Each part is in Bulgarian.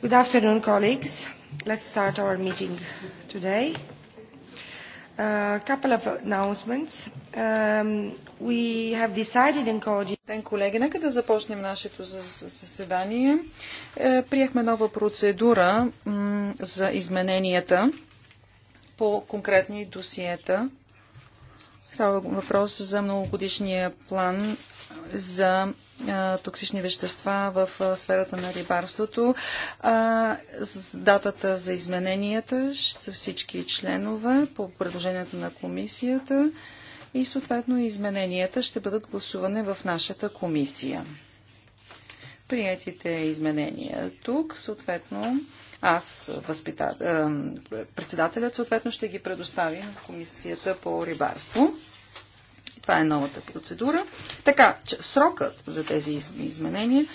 Good afternoon, colleagues. Let's start our meeting today. A couple of announcements. Um, we have decided in coordination. Ден, колеги, нека да започнем нашето заседание. Е, приехме нова процедура за измененията по конкретни досиета. Става въпрос за многогодишния план за токсични вещества в сферата на рибарството. С датата за измененията ще всички членове по предложението на комисията и съответно измененията ще бъдат гласувани в нашата комисия. Приятите изменения тук, съответно, аз, възпита... председателят, съответно ще ги предоставя на комисията по рибарство. Това е новата процедура. Така, че срокът за тези изменения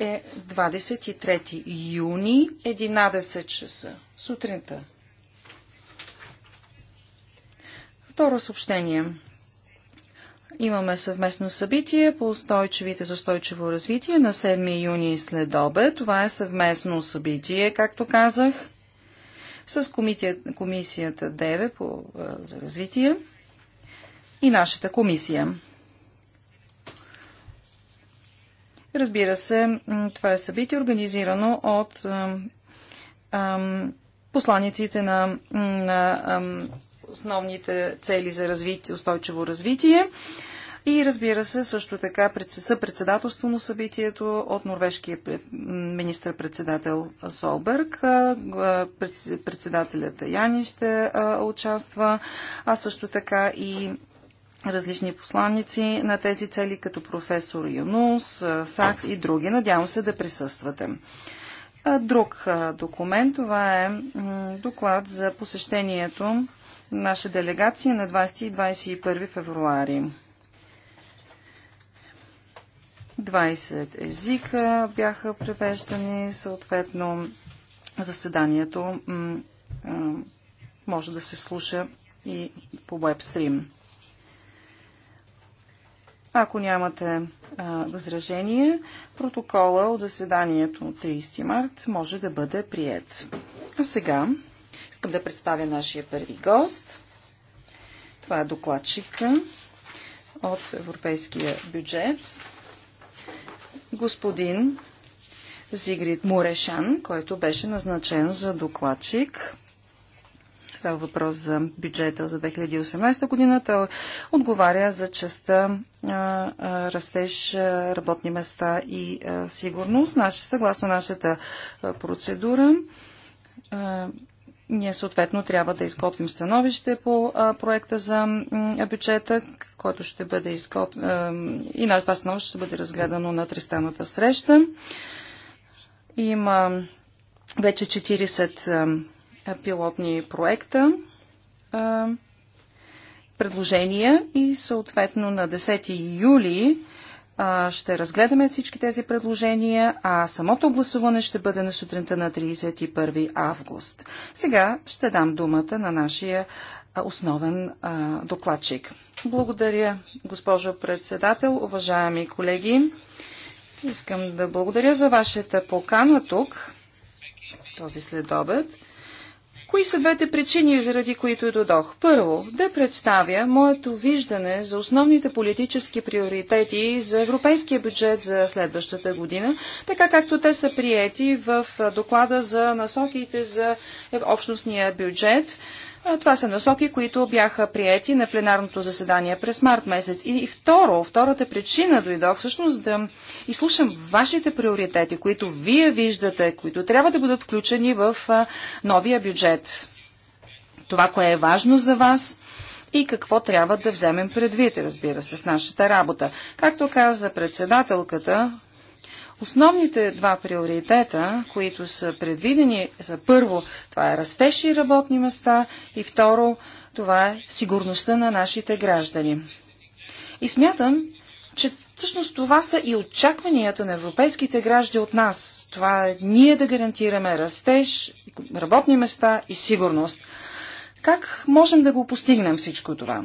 е 23 юни, 11 часа сутринта. Второ съобщение. Имаме съвместно събитие по устойчивите за устойчиво развитие на 7 юни след обе. Това е съвместно събитие, както казах, с комисията, комисията ДЕВЕ по, за развитие и нашата комисия. Разбира се, това е събитие, организирано от посланиците на, на основните цели за развитие, устойчиво развитие. И разбира се, също така съпредседателство на събитието от норвежкия министр-председател Солберг. Председателят Яни ще участва, а също така и различни посланници на тези цели, като професор Юнус, Сакс и други. Надявам се да присъствате. Друг документ, това е доклад за посещението на наша делегация на 20 и 21 февруари. 20 езика бяха превеждани, съответно заседанието може да се слуша и по вебстрим. Ако нямате възражение, протокола от заседанието от 30 март може да бъде прият. А сега искам да представя нашия първи гост. Това е докладчика от Европейския бюджет. Господин Зигрид Мурешан, който беше назначен за докладчик Става въпрос за бюджета за 2018 година. Той отговаря за частта растеж, работни места и сигурност. Наше, съгласно нашата процедура, ние съответно трябва да изготвим становище по проекта за бюджета, който ще бъде изготвен и на това становище ще бъде разгледано на тристаната среща. Има вече 40 пилотни проекта, предложения и съответно на 10 юли ще разгледаме всички тези предложения, а самото гласуване ще бъде на сутринта на 31 август. Сега ще дам думата на нашия основен докладчик. Благодаря, госпожо председател, уважаеми колеги. Искам да благодаря за вашата покана тук, този следобед. Кои са двете причини, заради които додох? Първо, да представя моето виждане за основните политически приоритети за европейския бюджет за следващата година, така както те са приети в доклада за насоките за общностния бюджет това са насоки, които бяха приети на пленарното заседание през март месец. И, второ, втората причина дойдох всъщност да изслушам вашите приоритети, които вие виждате, които трябва да бъдат включени в новия бюджет. Това, кое е важно за вас и какво трябва да вземем предвид, разбира се, в нашата работа. Както каза председателката, Основните два приоритета, които са предвидени за първо, това е растеж и работни места и второ, това е сигурността на нашите граждани. И смятам, че всъщност това са и очакванията на европейските граждани от нас. Това е ние да гарантираме растеж, работни места и сигурност. Как можем да го постигнем всичко това?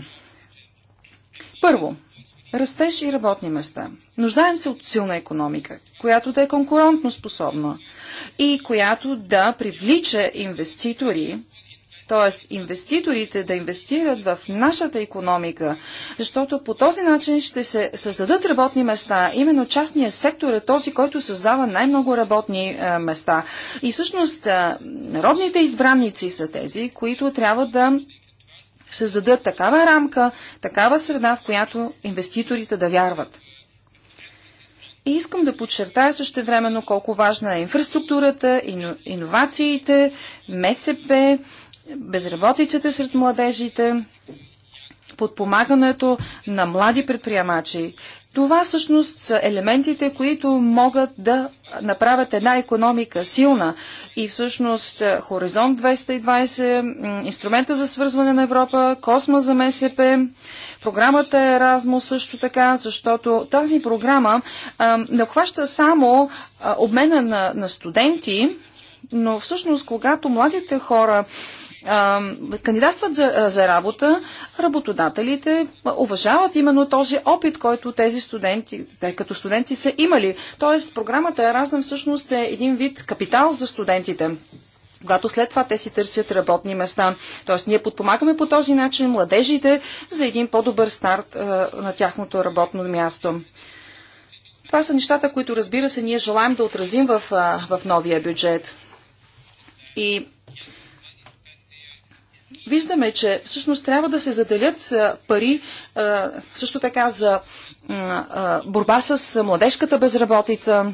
Първо, растеж и работни места. Нуждаем се от силна економика, която да е конкурентно способна и която да привлича инвеститори, т.е. инвеститорите да инвестират в нашата економика, защото по този начин ще се създадат работни места. Именно частния сектор е този, който създава най-много работни е, места. И всъщност е, народните избранници са тези, които трябва да създадат такава рамка, такава среда, в която инвеститорите да вярват. И искам да подчертая също времено колко важна е инфраструктурата, ино, иновациите, МСП, безработицата сред младежите, подпомагането на млади предприемачи. Това всъщност са елементите, които могат да направят една економика силна. И всъщност е, Хоризонт 220, инструмента за свързване на Европа, космос за МСП, програмата Еразмо също така, защото тази програма а, е, не обхваща само а, е, обмена на, на студенти, но всъщност когато младите хора кандидатстват за, за работа, работодателите уважават именно този опит, който тези студенти, те като студенти са имали. Тоест, програмата Еразъм всъщност е един вид капитал за студентите когато след това те си търсят работни места. Тоест ние подпомагаме по този начин младежите за един по-добър старт а, на тяхното работно място. Това са нещата, които разбира се ние желаем да отразим в, а, в новия бюджет. И виждаме, че всъщност трябва да се заделят пари също така за борба с младежката безработица.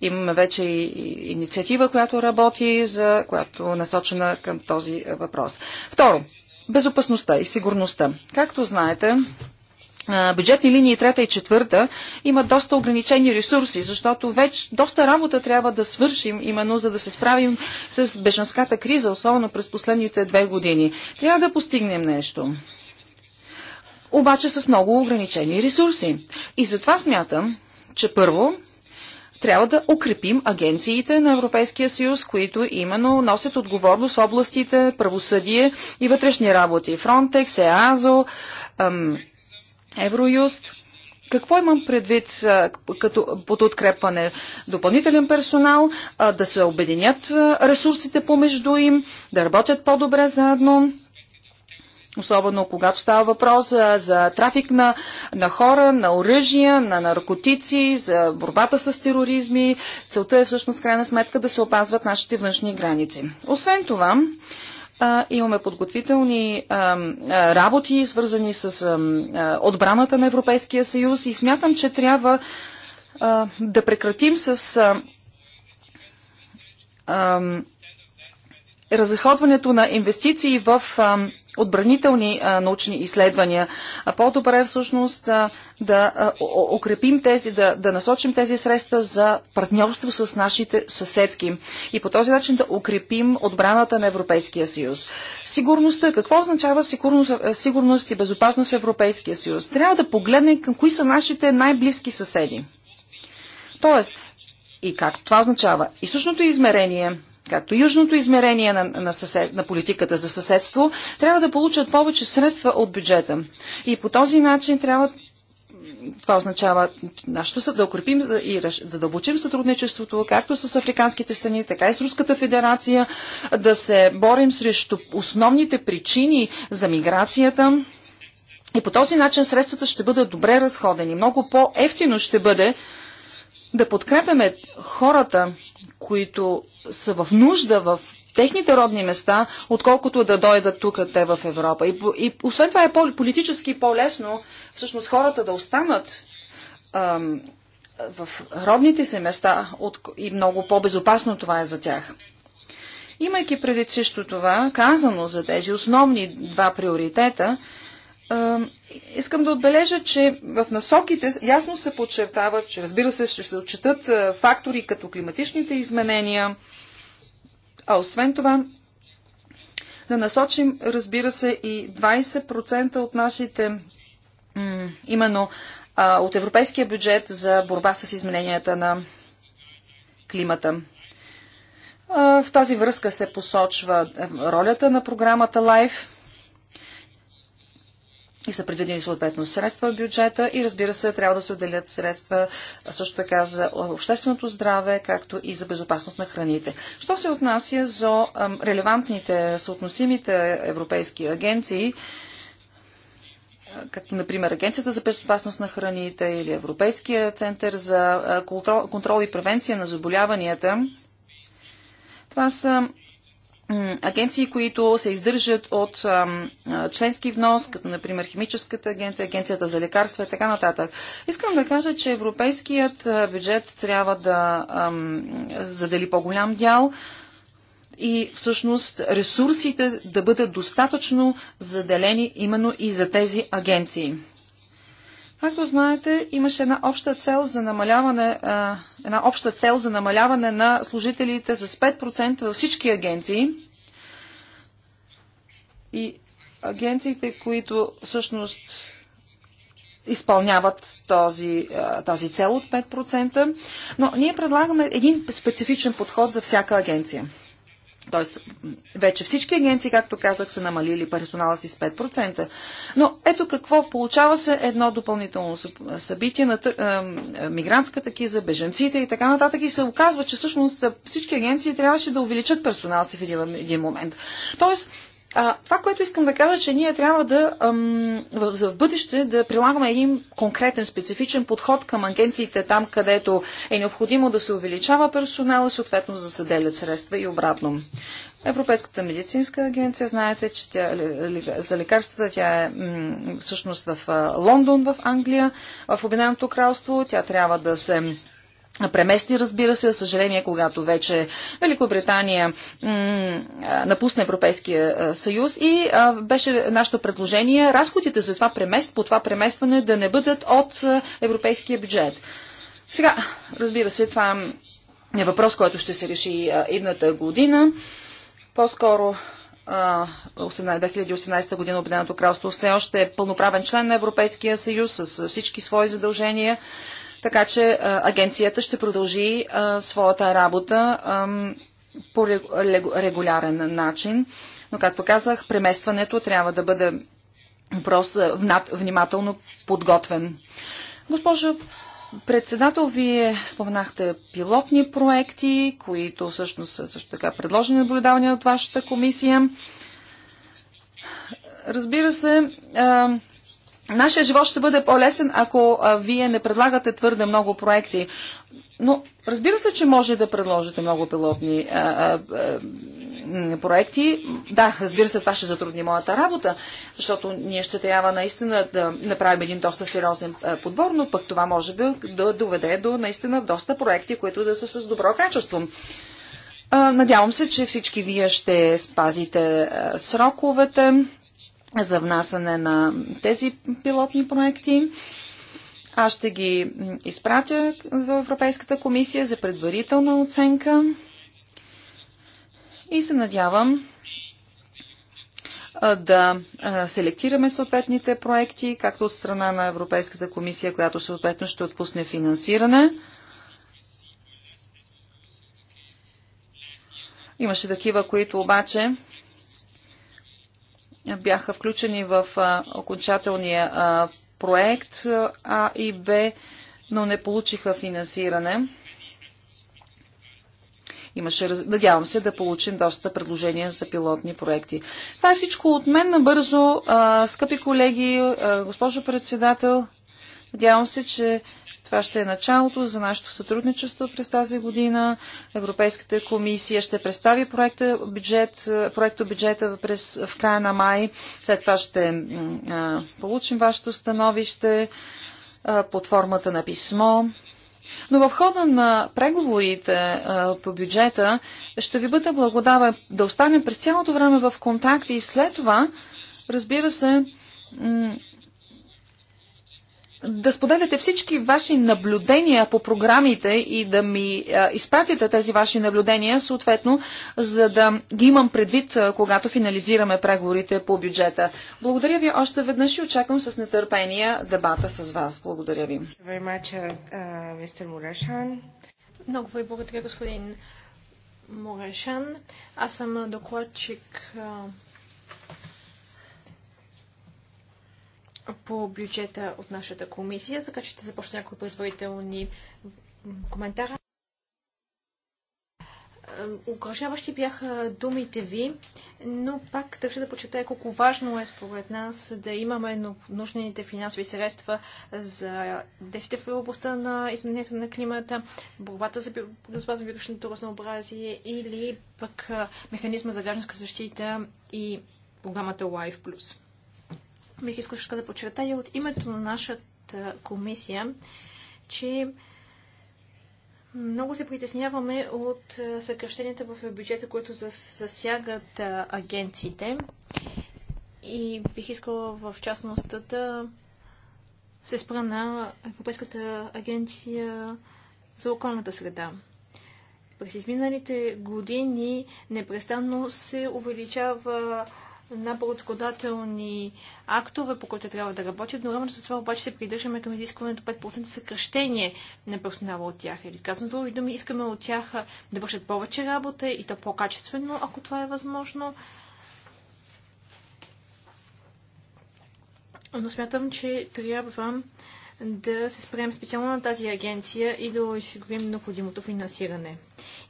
Имаме вече и инициатива, която работи, за която е насочена към този въпрос. Второ, безопасността и сигурността. Както знаете, бюджетни линии трета и четвърта имат доста ограничени ресурси, защото вече доста работа трябва да свършим, именно за да се справим с беженската криза, особено през последните две години. Трябва да постигнем нещо. Обаче с много ограничени ресурси. И затова смятам, че първо трябва да укрепим агенциите на Европейския съюз, които именно носят отговорност в областите правосъдие и вътрешни работи. Фронтекс, ЕАЗО, ам, Евроюст. Какво имам предвид като, под открепване? Допълнителен персонал, да се обединят ресурсите помежду им, да работят по-добре заедно, особено когато става въпрос за, за трафик на, на хора, на оръжия, на наркотици, за борбата с тероризми. Целта е всъщност, крайна сметка, да се опазват нашите външни граници. Освен това, Имаме подготвителни работи, свързани с отбраната на Европейския съюз и смятам, че трябва да прекратим с разходването на инвестиции в отбранителни а, научни изследвания. а По-добре всъщност а, да укрепим тези, да, да насочим тези средства за партньорство с нашите съседки и по този начин да укрепим отбраната на Европейския съюз. Сигурността. Какво означава сигурност, сигурност и безопасност в Европейския съюз? Трябва да погледнем към кои са нашите най-близки съседи. Тоест, и как това означава? Източното измерение – както южното измерение на, на, съсед, на политиката за съседство, трябва да получат повече средства от бюджета. И по този начин трябва това означава нашето да укрепим и задълбочим сътрудничеството, както с африканските страни, така и с Руската федерация, да се борим срещу основните причини за миграцията. И по този начин средствата ще бъдат добре разходени. Много по-ефтино ще бъде да подкрепяме хората, които са в нужда в техните родни места, отколкото да дойдат тук те в Европа. И, и освен това е по, политически по-лесно всъщност хората да останат ам, в родните си места от, и много по-безопасно това е за тях. Имайки преди всичко това, казано за тези основни два приоритета, ам, искам да отбележа, че в насоките ясно се подчертава, че разбира се ще се отчитат фактори като климатичните изменения, а освен това, да насочим, разбира се, и 20% от нашите, именно от европейския бюджет за борба с измененията на климата. в тази връзка се посочва е, ролята на програмата LIFE – и са предвидени съответно средства в бюджета и разбира се, трябва да се отделят средства също така за общественото здраве, както и за безопасност на храните. Що се отнася за релевантните, съотносимите европейски агенции, както например Агенцията за безопасност на храните или Европейския център за контрол, контрол и превенция на заболяванията, това са агенции, които се издържат от членски внос, като например Химическата агенция, Агенцията за лекарства и така нататък. Искам да кажа, че европейският бюджет трябва да задели по-голям дял и всъщност ресурсите да бъдат достатъчно заделени именно и за тези агенции. Както знаете, имаше една обща цел за намаляване а, една обща цел за намаляване на служителите с 5% във всички агенции. И агенциите, които всъщност изпълняват този, тази цел от 5%, но ние предлагаме един специфичен подход за всяка агенция. Тоест, вече всички агенции, както казах, са намалили персонала си с 5%. Но ето какво получава се едно допълнително събитие на мигрантската киза, беженците и така нататък. И се оказва, че всъщност всички агенции трябваше да увеличат персонала си в един момент. Тоест, а, това, което искам да кажа, че ние трябва да ам, в, за в бъдеще да прилагаме един конкретен, специфичен подход към агенциите там, където е необходимо да се увеличава персонала, съответно да се делят средства и обратно. Европейската медицинска агенция, знаете, че тя, за лекарствата тя е всъщност в Лондон, в Англия, в Обединеното кралство. Тя трябва да се премести, разбира се. За съжаление, когато вече Великобритания напусне Европейския съюз и беше нашето предложение разходите за това премест, по това преместване да не бъдат от европейския бюджет. Сега, разбира се, това е въпрос, който ще се реши едната идната година. По-скоро 2018 година Обединеното кралство все още е пълноправен член на Европейския съюз с всички свои задължения. Така че агенцията ще продължи своята работа по регулярен начин. Но, както казах, преместването трябва да бъде въпрос внимателно подготвен. Госпожо председател, вие споменахте пилотни проекти, които всъщност са също така предложени наблюдавания от вашата комисия. Разбира се, Нашия живот ще бъде по-лесен, ако а, вие не предлагате твърде много проекти. Но разбира се, че може да предложите много пилотни а, а, а, проекти. Да, разбира се, това ще затрудни моята работа, защото ние ще трябва наистина да направим един доста сериозен а, подбор, но пък това може би да доведе до наистина доста проекти, които да са с добро качество. А, надявам се, че всички вие ще спазите а, сроковете за внасяне на тези пилотни проекти. Аз ще ги изпратя за Европейската комисия за предварителна оценка и се надявам да селектираме съответните проекти, както от страна на Европейската комисия, която съответно ще отпусне финансиране. Имаше такива, които обаче бяха включени в окончателния проект А и Б, но не получиха финансиране. Имаше, надявам се да получим доста предложения за пилотни проекти. Това е всичко от мен набързо. Скъпи колеги, госпожо председател, надявам се, че това ще е началото за нашето сътрудничество през тази година. Европейската комисия ще представи проекта бюджет, проекта бюджета през, в края на май. След това ще а, получим вашето становище а, под формата на писмо. Но в хода на преговорите а, по бюджета ще ви бъда благодарен да останем през цялото време в контакт и след това, разбира се, да споделяте всички ваши наблюдения по програмите и да ми а, изпратите тези ваши наблюдения, съответно, за да ги имам предвид, а, когато финализираме преговорите по бюджета. Благодаря ви още веднъж и очаквам с нетърпение дебата с вас. Благодаря ви. Uh, uh, Много ви благодаря, господин Мурашан. Аз съм докладчик по бюджета от нашата комисия, така че ще започна някои производителни коментара. Е, украшаващи бяха думите ви, но пак държа да почетая колко важно е според нас да имаме нужните финансови средства за дефите в областта на изменението на климата, борбата за безопасно биологичното разнообразие или пък е, механизма за гражданска защита и програмата Life Plus бих искала да подчертая от името на нашата комисия, че много се притесняваме от съкръщенията в бюджета, които засягат агенциите. И бих искала в частност да се спра на Европейската агенция за околната среда. През изминалите години непрестанно се увеличава на подготвителни актове, по които трябва да работят, но равно с това обаче се придържаме към изискването 5% съкръщение на персонала от тях. Или казано други думи, искаме от тях да вършат повече работа и то по-качествено, ако това е възможно. Но смятам, че трябва да се спрем специално на тази агенция и да осигурим необходимото финансиране.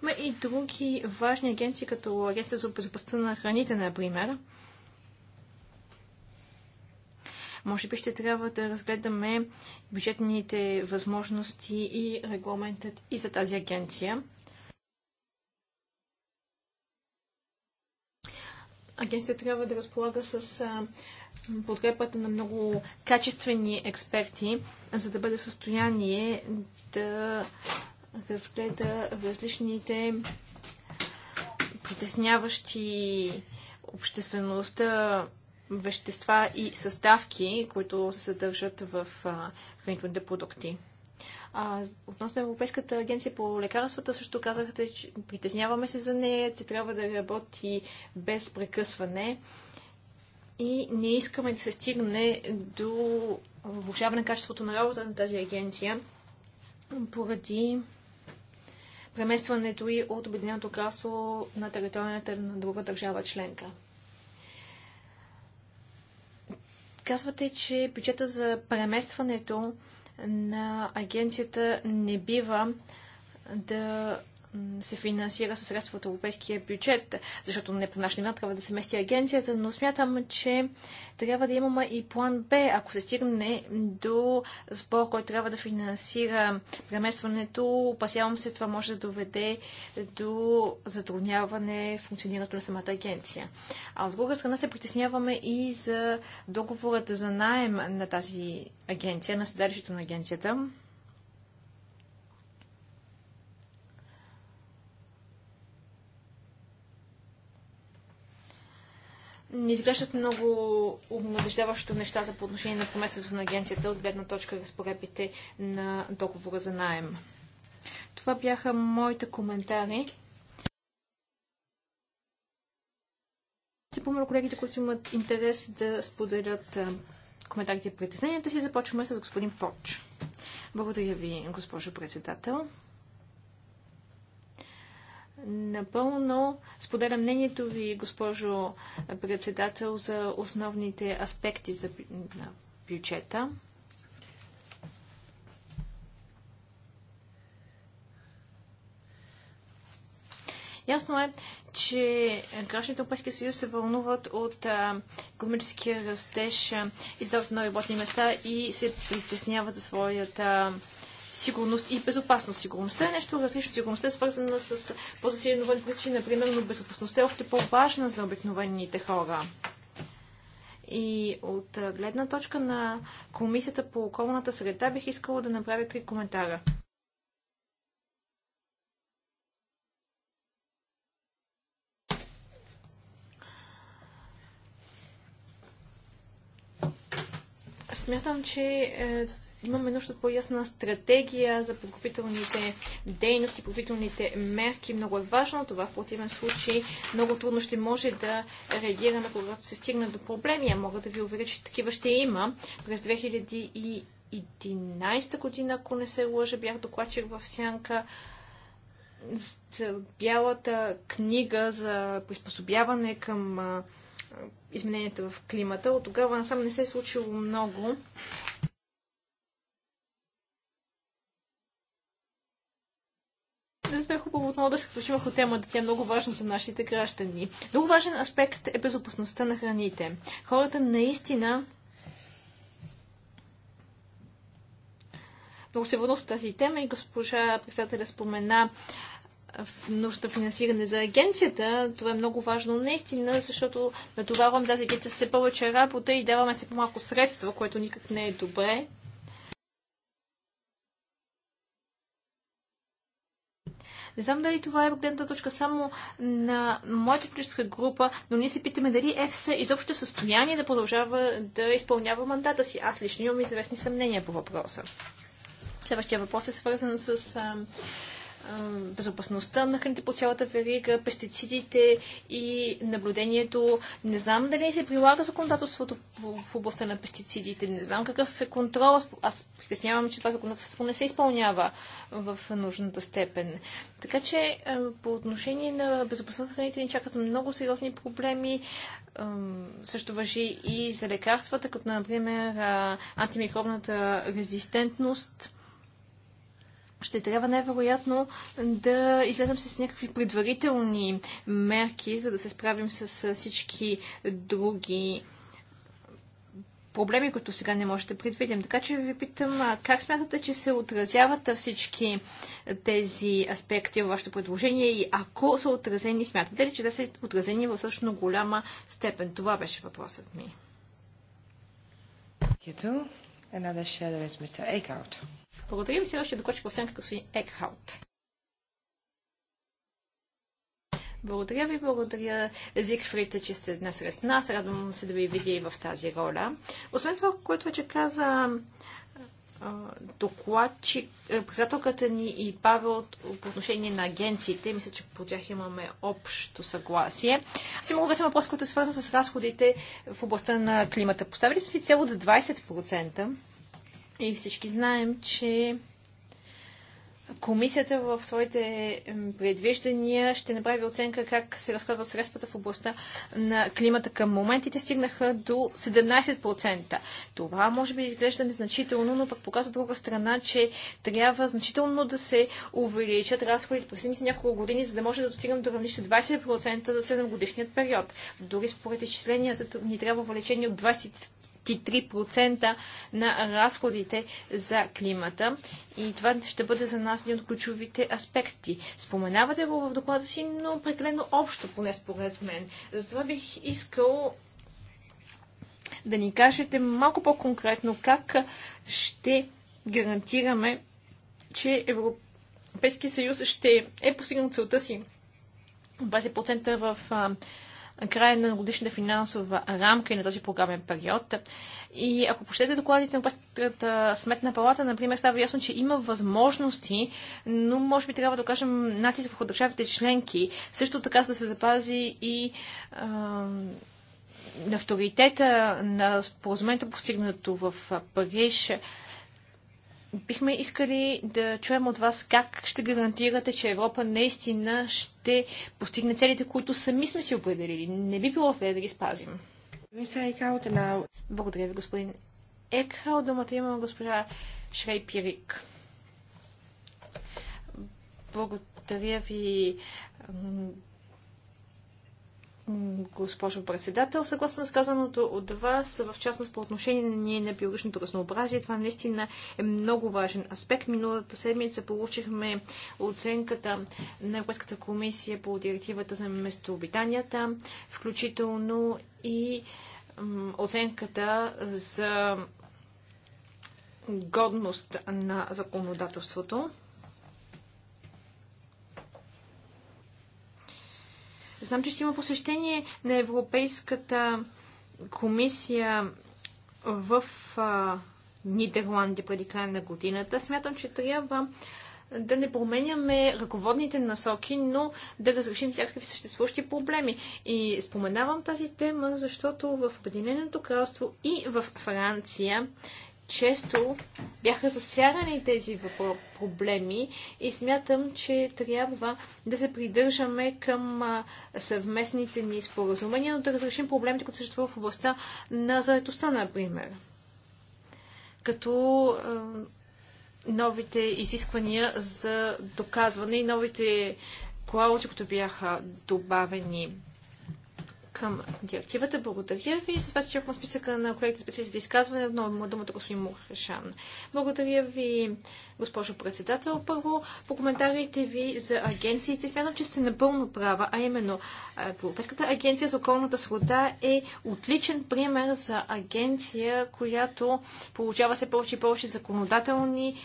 Има и други важни агенции, като Агенция за безопасността на храните, например. Може би ще трябва да разгледаме бюджетните възможности и регламентът и за тази агенция. Агенцията трябва да разполага с подкрепата на много качествени експерти, за да бъде в състояние да разгледа различните притесняващи обществеността вещества и съставки, които се съдържат в хранителните продукти. А, относно Европейската агенция по лекарствата, също казахте, че притесняваме се за нея, че трябва да работи без прекъсване и не искаме да се стигне до влушаване на качеството на работа на тази агенция поради преместването и от Обединеното кралство на територията на друга държава членка. Казвате, че бюджета за преместването на агенцията не бива да се финансира със средства от европейския бюджет, защото не по наш трябва да се мести агенцията, но смятам, че трябва да имаме и план Б, ако се стигне до сбор, който трябва да финансира преместването. Опасявам се, това може да доведе до затрудняване функционирането на самата агенция. А от друга страна се притесняваме и за договорът за найем на тази агенция, на седалището на агенцията не изглеждат много обнадеждаващо нещата по отношение на проместването на агенцията от гледна точка разпоредбите на договора за найем. Това бяха моите коментари. Се помоля колегите, които имат интерес да споделят коментарите и притесненията си. Започваме с господин Поч. Благодаря ви, госпожо председател. Напълно споделям мнението ви, госпожо председател, за основните аспекти за, на бюджета. Ясно е, че гражданите Европейския съюз се вълнуват от економическия растеж, издават нови работни места и се притесняват за своята сигурност и безопасност. Сигурността е нещо различно. Сигурността е свързана с по-засилено вътрешни, например, но безопасността е още по-важна за обикновените хора. И от гледна точка на Комисията по околната среда бих искала да направя три коментара. Смятам, че е, имаме нужда от по-ясна стратегия за подготвителните дейности, подготвителните мерки. Много е важно това. В противен случай много трудно ще може да реагираме, когато се стигне до проблеми. мога да ви уверя, че такива ще има. През 2011 година, ако не се лъжа, бях докладчик в Сянка с бялата книга за приспособяване към измененията в климата. От тогава насам не се е случило много. Не сме хубаво отново да се включим върху темата. Тя е много важна за нашите граждани. Много важен аспект е безопасността на храните. Хората наистина много се вълнуват тази тема и госпожа председателя спомена нужда финансиране за агенцията. Това е много важно наистина, защото натоварвам тази агенция все повече работа и даваме се по-малко средства, което никак не е добре. Не знам дали това е гледната точка само на моята политическа група, но ние се питаме дали ЕФСА е изобщо в състояние да продължава да изпълнява мандата си. Аз лично имам известни съмнения по въпроса. Следващия въпрос е свързан с безопасността на храните по цялата верига, пестицидите и наблюдението. Не знам дали се прилага законодателството в областта на пестицидите. Не знам какъв е контрол. Аз притеснявам, че това законодателство не се изпълнява в нужната степен. Така че по отношение на безопасността на храните ни чакат много сериозни проблеми. Също въжи и за лекарствата, като например антимикробната резистентност ще трябва най-вероятно да излезем с някакви предварителни мерки, за да се справим с всички други проблеми, които сега не можете да предвидим. Така че ви питам, как смятате, че се отразяват всички тези аспекти във вашето предложение и ако са отразени, смятате ли, че да са отразени в същност голяма степен? Това беше въпросът ми. Благодаря ви. Следващия докладчик в като господин Екхаут. Благодаря ви, благодаря Зигфрите, че сте днес сред нас. Радвам се да ви видя и в тази роля. Освен това, което вече каза докладчик, председателката ни и Павел по отношение на агенциите. Мисля, че по тях имаме общо съгласие. Аз имам конкретен въпрос, който е свързан с разходите в областта на климата. Поставили сме си цел до 20%. И всички знаем, че комисията в своите предвиждания ще направи оценка как се разходват средствата в областта на климата към моментите стигнаха до 17%. Това може би изглежда незначително, но пък показва друга страна, че трябва значително да се увеличат разходите през следните няколко години, за да може да достигнем до равнище 20% за 7 годишният период. Дори според изчисленията ни трябва увеличение от 20 33% на разходите за климата. И това ще бъде за нас един от ключовите аспекти. Споменавате го в доклада си, но прекалено общо, поне според мен. Затова бих искал да ни кажете малко по-конкретно как ще гарантираме, че Европейския съюз ще е постигнал целта си 20% в края на годишната финансова рамка и на този програмен период. И ако почетете докладите на Пъстата сметна палата, например, става ясно, че има възможности, но може би трябва да кажем натиск върху държавите членки, също така за да се запази и на авторитета на споразумението, постигнато в Париж, бихме искали да чуем от вас как ще гарантирате, че Европа наистина ще постигне целите, които сами сме си определили. Не би било след да ги спазим. Благодаря ви, господин Екхал. Думата има госпожа Шрей Пирик. Благодаря ви, госпожо председател. Съгласно с казаното от вас, в частност по отношение на биологичното разнообразие, това наистина е много важен аспект. Миналата седмица получихме оценката на Европейската комисия по директивата за местообитанията, включително и оценката за годност на законодателството. Знам, че ще има посещение на Европейската комисия в а, Нидерландия преди края на годината. Смятам, че трябва да не променяме ръководните насоки, но да разрешим всякакви съществуващи проблеми. И споменавам тази тема, защото в Обединеното кралство и в Франция често бяха засягани тези проблеми и смятам, че трябва да се придържаме към съвместните ни споразумения, но да разрешим проблемите, които съществуват в областта на заедостта, например. Като новите изисквания за доказване и новите клаузи, които бяха добавени към директивата. Благодаря ви. С това се чухме списъка на колегите специалисти за изказване. Отново му думата господин Мухашан. Благодаря ви, госпожо председател. Първо, по коментарите ви за агенциите, смятам, че сте напълно права, а именно Европейската агенция за околната среда е отличен пример за агенция, която получава все повече и повече законодателни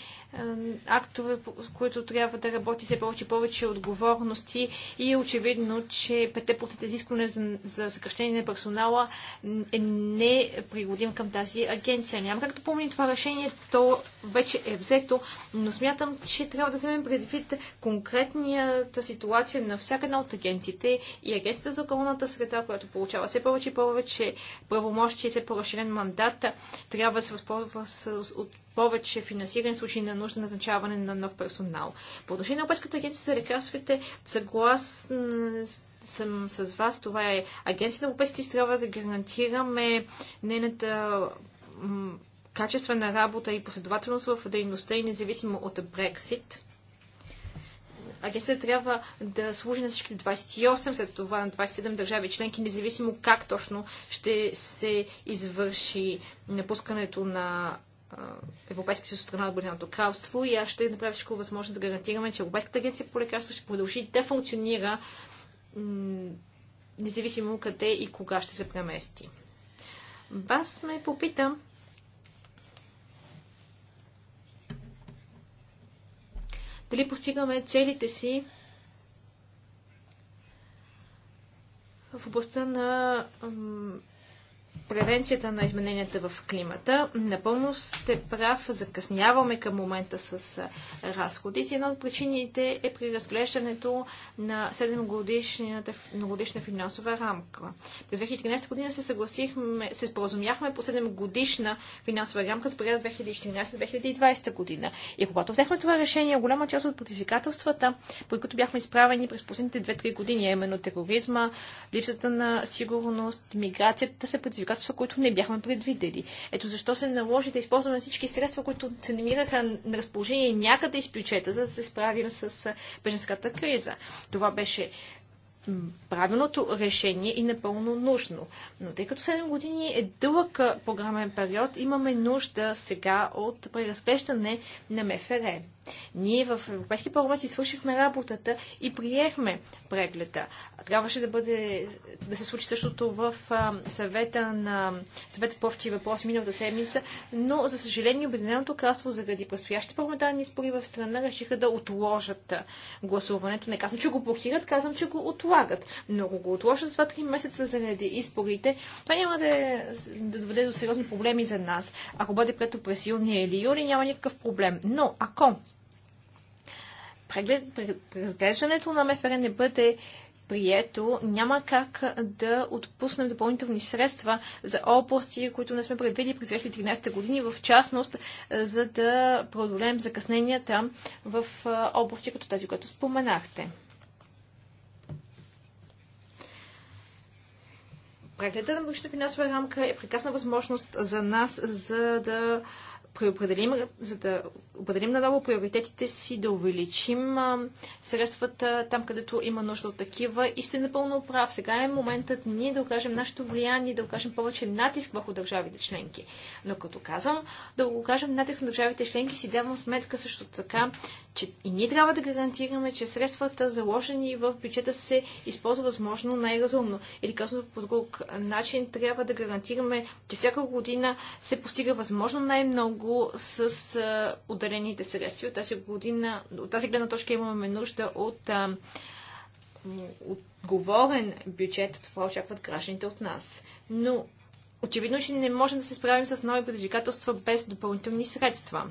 актове, с които трябва да работи все повече повече отговорности и е очевидно, че 5% изискване за, за съкръщение на персонала е пригодим към тази агенция. Няма как да помни това решение, то вече е взето, но смятам, че трябва да вземем предвид конкретната ситуация на всяка една от агенциите и агенцията за околната среда, която получава все повече и повече правомощи и все по-разширен мандат, трябва да се възползва с, от повече финансиране в случай на нужда назначаване на нов персонал. По отношение на Европейската агенция за лекарствите, съгласен съм с вас, това е агенция на Европейския съюз, трябва да гарантираме нейната качествена работа и последователност в дейността и независимо от Брексит. Агенцията трябва да служи на всички 28, след това на 27 държави членки, независимо как точно ще се извърши напускането на Европейския съюз страна от Бъденото кралство и аз ще направя всичко възможно да гарантираме, че Европейската агенция по лекарство ще продължи да функционира независимо къде и кога ще се премести. Вас ме попитам, дали постигаме целите си в областта на превенцията на измененията в климата. Напълно сте прав, закъсняваме към момента с разходите. Една от причините е при разглеждането на 7-годишната годишна финансова рамка. През 2013 година се съгласихме, се споразумяхме по 7-годишна финансова рамка с периода 2014-2020 година. И когато взехме това решение, голяма част от противикателствата, по които бяхме изправени през последните 2-3 години, а именно тероризма, липсата на сигурност, миграцията, се предизвикаха предизвикателства, които не бяхме предвидели. Ето защо се наложи да използваме всички средства, които се намираха на разположение някъде из бюджета, за да се справим с беженската криза. Това беше правилното решение и напълно нужно. Но тъй като 7 години е дълъг програмен период, имаме нужда сега от преразглеждане на МФР. Ние в Европейския парламент си свършихме работата и приехме прегледа. Трябваше да, бъде, да се случи същото в съвета на съвета по общи въпроси миналата седмица, но за съжаление Обединеното кралство заради предстоящите парламентарни спори в страна решиха да отложат гласуването. Не казвам, че го блокират, казвам, че го отлагат. Но ако го отложат за 2-3 месеца заради изборите, това няма да, е, да доведе до сериозни проблеми за нас. Ако бъде прето през юни или юли, няма никакъв проблем. Но ако преглед, разглеждането на МФР не бъде прието, няма как да отпуснем допълнителни средства за области, които не сме предвидили през 2013 години, в частност, за да преодолеем закъсненията в области като тази, която споменахте. Прегледът на външната финансова рамка е прекрасна възможност за нас, за да преопределим, за да определим наново приоритетите си, да увеличим средствата там, където има нужда от такива. И сте напълно прав. Сега е моментът ние да окажем нашето влияние, да окажем повече натиск върху държавите членки. Но като казвам, да окажем натиск на държавите членки, си давам сметка също така, че и ние трябва да гарантираме, че средствата заложени в бюджета се използват възможно най-разумно. Или казано по друг начин, трябва да гарантираме, че всяка година се постига възможно най-много с отделените средства. От тази, година, от тази гледна точка имаме нужда от а, отговорен бюджет. Това очакват гражданите от нас. Но очевидно, че не можем да се справим с нови предизвикателства без допълнителни средства.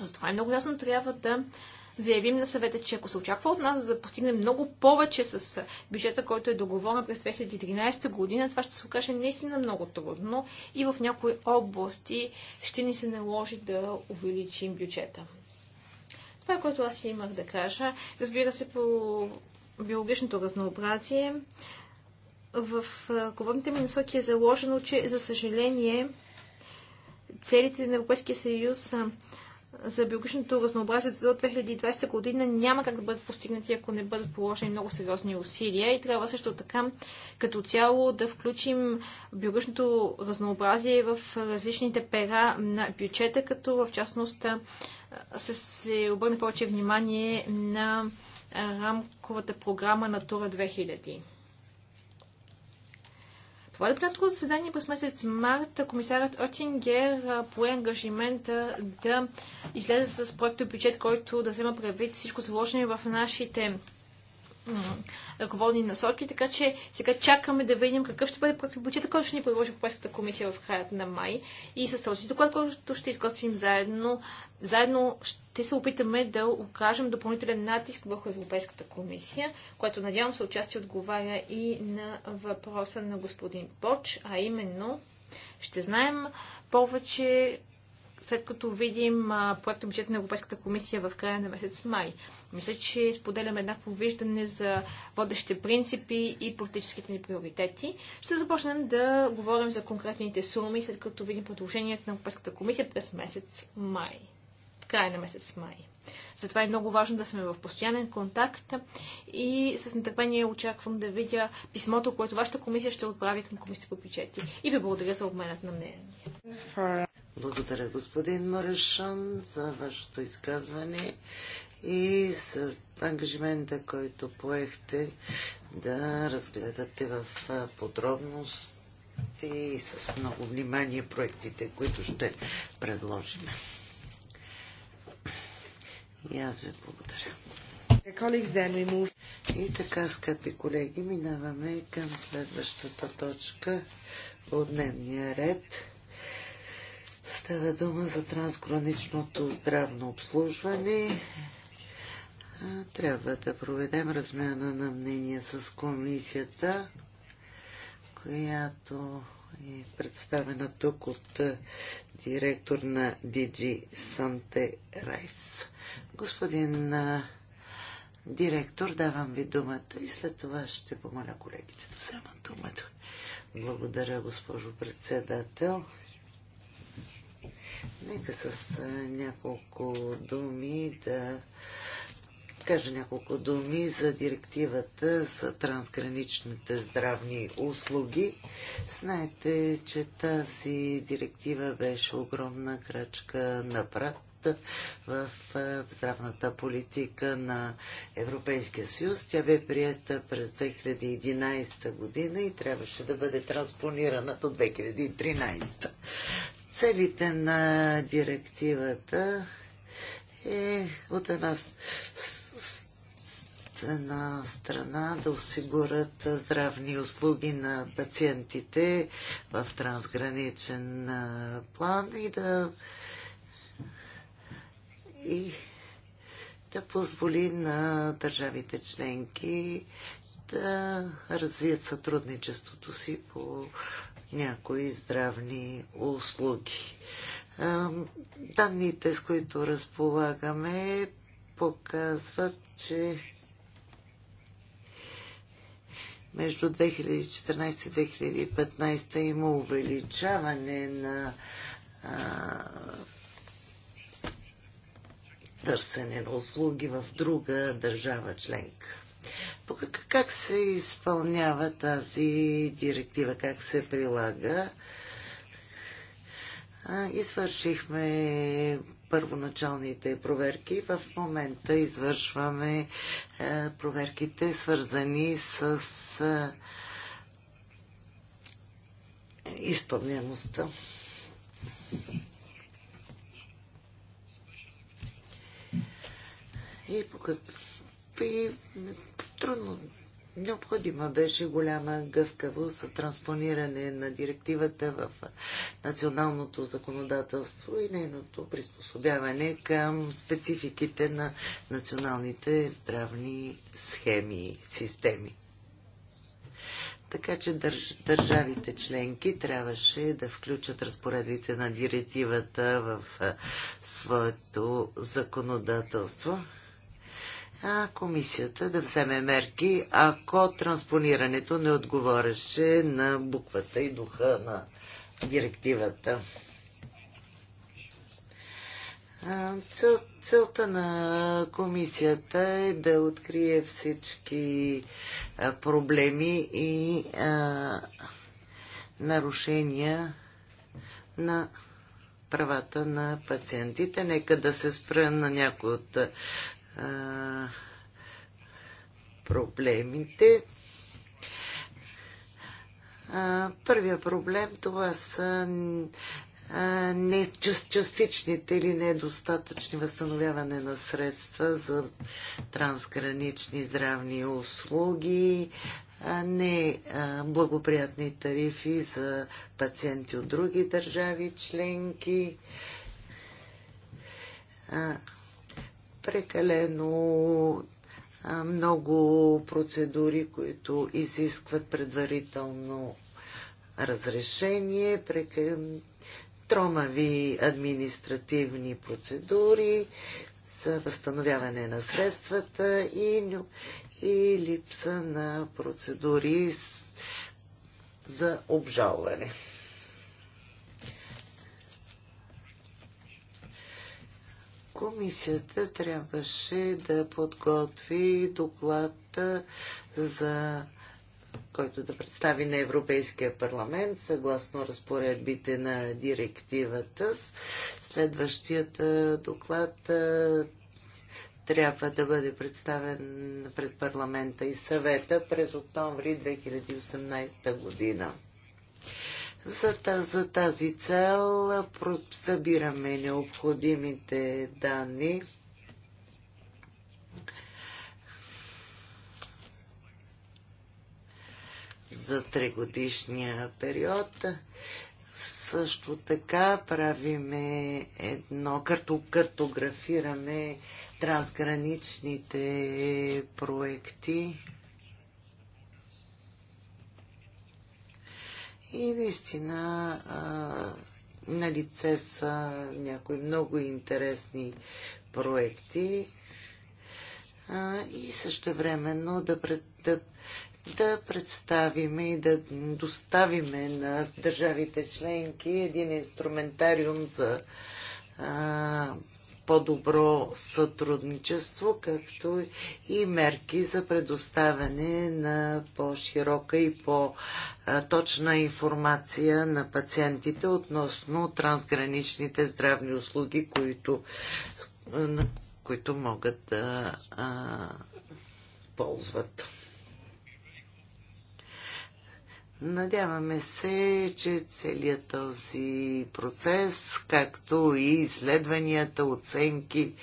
Затова е много ясно трябва да заявим на съвета, че ако се очаква от нас да постигнем много повече с бюджета, който е договорен през 2013 година, това ще се окаже наистина много трудно и в някои области ще ни се наложи да увеличим бюджета. Това е което аз имах да кажа. Разбира се, по биологичното разнообразие в ръководните ми насоки е заложено, че за съжаление целите на Европейския съюз за биологичното разнообразие до 2020 година няма как да бъдат постигнати, ако не бъдат положени много сериозни усилия. И трябва също така като цяло да включим биологичното разнообразие в различните пера на бюджета, като в частност се, се обърне повече внимание на рамковата програма Натура 2000 проведе пленарното заседание през месец март, комисарът Отингер пое ангажимента да излезе с проекто бюджет, който да взема предвид всичко заложено в нашите ръководни насоки, така че сега чакаме да видим какъв ще бъде бюджета, който ще ни предложи Европейската комисия в краят на май. И с този доклад, който ще изготвим заедно, заедно ще се опитаме да окажем допълнителен натиск върху Европейската комисия, което надявам се отчасти отговаря и на въпроса на господин Поч, а именно ще знаем повече след като видим проекта бюджет на Европейската комисия в края на месец май. Мисля, че споделяме еднакво виждане за водещите принципи и политическите ни приоритети. Ще започнем да говорим за конкретните суми, след като видим предложението на Европейската комисия през месец май. В края на месец май. Затова е много важно да сме в постоянен контакт и с нетърпение очаквам да видя писмото, което вашата комисия ще отправи към комисията по бюджети. И ви благодаря за обменът на мнение. Благодаря, господин Морешон, за вашето изказване и с ангажимента, който поехте да разгледате в подробност и с много внимание проектите, които ще предложим. И аз ви благодаря. И така, скъпи колеги, минаваме към следващата точка от дневния ред – Става дума за трансграничното здравно обслужване. Трябва да проведем размяна на мнения с комисията, която е представена тук от директор на DG Санте Райс. Господин директор, давам ви думата и след това ще помоля колегите да вземат думата. Благодаря, госпожо председател. Нека с няколко думи да кажа няколко думи за директивата за трансграничните здравни услуги. Знаете, че тази директива беше огромна крачка напред в здравната политика на Европейския съюз. Тя бе приета през 2011 година и трябваше да бъде транспонирана до 2013. Целите на директивата е от една на страна да осигурят здравни услуги на пациентите в трансграничен план и да и да позволи на държавите членки да развият сътрудничеството си по някои здравни услуги. Данните, с които разполагаме, показват, че между 2014 и 2015 има увеличаване на а, търсене на услуги в друга държава членка. Как се изпълнява тази директива? Как се прилага? Извършихме първоначалните проверки. В момента извършваме е, проверките, свързани с е, изпълнямостта. И по какви Трудно. Необходима беше голяма гъвкавост за транспониране на директивата в националното законодателство и нейното приспособяване към спецификите на националните здравни схеми, и системи. Така че държ, държавите членки трябваше да включат разпоредите на директивата в своето законодателство а комисията да вземе мерки, ако транспонирането не отговореше на буквата и духа на директивата. Цел, целта на комисията е да открие всички проблеми и а, нарушения на правата на пациентите. Нека да се спра на някои от проблемите. Първия проблем това са не частичните или недостатъчни възстановяване на средства за трансгранични здравни услуги, не благоприятни тарифи за пациенти от други държави членки, прекалено много процедури, които изискват предварително разрешение, тромави административни процедури за възстановяване на средствата и, и липса на процедури за обжалване. Комисията трябваше да подготви доклад за който да представи на Европейския парламент съгласно разпоредбите на директивата. Следващият доклад трябва да бъде представен пред парламента и съвета през октомври 2018 година. За, за тази цел събираме необходимите данни. за тригодишния период. Също така правиме едно, като картографираме трансграничните проекти. И наистина на лице са някои много интересни проекти и също времено да, пред, да, да представиме и да доставиме на държавите членки един инструментариум за а, по-добро сътрудничество, както и мерки за предоставяне на по-широка и по-точна информация на пациентите относно трансграничните здравни услуги, които, на които могат да а, ползват. Надяваме се, че целият този процес, както и изследванията, оценки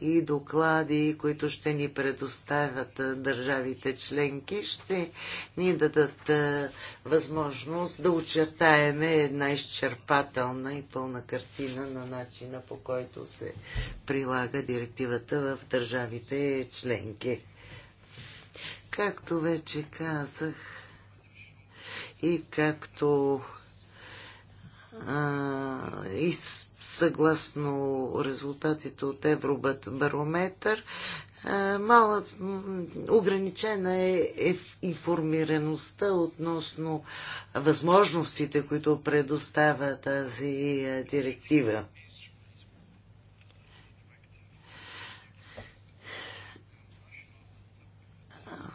и доклади, които ще ни предоставят държавите членки, ще ни дадат възможност да очертаеме една изчерпателна и пълна картина на начина по който се прилага директивата в държавите членки. Както вече казах, и както а, и съгласно резултатите от Евробарометър, мала, ограничена е, е информираността относно възможностите, които предоставя тази директива.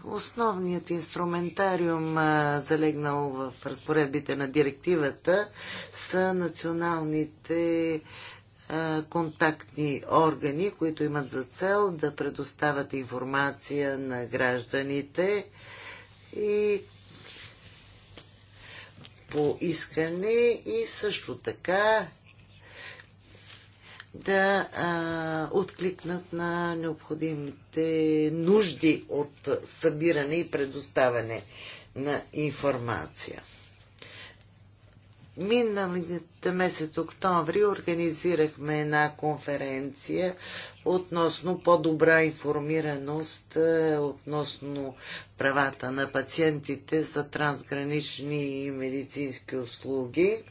основният инструментариум, залегнал в разпоредбите на директивата, са националните контактни органи, които имат за цел да предоставят информация на гражданите и по искане и също така да а, откликнат на необходимите нужди от събиране и предоставяне на информация. Миналите месец октомври организирахме една конференция относно по-добра информираност относно правата на пациентите за трансгранични медицински услуги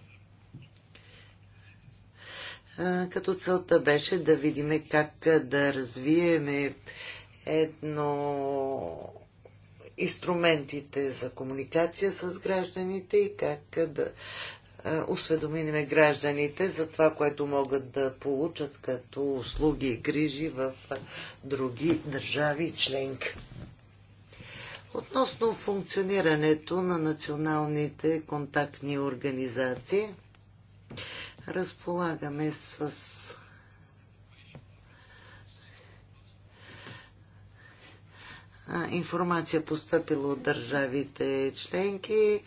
като целта беше да видим как да развиеме едно инструментите за комуникация с гражданите и как да осведомиме гражданите за това, което могат да получат като услуги и грижи в други държави и членки. Относно функционирането на националните контактни организации, разполагаме с информация поступила от държавите членки,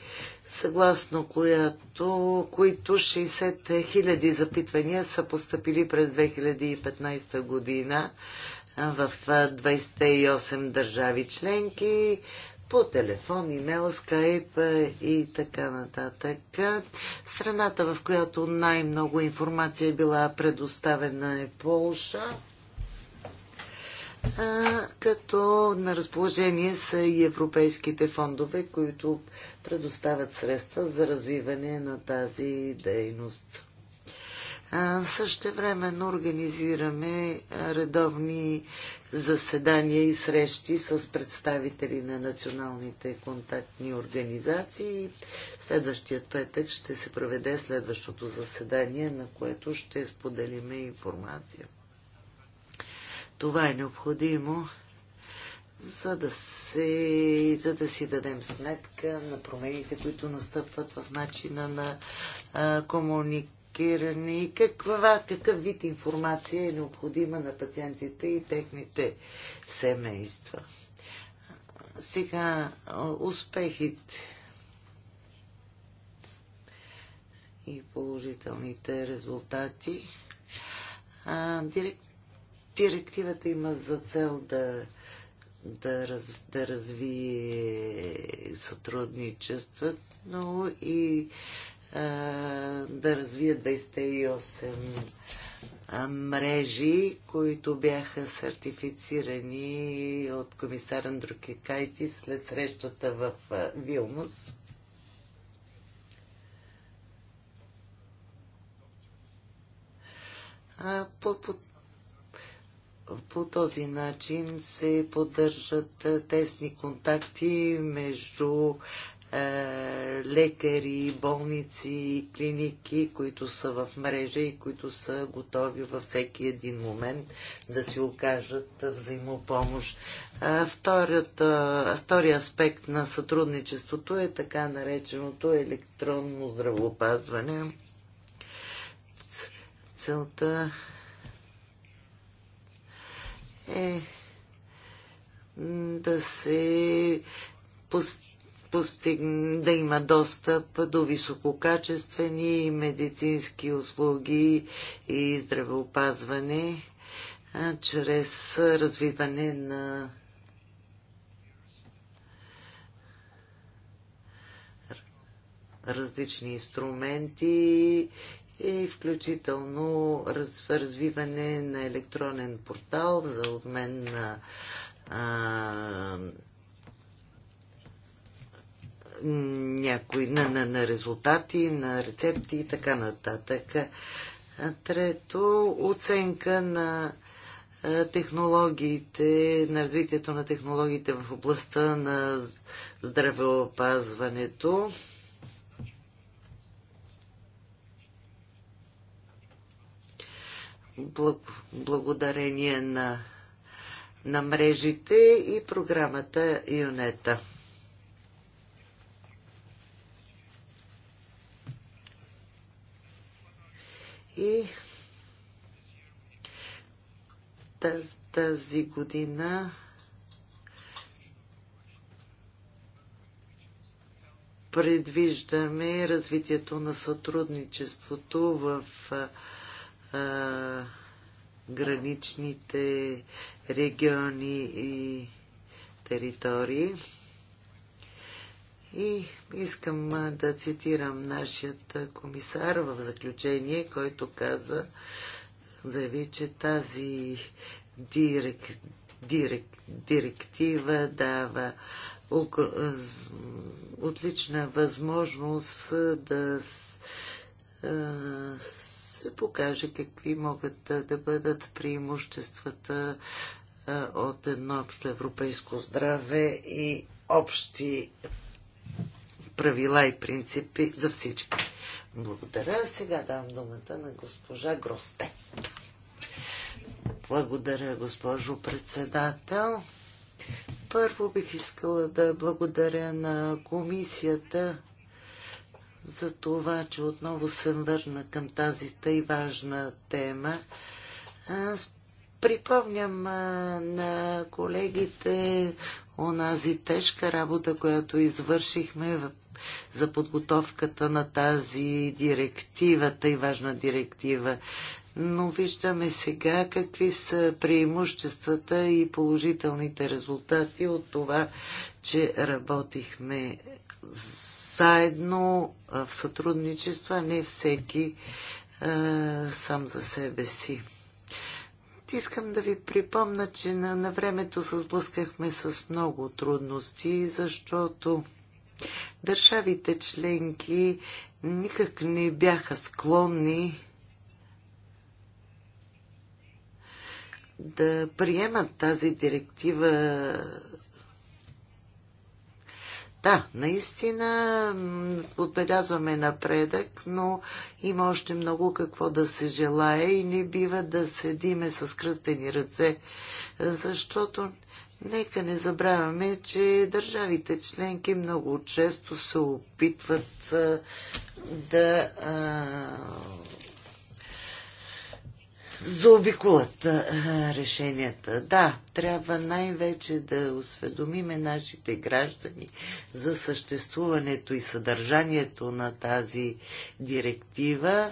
съгласно която, които 60 хиляди запитвания са поступили през 2015 година в 28 държави членки по телефон, имейл, скайп е, и така нататък. Страната, в която най-много информация е била предоставена е Полша като на разположение са и европейските фондове, които предоставят средства за развиване на тази дейност. Също времено организираме редовни заседания и срещи с представители на националните контактни организации. Следващият петък ще се проведе следващото заседание, на което ще споделиме информация. Това е необходимо, за да, се, за да си дадем сметка на промените, които настъпват в начина на комуникация. И каква, какъв вид информация е необходима на пациентите и техните семейства. Сега успехите и положителните резултати. А, дирек... директивата има за цел да, да, раз, да развие сътрудничеството и да развият 208 мрежи, които бяха сертифицирани от комисар Андруки Кайти след срещата в Вилнус. По, по, по този начин се поддържат тесни контакти между е, лекари, болници, клиники, които са в мрежа и които са готови във всеки един момент да си окажат взаимопомощ. Е, вторият, е, втори аспект на сътрудничеството е така нареченото електронно здравоопазване. Целта е да се пост постигне, да има достъп до висококачествени медицински услуги и здравеопазване чрез развиване на различни инструменти и включително развиване на електронен портал за обмен на а, някои, на, на, на резултати, на рецепти и така нататък. Трето, оценка на технологиите, на развитието на технологиите в областта на здравеопазването. Благодарение на, на мрежите и програмата ЮНЕТА. И тази, година предвиждаме развитието на сътрудничеството в а, граничните региони и територии. И искам да цитирам нашият комисар в заключение, който каза, заяви, че тази дирек, дирек, директива дава отлична възможност да се покаже какви могат да бъдат преимуществата от едно общо европейско здраве и общи правила и принципи за всички. Благодаря. Сега давам думата на госпожа Гросте. Благодаря, госпожо председател. Първо бих искала да благодаря на комисията за това, че отново съм върна към тази тъй важна тема. Аз Припомням на колегите онази тежка работа, която извършихме в за подготовката на тази директива, тъй важна директива. Но виждаме сега какви са преимуществата и положителните резултати от това, че работихме заедно в сътрудничество, а не всеки а, сам за себе си. Искам да ви припомна, че на, на времето се сблъскахме с много трудности, защото държавите членки никак не бяха склонни да приемат тази директива да, наистина отбелязваме напредък, но има още много какво да се желая и не бива да седиме с кръстени ръце, защото нека не забравяме, че държавите членки много често се опитват да заобикулат решенията. Да, трябва най-вече да осведомиме нашите граждани за съществуването и съдържанието на тази директива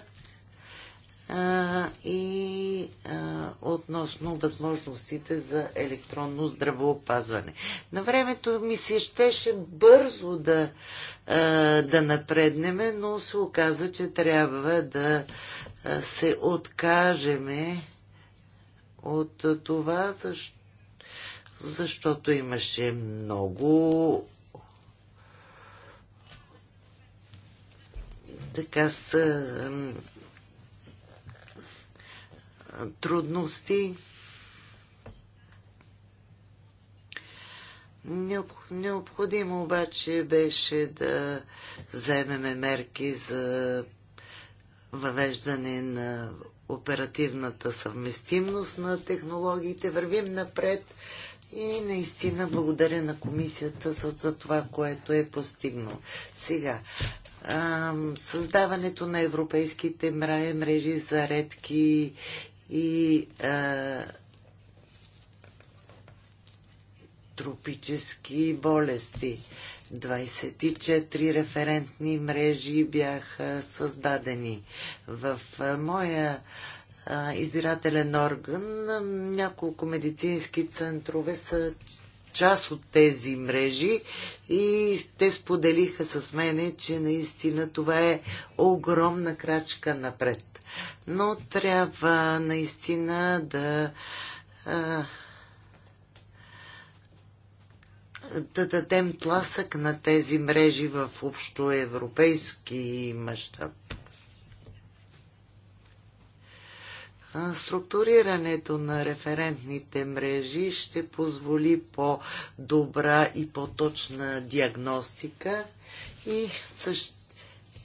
а, и а, относно възможностите за електронно здравоопазване. На времето ми се щеше бързо да, а, да напреднеме, но се оказа, че трябва да се откажеме от това, защо, защото имаше много така са трудности. Необходимо обаче беше да вземеме мерки за въвеждане на оперативната съвместимост на технологиите. Вървим напред и наистина благодаря на комисията за, за това, което е постигнал. Сега, ам, създаването на европейските мрежи за редки и а, тропически болести. 24 референтни мрежи бяха създадени. В моя избирателен орган няколко медицински центрове са част от тези мрежи и те споделиха с мене, че наистина това е огромна крачка напред. Но трябва наистина да а, да дадем тласък на тези мрежи в общоевропейски мащаб. Структурирането на референтните мрежи ще позволи по-добра и по-точна диагностика и също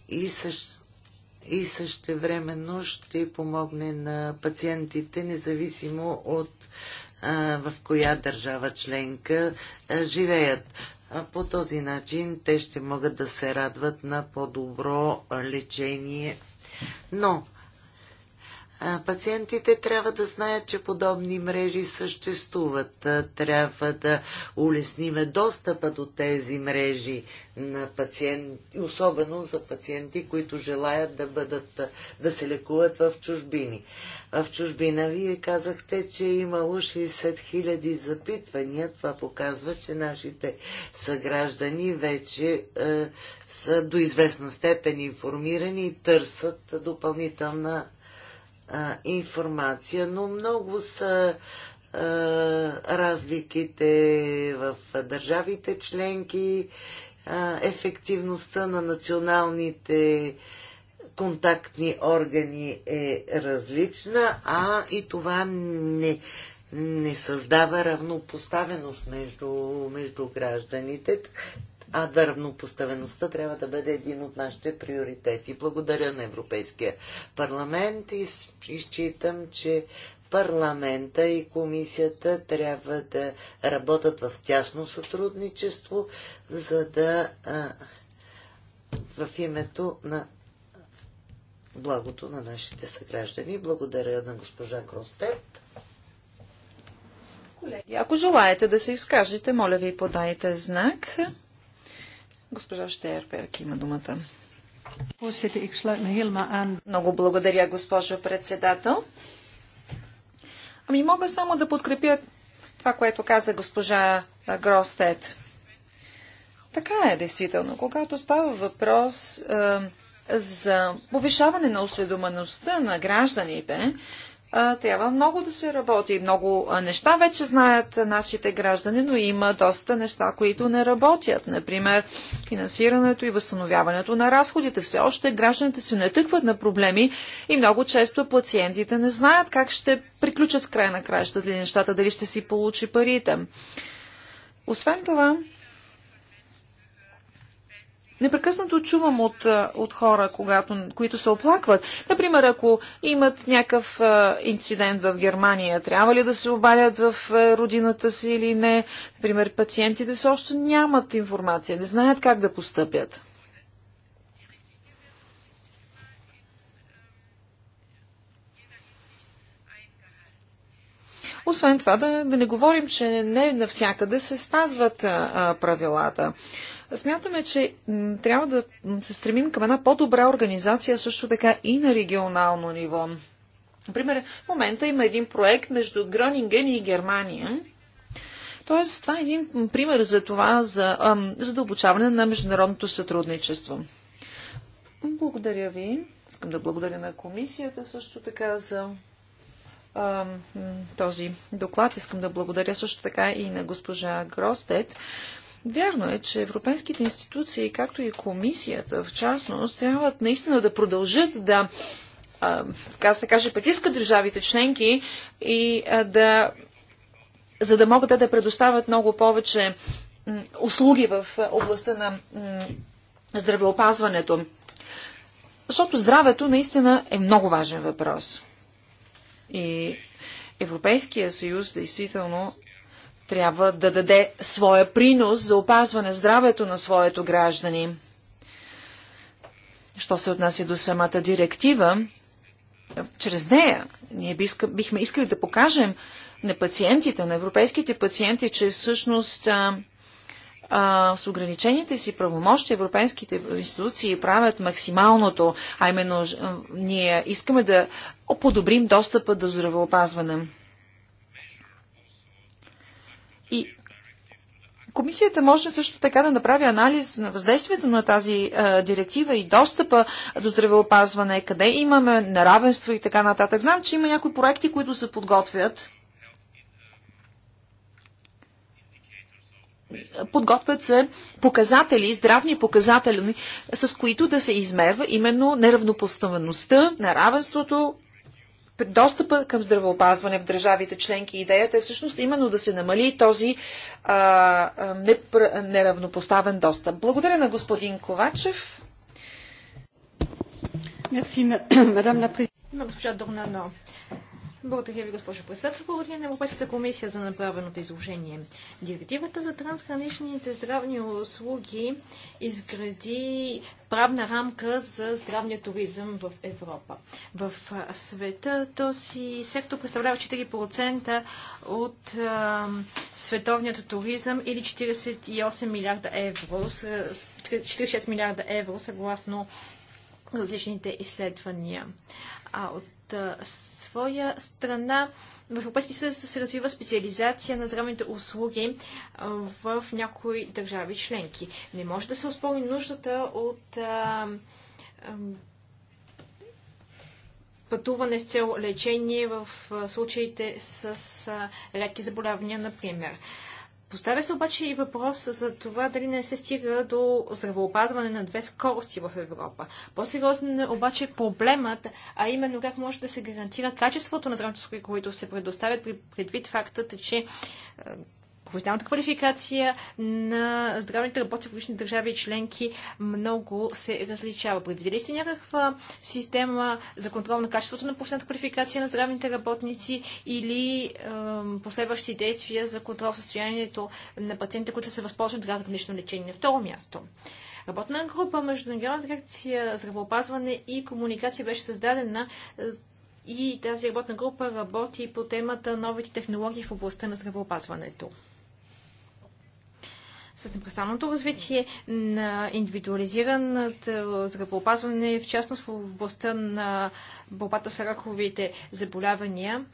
и също и същевременно ще помогне на пациентите, независимо от в коя държава членка живеят. По този начин те ще могат да се радват на по-добро лечение. Но Пациентите трябва да знаят, че подобни мрежи съществуват. Трябва да улесниме достъпа до тези мрежи на пациенти, особено за пациенти, които желаят да, бъдат, да се лекуват в чужбини. В чужбина вие казахте, че е имало 60 хиляди запитвания. Това показва, че нашите съграждани вече е, са до известна степен информирани и търсят допълнителна а, информация, но много са а, разликите в държавите членки, а, ефективността на националните контактни органи е различна, а и това не, не създава равнопоставеност между, между гражданите а дървнопоставеността трябва да бъде един от нашите приоритети. Благодаря на Европейския парламент и изчитам, че парламента и комисията трябва да работят в тясно сътрудничество, за да а, в името на благото на нашите съграждани. Благодаря на госпожа Кростеп. Колеги, ако желаете да се изкажете, моля ви подайте знак. Госпожа Штеерперк има думата. Много благодаря, госпожо председател. Ами мога само да подкрепя това, което каза госпожа Гростет. Така е, действително. Когато става въпрос за повишаване на осведомеността на гражданите, трябва много да се работи. Много неща вече знаят нашите граждани, но има доста неща, които не работят. Например, финансирането и възстановяването на разходите. Все още гражданите се натъкват на проблеми и много често пациентите не знаят как ще приключат в край на кращата или нещата, дали ще си получи парите. Освен това, Непрекъснато чувам от, от хора, когато, които се оплакват. Например, ако имат някакъв инцидент в Германия, трябва ли да се обадят в родината си или не? Например, пациентите се още нямат информация, не знаят как да постъпят. Освен това, да, да не говорим, че не навсякъде се спазват а, правилата. Смятаме, че трябва да се стремим към една по-добра организация също така и на регионално ниво. Например, в момента има един проект между Гронинген и Германия. Тоест, това е един пример за това, за задълбочаване на международното сътрудничество. Благодаря ви. Искам да благодаря на комисията също така за този доклад. Искам да благодаря също така и на госпожа Гростет Вярно е, че европейските институции, както и комисията в частност, трябва наистина да продължат да, а, така се каже, петиска държавите членки и а, да, за да могат те да предоставят много повече м, услуги в областта на м, здравеопазването. Защото здравето наистина е много важен въпрос. И Европейския съюз действително трябва да даде своя принос за опазване здравето на своето граждани. Що се отнася до самата директива, чрез нея ние бихме искали да покажем на пациентите, на европейските пациенти, че всъщност а, а, с ограничените си правомощи европейските институции правят максималното, а именно ние искаме да подобрим достъпа до здравеопазване. И Комисията може също така да направи анализ на въздействието на тази а, директива и достъпа до здравеопазване, къде имаме неравенство и така нататък. Знам, че има някои проекти, които се подготвят. Подготвят се показатели, здравни показатели, с които да се измерва именно неравнопоставеността, неравенството достъпа към здравеопазване в държавите членки. Идеята е всъщност именно да се намали този а, непр... неравнопоставен достъп. Благодаря на господин Ковачев. Мерси, мадам на госпожа Дорнано. Благодаря ви, госпожа председател. Благодаря на Европейската комисия за направеното изложение. Директивата за трансграничните здравни услуги изгради правна рамка за здравния туризъм в Европа. В света този сектор представлява 4% от а, световният туризъм или 48 милиарда евро, 46 милиарда евро, съгласно различните изследвания. А от от а, своя страна в Европейския съюз се развива специализация на здравните услуги в някои държави членки. Не може да се успомни нуждата от а, пътуване с цел лечение в случаите с редки заболявания, например. Поставя се обаче и въпрос за това дали не се стига до здравеопазване на две скорости в Европа. По-сериозен е обаче проблемът, а именно как може да се гарантира качеството на здравето, които се предоставят при предвид фактът, че професионалната квалификация на здравните работи в различни държави и членки много се различава. Предвидели сте някаква система за контрол на качеството на професионалната квалификация на здравните работници или е, последващи действия за контрол в състоянието на пациентите, които се възползват от разгранично лечение? На второ място. Работна група между Генералната дирекция здравеопазване и комуникация беше създадена и тази работна група работи по темата новите технологии в областта на здравеопазването с непрестанното развитие на индивидуализираната здравеопазване, в частност в областта на борбата с раковите заболявания,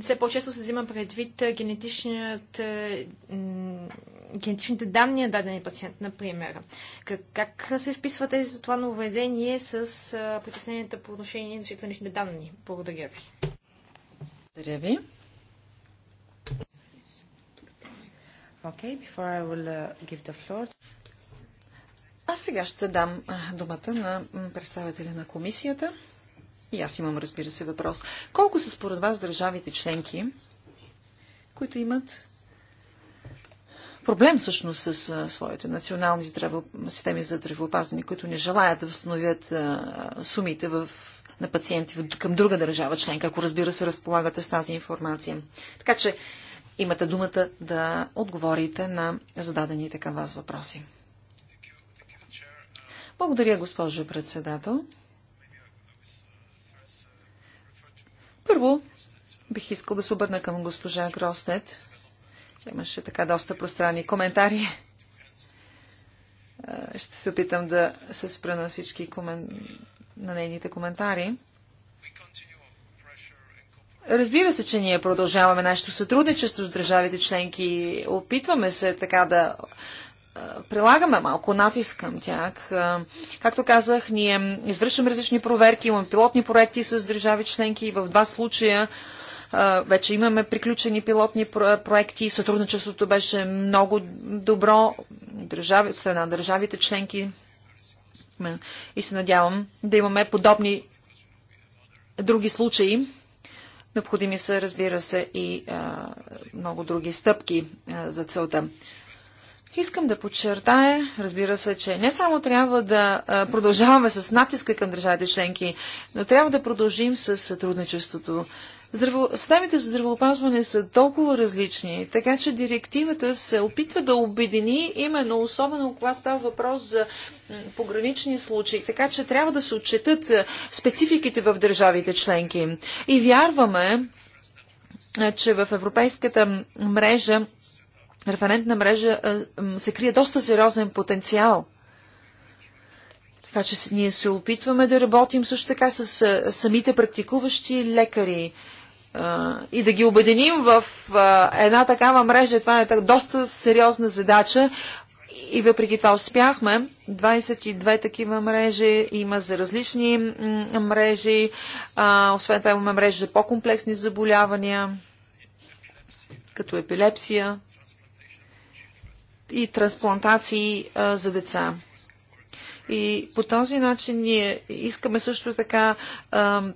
все по-често се взима предвид генетичните данни на даден пациент, например. Как, как се вписва тези, това нововведение с притесненията по отношение на защита данни? Благодаря ви. Благодаря ви. Okay, before I will uh, give the floor. Аз сега ще дам думата на представителя на комисията. И аз имам, разбира се, въпрос. Колко са според вас държавите членки, които имат проблем всъщност с своите национални здраво, системи за здравеопазване, които не желаят да възстановят сумите в, на пациенти към друга държава членка, ако разбира се разполагате с тази информация. Така че Имате думата да отговорите на зададените към вас въпроси. Благодаря, госпожо председател. Първо, бих искал да се обърна към госпожа Гростет. Тя имаше така доста пространни коментари. Е, ще се опитам да се спра на всички комен... на нейните коментари. Разбира се, че ние продължаваме нашето сътрудничество с държавите членки. Опитваме се така да прилагаме малко натиск към тях. Както казах, ние извършваме различни проверки, имаме пилотни проекти с държави членки и в два случая вече имаме приключени пилотни проекти. Сътрудничеството беше много добро от страна на държавите членки. И се надявам да имаме подобни други случаи Необходими са, разбира се, и а, много други стъпки а, за целта. Искам да подчертая, разбира се, че не само трябва да продължаваме с натиска към държавите членки, но трябва да продължим с сътрудничеството Здраво... за здравеопазване са толкова различни, така че директивата се опитва да обедини именно, особено когато става въпрос за погранични случаи, така че трябва да се отчетат е, спецификите в държавите членки. И вярваме, е, че в европейската мрежа, референтна мрежа, е, се крие доста сериозен потенциал. Така че ние се опитваме да работим също така с самите практикуващи лекари и да ги обединим в една такава мрежа. Това е доста сериозна задача. И въпреки това успяхме. 22 такива мрежи има за различни мрежи. освен това имаме мрежи за по-комплексни заболявания, като епилепсия и трансплантации за деца. И по този начин ние искаме също така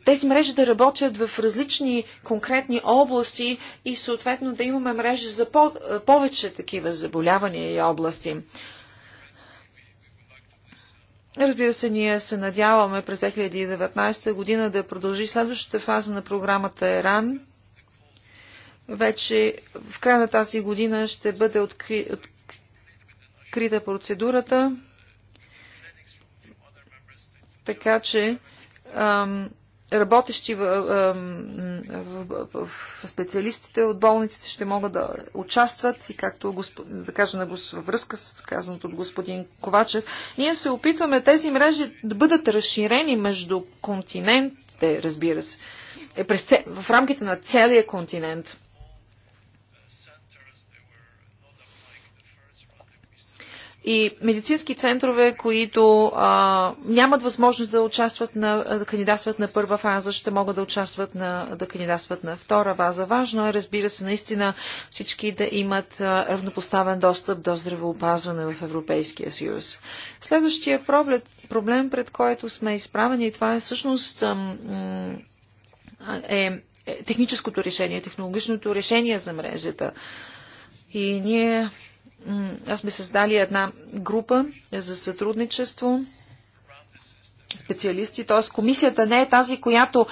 тези мрежи да работят в различни конкретни области и съответно да имаме мрежи за по повече такива заболявания и области. Разбира се, ние се надяваме през 2019 година да продължи следващата фаза на програмата ЕРАН. Вече в края на тази година ще бъде открита процедурата така че работещи в, в, в специалистите от болниците ще могат да участват и както госп... да кажа на гос... във връзка с казаното от господин Ковачев, ние се опитваме тези мрежи да бъдат разширени между континентите, разбира се, е, през... в рамките на целия континент. и медицински центрове, които а, нямат възможност да участват на, да кандидатстват на първа фаза, ще могат да участват на, да кандидатстват на втора фаза. Важно е, разбира се, наистина всички да имат а, равнопоставен достъп до здравеопазване в Европейския съюз. Следващия проблем, проблем пред който сме изправени, и това е всъщност а, е, е техническото решение, технологичното решение за мрежата. И ние аз сме създали една група за сътрудничество, специалисти, т.е. комисията не е тази, която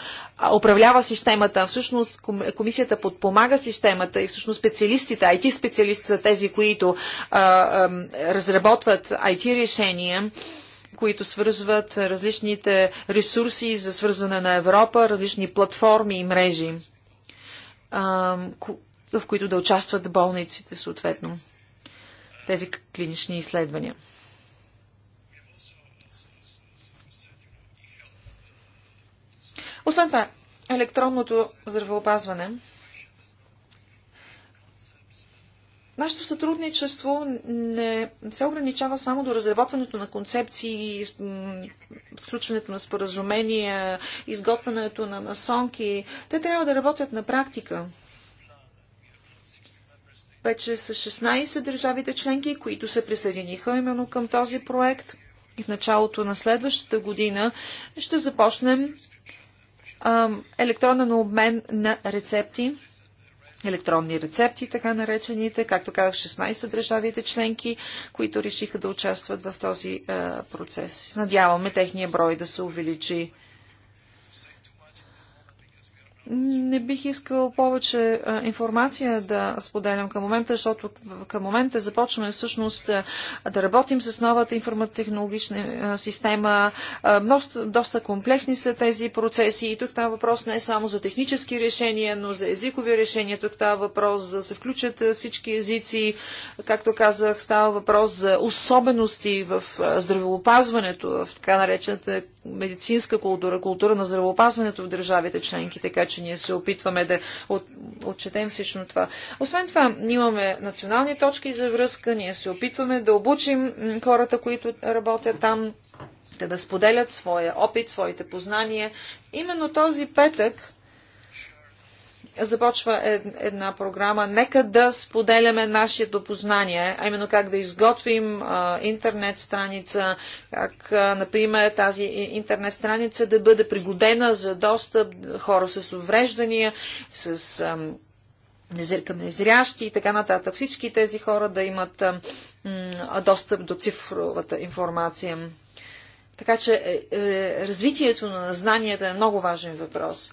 управлява системата, всъщност комисията подпомага системата и всъщност специалистите, IT специалисти са тези, които а, а, разработват IT решения които свързват различните ресурси за свързване на Европа, различни платформи и мрежи, а, в които да участват болниците съответно тези клинични изследвания. Освен това, електронното здравеопазване. Нашето сътрудничество не се ограничава само до разработването на концепции, сключването на споразумения, изготвянето на насонки. Те трябва да работят на практика. Вече са 16 държавите членки, които се присъединиха именно към този проект. И в началото на следващата година ще започнем електронен обмен на рецепти, електронни рецепти, така наречените, както казах, 16 държавите членки, които решиха да участват в този процес. Надяваме техния брой да се увеличи не бих искал повече а, информация да споделям към момента, защото към момента започваме всъщност да работим с новата информатехнологична система. А, доста комплексни са тези процеси и тук това въпрос не е само за технически решения, но за езикови решения. Тук това въпрос за да се включат всички езици. Както казах, става въпрос за особености в здравеопазването, в така наречената медицинска култура, култура на здравеопазването в държавите членки. Така че ние се опитваме да от, отчетем всичко това. Освен това, имаме национални точки за връзка, ние се опитваме да обучим хората, които работят там, да, да споделят своя опит, своите познания. Именно този петък започва е, една програма. Нека да споделяме нашето познание, а именно как да изготвим интернет страница, как, например, тази интернет страница да бъде пригодена за достъп хора с увреждания, с незрящи и така нататък. Всички тези хора да имат достъп до цифровата информация. Така че е, е, развитието на знанията е много важен въпрос.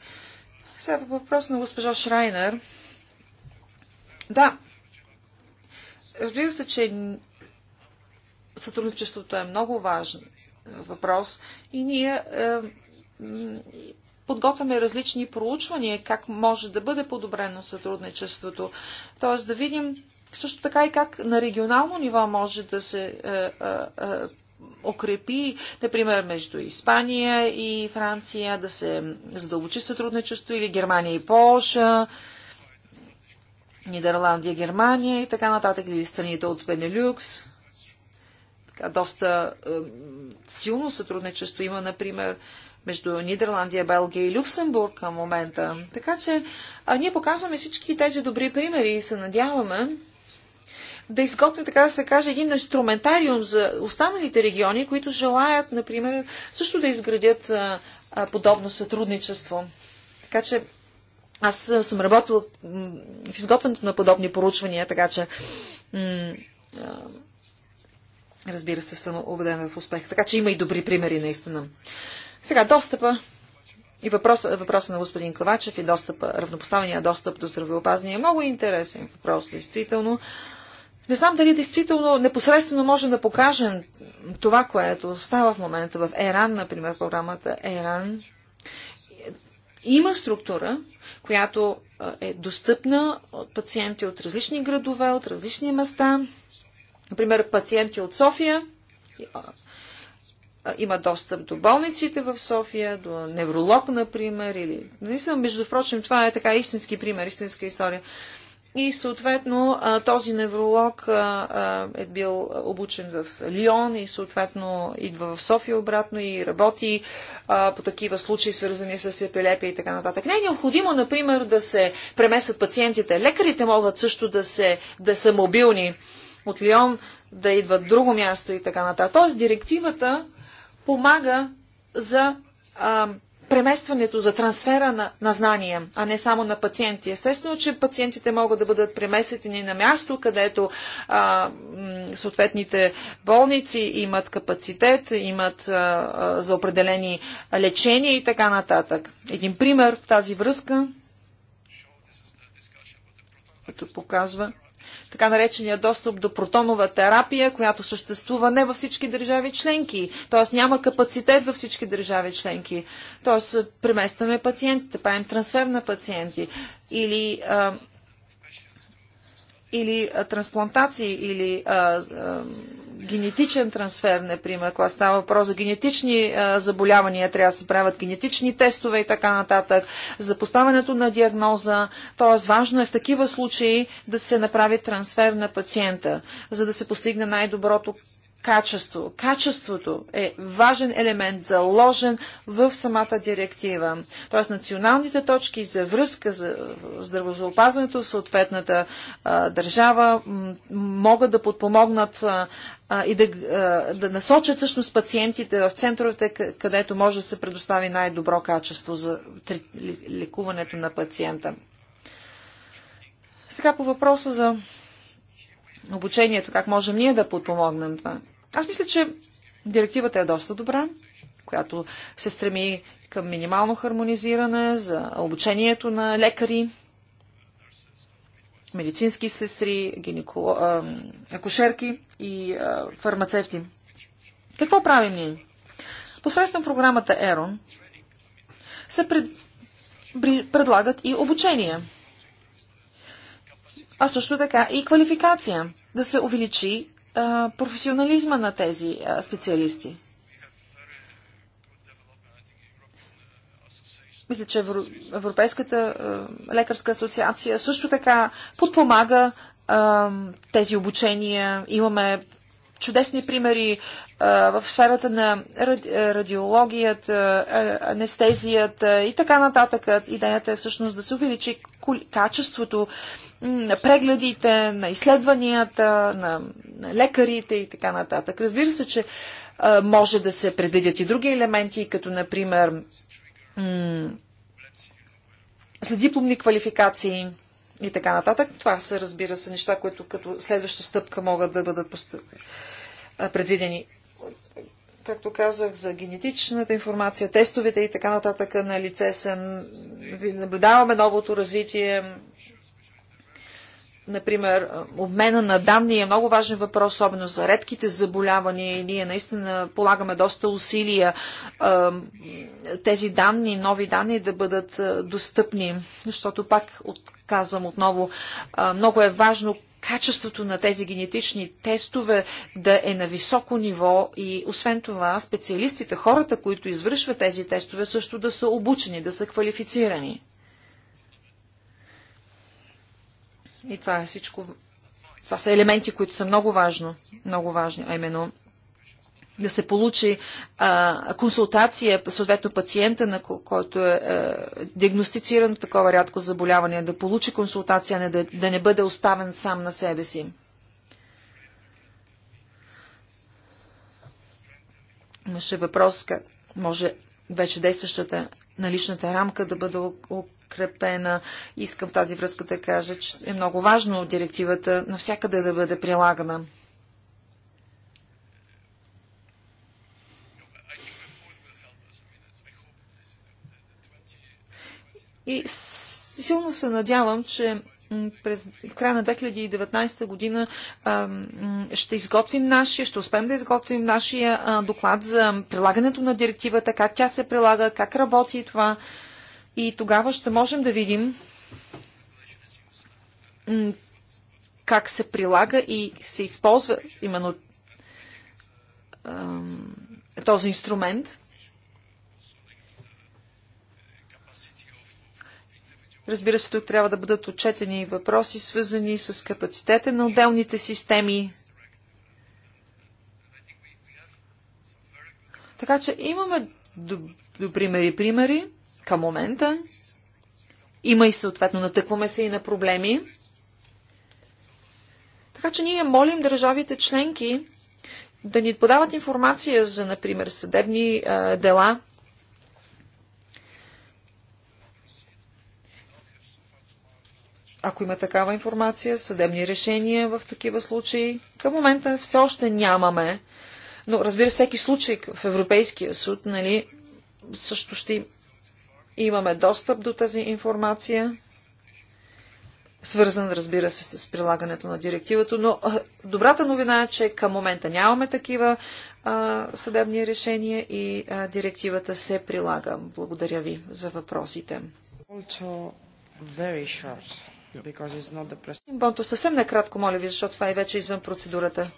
Сега въпрос на госпожа Шрайнер. Да, разбира се, че сътрудничеството е много важен е, въпрос и ние е, подготвяме различни проучвания как може да бъде подобрено сътрудничеството. Тоест да видим също така и как на регионално ниво може да се е, е, е укрепи, например, между Испания и Франция, да се задълбочи сътрудничество или Германия и Полша, Нидерландия, Германия и така нататък, или страните от Пенелюкс. Така, доста е, силно сътрудничество има, например, между Нидерландия, Белгия и Люксембург към момента. Така че а, ние показваме всички тези добри примери и се надяваме, да изготвим, така да се каже, един инструментариум за останалите региони, които желаят, например, също да изградят а, а, подобно сътрудничество. Така че аз съм работила в изготвянето на подобни поручвания, така че разбира се, съм убедена в успех. Така че има и добри примери, наистина. Сега, достъпа и въпроса, въпроса на господин Кавачев и равнопоставения достъп до здравеопазния е много интересен въпрос, действително. Не знам дали действително непосредствено може да покажем това, което става в момента в ЕРАН, например, програмата ЕРАН. Има структура, която е достъпна от пациенти от различни градове, от различни места. Например, пациенти от София има достъп до болниците в София, до невролог, например, или... Нали между впрочем, това е така истински пример, истинска история. И съответно този невролог е бил обучен в Лион и съответно идва в София обратно и работи по такива случаи, свързани с епилепия и така нататък. Не е необходимо, например, да се преместят пациентите. Лекарите могат също да, се, да са мобилни от Лион, да идват друго място и така нататък. Тоест директивата помага за преместването, за трансфера на, на знания, а не само на пациенти. Естествено, че пациентите могат да бъдат преместени на място, където а, съответните болници имат капацитет, имат а, а, за определени лечения и така нататък. Един пример в тази връзка, като показва, така наречения достъп до протонова терапия, която съществува не във всички държави членки. Т.е. няма капацитет във всички държави членки. Т.е. преместваме пациентите, правим трансфер на пациенти. Или а, или а, трансплантации, или а, а, генетичен трансфер, например, когато става въпрос за генетични заболявания, трябва да се правят генетични тестове и така нататък, за поставянето на диагноза. Тоест, важно е в такива случаи да се направи трансфер на пациента, за да се постигне най-доброто качество. Качеството е важен елемент, заложен в самата директива. Тоест националните точки за връзка за здравеопазването в съответната а, държава могат да подпомогнат а, а, и да, а, да насочат всъщност пациентите в центровете, където може да се предостави най-добро качество за лекуването на пациента. Сега по въпроса за обучението, как можем ние да подпомогнем това. Аз мисля, че директивата е доста добра, която се стреми към минимално хармонизиране за обучението на лекари, медицински сестри, гинеколо... акушерки и фармацевти. Какво правим ние? Посредством програмата ЕРОН се пред... при... предлагат и обучение, а също така и квалификация, да се увеличи а, професионализма на тези а, специалисти. Мисля, че Европейската е, лекарска асоциация също така подпомага е, тези обучения. Имаме чудесни примери е, в сферата на радиологията, анестезията и така нататък. Идеята е всъщност да се увеличи качеството на прегледите, на изследванията, на лекарите и така нататък. Разбира се, че може да се предвидят и други елементи, като например след дипломни квалификации и така нататък. Това са, разбира се, неща, които като следваща стъпка могат да бъдат предвидени. Както казах, за генетичната информация, тестовете и така нататък на лице са. Наблюдаваме новото развитие Например, обмена на данни е много важен въпрос, особено за редките заболявания. И ние наистина полагаме доста усилия тези данни, нови данни да бъдат достъпни, защото пак отказвам отново, много е важно качеството на тези генетични тестове да е на високо ниво и освен това специалистите, хората, които извършват тези тестове, също да са обучени, да са квалифицирани. И това е всичко. Това са елементи, които са много важно, много важни, а именно да се получи а, консултация, съответно пациента, на който е а, е, диагностициран такова рядко заболяване, да получи консултация, не да, да не бъде оставен сам на себе си. Имаше въпрос как може вече действащата наличната рамка да бъде подкрепена. Искам в тази връзка да кажа, че е много важно директивата навсякъде да бъде прилагана. И силно се надявам, че през края на 2019 година ще изготвим нашия, ще успеем да изготвим нашия доклад за прилагането на директивата, как тя се прилага, как работи това. И тогава ще можем да видим как се прилага и се използва именно този инструмент. Разбира се, тук трябва да бъдат отчетени въпроси, свързани с капацитета на отделните системи. Така че имаме добри примери. примери към момента. Има и съответно, натъкваме се и на проблеми. Така че ние молим държавите членки да ни подават информация за, например, съдебни а, дела. Ако има такава информация, съдебни решения в такива случаи. Към момента все още нямаме. Но разбира, всеки случай в Европейския суд, нали, също ще Имаме достъп до тази информация, свързан, разбира се, с прилагането на директивата, но добрата новина е, че към момента нямаме такива а, съдебни решения и а, директивата се прилага. Благодаря ви за въпросите. Бонто, съвсем накратко, моля ви, защото това е вече извън процедурата.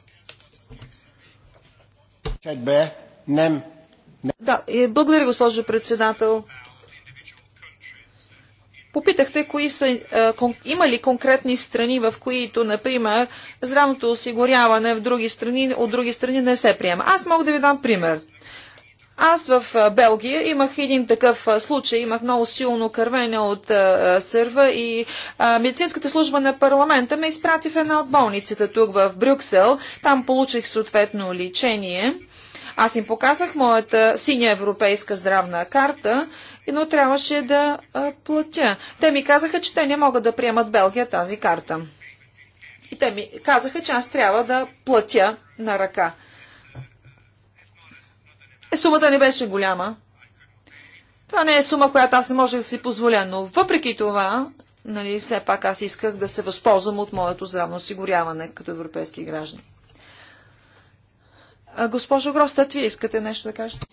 Да, е, благодаря, госпожо председател. Попитахте, кои са, е, има ли конкретни страни, в които, например, здравното осигуряване в други страни, от други страни не се приема. Аз мога да ви дам пример. Аз в е, Белгия имах един такъв е, случай, имах много силно кървене от сърва и медицинската служба на парламента ме изпрати в една от болниците тук в Брюксел. Там получих съответно лечение. Аз им показах моята синя европейска здравна карта, но трябваше да платя. Те ми казаха, че те не могат да приемат Белгия тази карта. И те ми казаха, че аз трябва да платя на ръка. Е, сумата не беше голяма. Това не е сума, която аз не може да си позволя, но въпреки това, нали, все пак аз исках да се възползвам от моето здравно осигуряване като европейски граждани. Госпожо Гростът, вие искате нещо да кажете?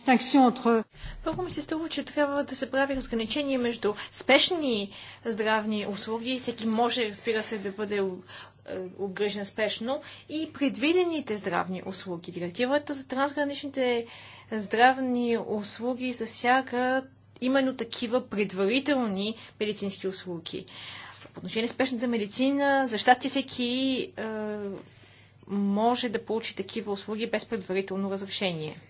Много ми се струва, че трябва да се прави разграничение между спешни здравни услуги, всеки може, разбира се, да бъде е, обгрижен спешно, и предвидените здравни услуги. Директивата за трансграничните здравни услуги засяга именно такива предварителни медицински услуги. По отношение на спешната медицина, за щастие всеки е, може да получи такива услуги без предварително разрешение.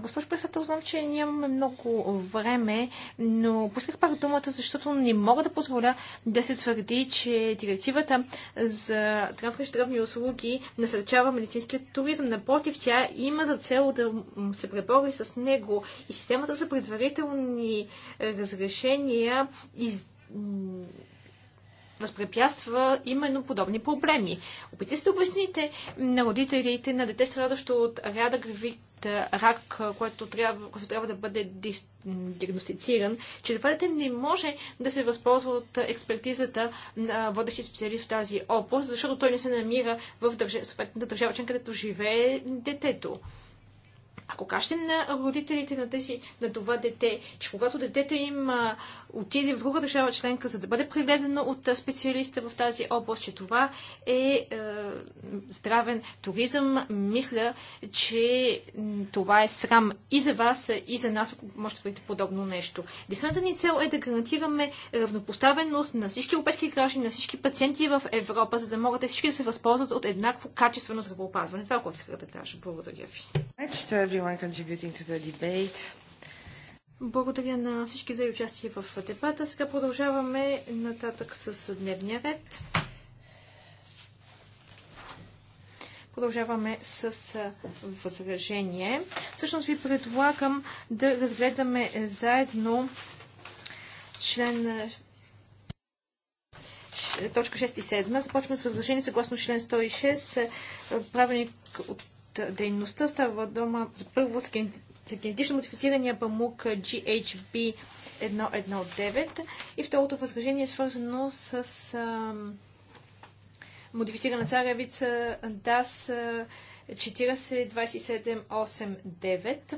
Госпожо председател, знам, че нямаме много време, но пусках пак думата, защото не мога да позволя да се твърди, че директивата за трансгранични услуги насърчава медицинският туризъм. Напротив, тя има за цел да се пребори с него и системата за предварителни разрешения из възпрепятства именно подобни проблеми. Опитайте се да обясните на родителите на дете, страдащо от рядък вид рак, който трябва, който трябва да бъде диагностициран, че това дете не може да се възползва от експертизата на водещи специалист в тази област, защото той не се намира в съответната държава, където живее детето. Ако кажете на родителите на, тези, на това дете, че когато детето им а, отиде в друга държава членка, за да бъде прегледано от специалиста в тази област, че това е, е здравен туризъм, мисля, че това е срам и за вас, и за нас, ако можете да видите подобно нещо. Единствената ни цел е да гарантираме равнопоставеност на всички европейски граждани, на всички пациенти в Европа, за да могат всички да се възползват от еднакво качествено здравеопазване. Това е което исках да кажа. Благодаря ви. Uh, everyone contributing to the debate. Благодаря на всички за участие в дебата. Сега продължаваме нататък с дневния ред. Продължаваме с възражение. Всъщност ви предлагам да разгледаме заедно член точка 6 и 7. Започваме с възражение съгласно член 106, правилник от дейността. Става дума за първо за генетично модифицирания памук GHB 119 и второто възражение е свързано с а, модифицирана царевица DAS 402789.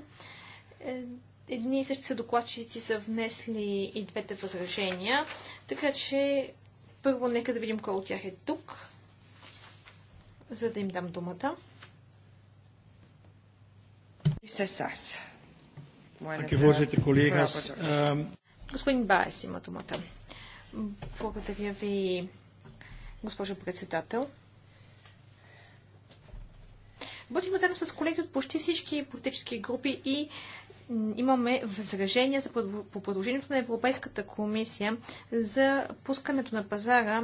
Е, едни и същи са докладчици са внесли и двете възражения, така че първо нека да видим кой от тях е тук, за да им дам думата. Господин Баес има думата. Благодаря ви, госпожо председател. Бъдем заедно с колеги от почти всички политически групи и имаме възражения за, по продължението на Европейската комисия за пускането на пазара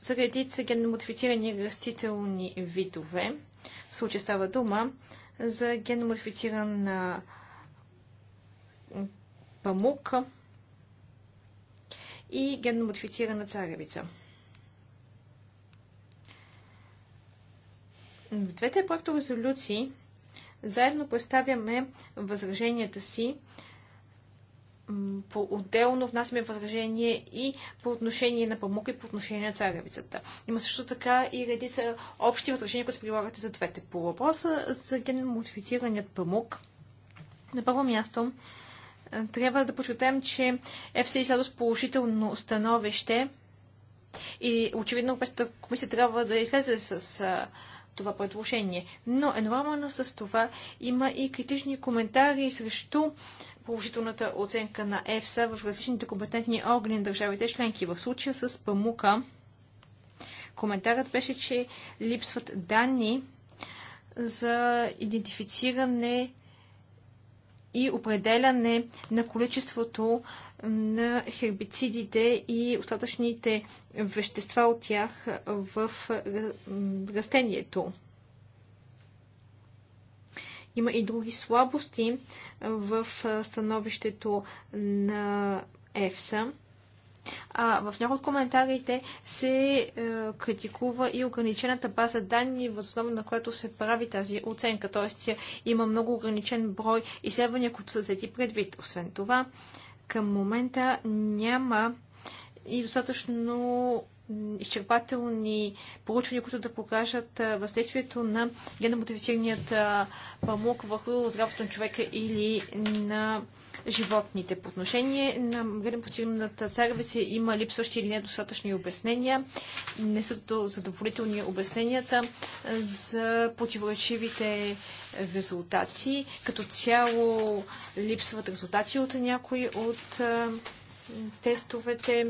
за редица генномодифицирани модифицирани растителни видове. В случая става дума за геномодифициран памук и геномодифицирана царевица. В двете резолюции заедно представяме възраженията си по-отделно внасяме възражение и по отношение на памука и по отношение на царевицата. Има също така и редица общи възражения, които се за двете. По въпроса за генмодифицираният памук, на първо място е, трябва да почетем, че ФСИ изляза с положително становище и очевидно Европейската комисия трябва да излезе с а, това предложение. Но едновременно с това има и критични коментари срещу положителната оценка на ЕФСА в различните компетентни органи на държавите членки. В случая с Памука коментарът беше, че липсват данни за идентифициране и определяне на количеството на хербицидите и остатъчните вещества от тях в растението. Има и други слабости в становището на ЕФСА. А, в някои от коментарите се е, критикува и ограничената база данни, в основа на която се прави тази оценка. Т.е. има много ограничен брой изследвания, които са взети предвид. Освен това, към момента няма и достатъчно изчерпателни получвания, които да покажат въздействието на геномодифицираният памук върху здравето на човека или на животните. По отношение на геномодифицираната царевица има липсващи или недостатъчни обяснения. Не са задоволителни обясненията за противоречивите резултати. Като цяло липсват резултати от някои от тестовете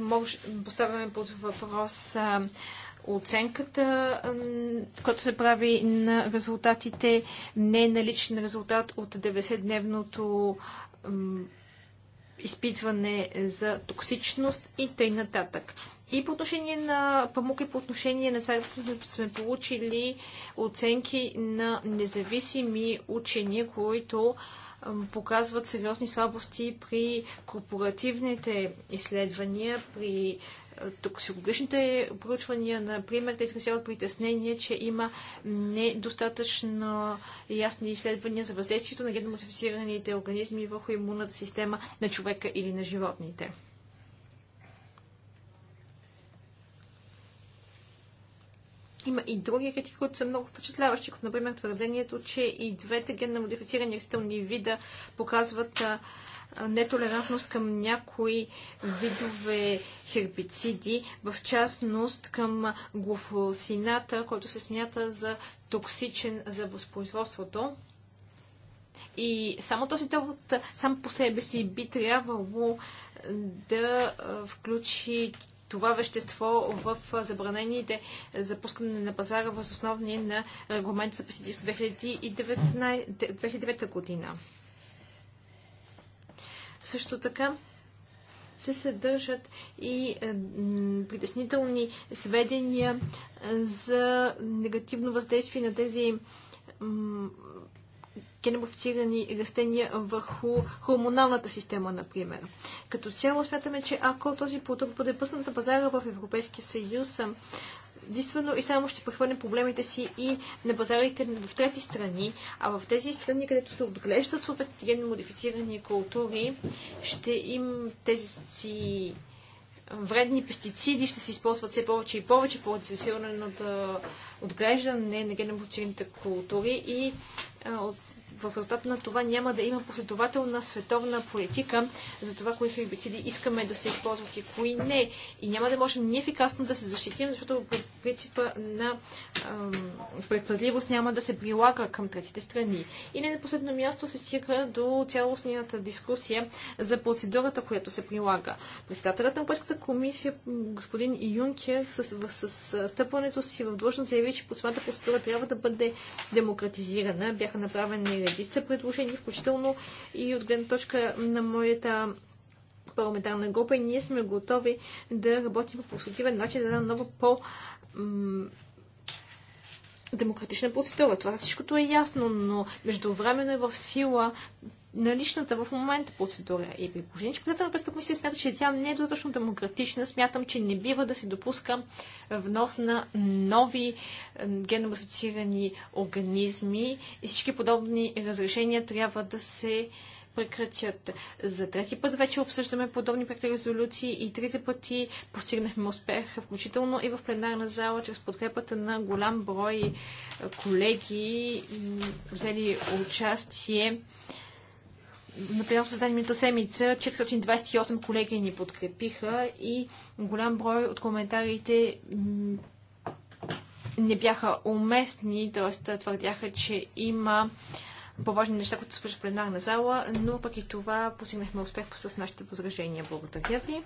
може, поставяме под въпрос оценката, която се прави на резултатите, не е наличен резултат от 90-дневното изпитване за токсичност и тъй нататък. И по отношение на памук и по отношение на царят сме, сме получили оценки на независими учени, които показват сериозни слабости при корпоративните изследвания, при е, токсикологичните проучвания, например, те да изразяват притеснение, че има недостатъчно ясни изследвания за въздействието на генномодифицираните организми върху имунната система на човека или на животните. Има и други критики, които са много впечатляващи, като например твърдението, че и двете генно модифицирани растителни вида показват нетолерантност към някои видове хербициди, в частност към глуфосината, който се смята за токсичен за възпроизводството. И само този довод сам по себе си би трябвало да включи това вещество в забранените за пускане на пазара въз основни на регламент за пестициди в 2009 година. Също така се съдържат и е, притеснителни сведения за негативно въздействие на тези геномодифицирани растения върху хормоналната система, например. Като цяло смятаме, че ако този продукт бъде пуснат на пазара в Европейския съюз, единствено и само ще прехвърлим проблемите си и на пазарите в трети страни, а в тези страни, където се отглеждат съответните генно модифицирани култури, ще им тези вредни пестициди ще се използват все повече и повече поради засиленото отглеждане на геномодифицираните култури и от в резултат на това няма да има последователна световна политика за това, кои хербициди искаме да се използват и кои не. И няма да можем ние ефикасно да се защитим, защото принципа на предпазливост няма да се прилага към третите страни. И не на последно място се стига до цялостната дискусия за процедурата, която се прилага. Председателят на Европейската комисия, господин Юнкер, с, с, с стъпването си в длъжност заяви, че по самата процедура трябва да бъде демократизирана. Бяха направени редица предложения, включително и от гледна точка на моята парламентарна група и ние сме готови да работим по конструктивен начин за една нова по- демократична процедура. Това всичкото е ясно, но междувременно е в сила наличната в момента процедура. И при положение, че председател на престъпна комисия смята, че тя не е достатъчно демократична, смятам, че не бива да се допуска внос на нови е, геномодифицирани организми и всички подобни разрешения трябва да се прекратят. За трети път вече обсъждаме подобни проекти резолюции и трите пъти постигнахме успех, включително и в пленарна зала, чрез подкрепата на голям брой колеги, взели участие на пленарно създание минута седмица 428 колеги ни подкрепиха и голям брой от коментарите не бяха уместни, т.е. твърдяха, че има по-важни неща, които се случват в пленарна зала, но пък и това постигнахме успех с нашите възражения. Благодаря ви.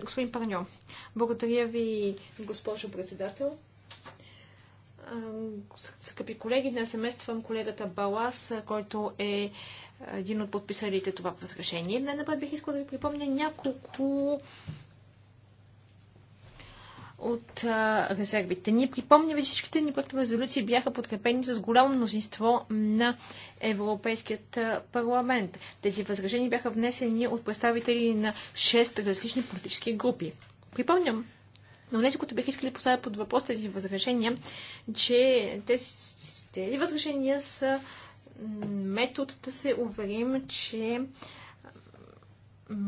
Господин Парньо, благодаря ви, госпожо председател скъпи колеги, днес замествам колегата Балас, който е един от подписалите това възрешение. Най-напред бих искал да ви припомня няколко от резервите. Ние припомняме, че всичките ни резолюции бяха подкрепени с голямо мнозинство на Европейският парламент. Тези възражения бяха внесени от представители на 6 различни политически групи. Припомням, но нещо, което бих искали да поставя под въпрос тези възражения, че тези, тези възражения са метод да се уверим, че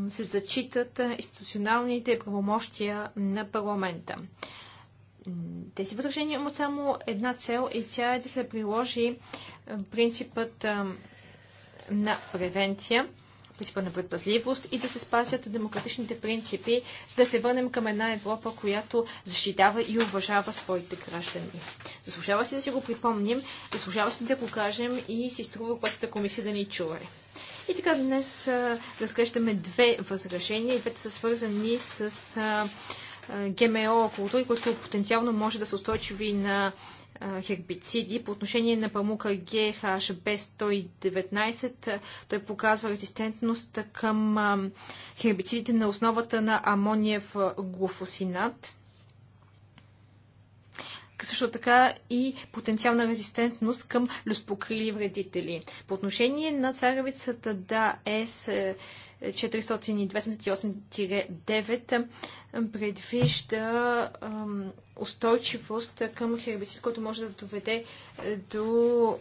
се зачитат институционалните правомощия на парламента. Тези възражения имат само една цел и тя е да се приложи принципът на превенция принципа на предпазливост и да се спазят демократичните принципи, за да се върнем към една Европа, която защитава и уважава своите граждани. Заслужава се да си го припомним, заслужава се да го кажем и си струва Пътната комисия да ни чува. И така днес а, разглеждаме две възражения и двете са свързани с а, ГМО култури, които потенциално може да са устойчиви на хербициди. По отношение на памука GHB119, той показва резистентност към хербицидите на основата на амониев глуфосинат. Също така и потенциална резистентност към люспокрили вредители. По отношение на царевицата да 428-9 предвижда устойчивост към хербицид, който може да доведе е, до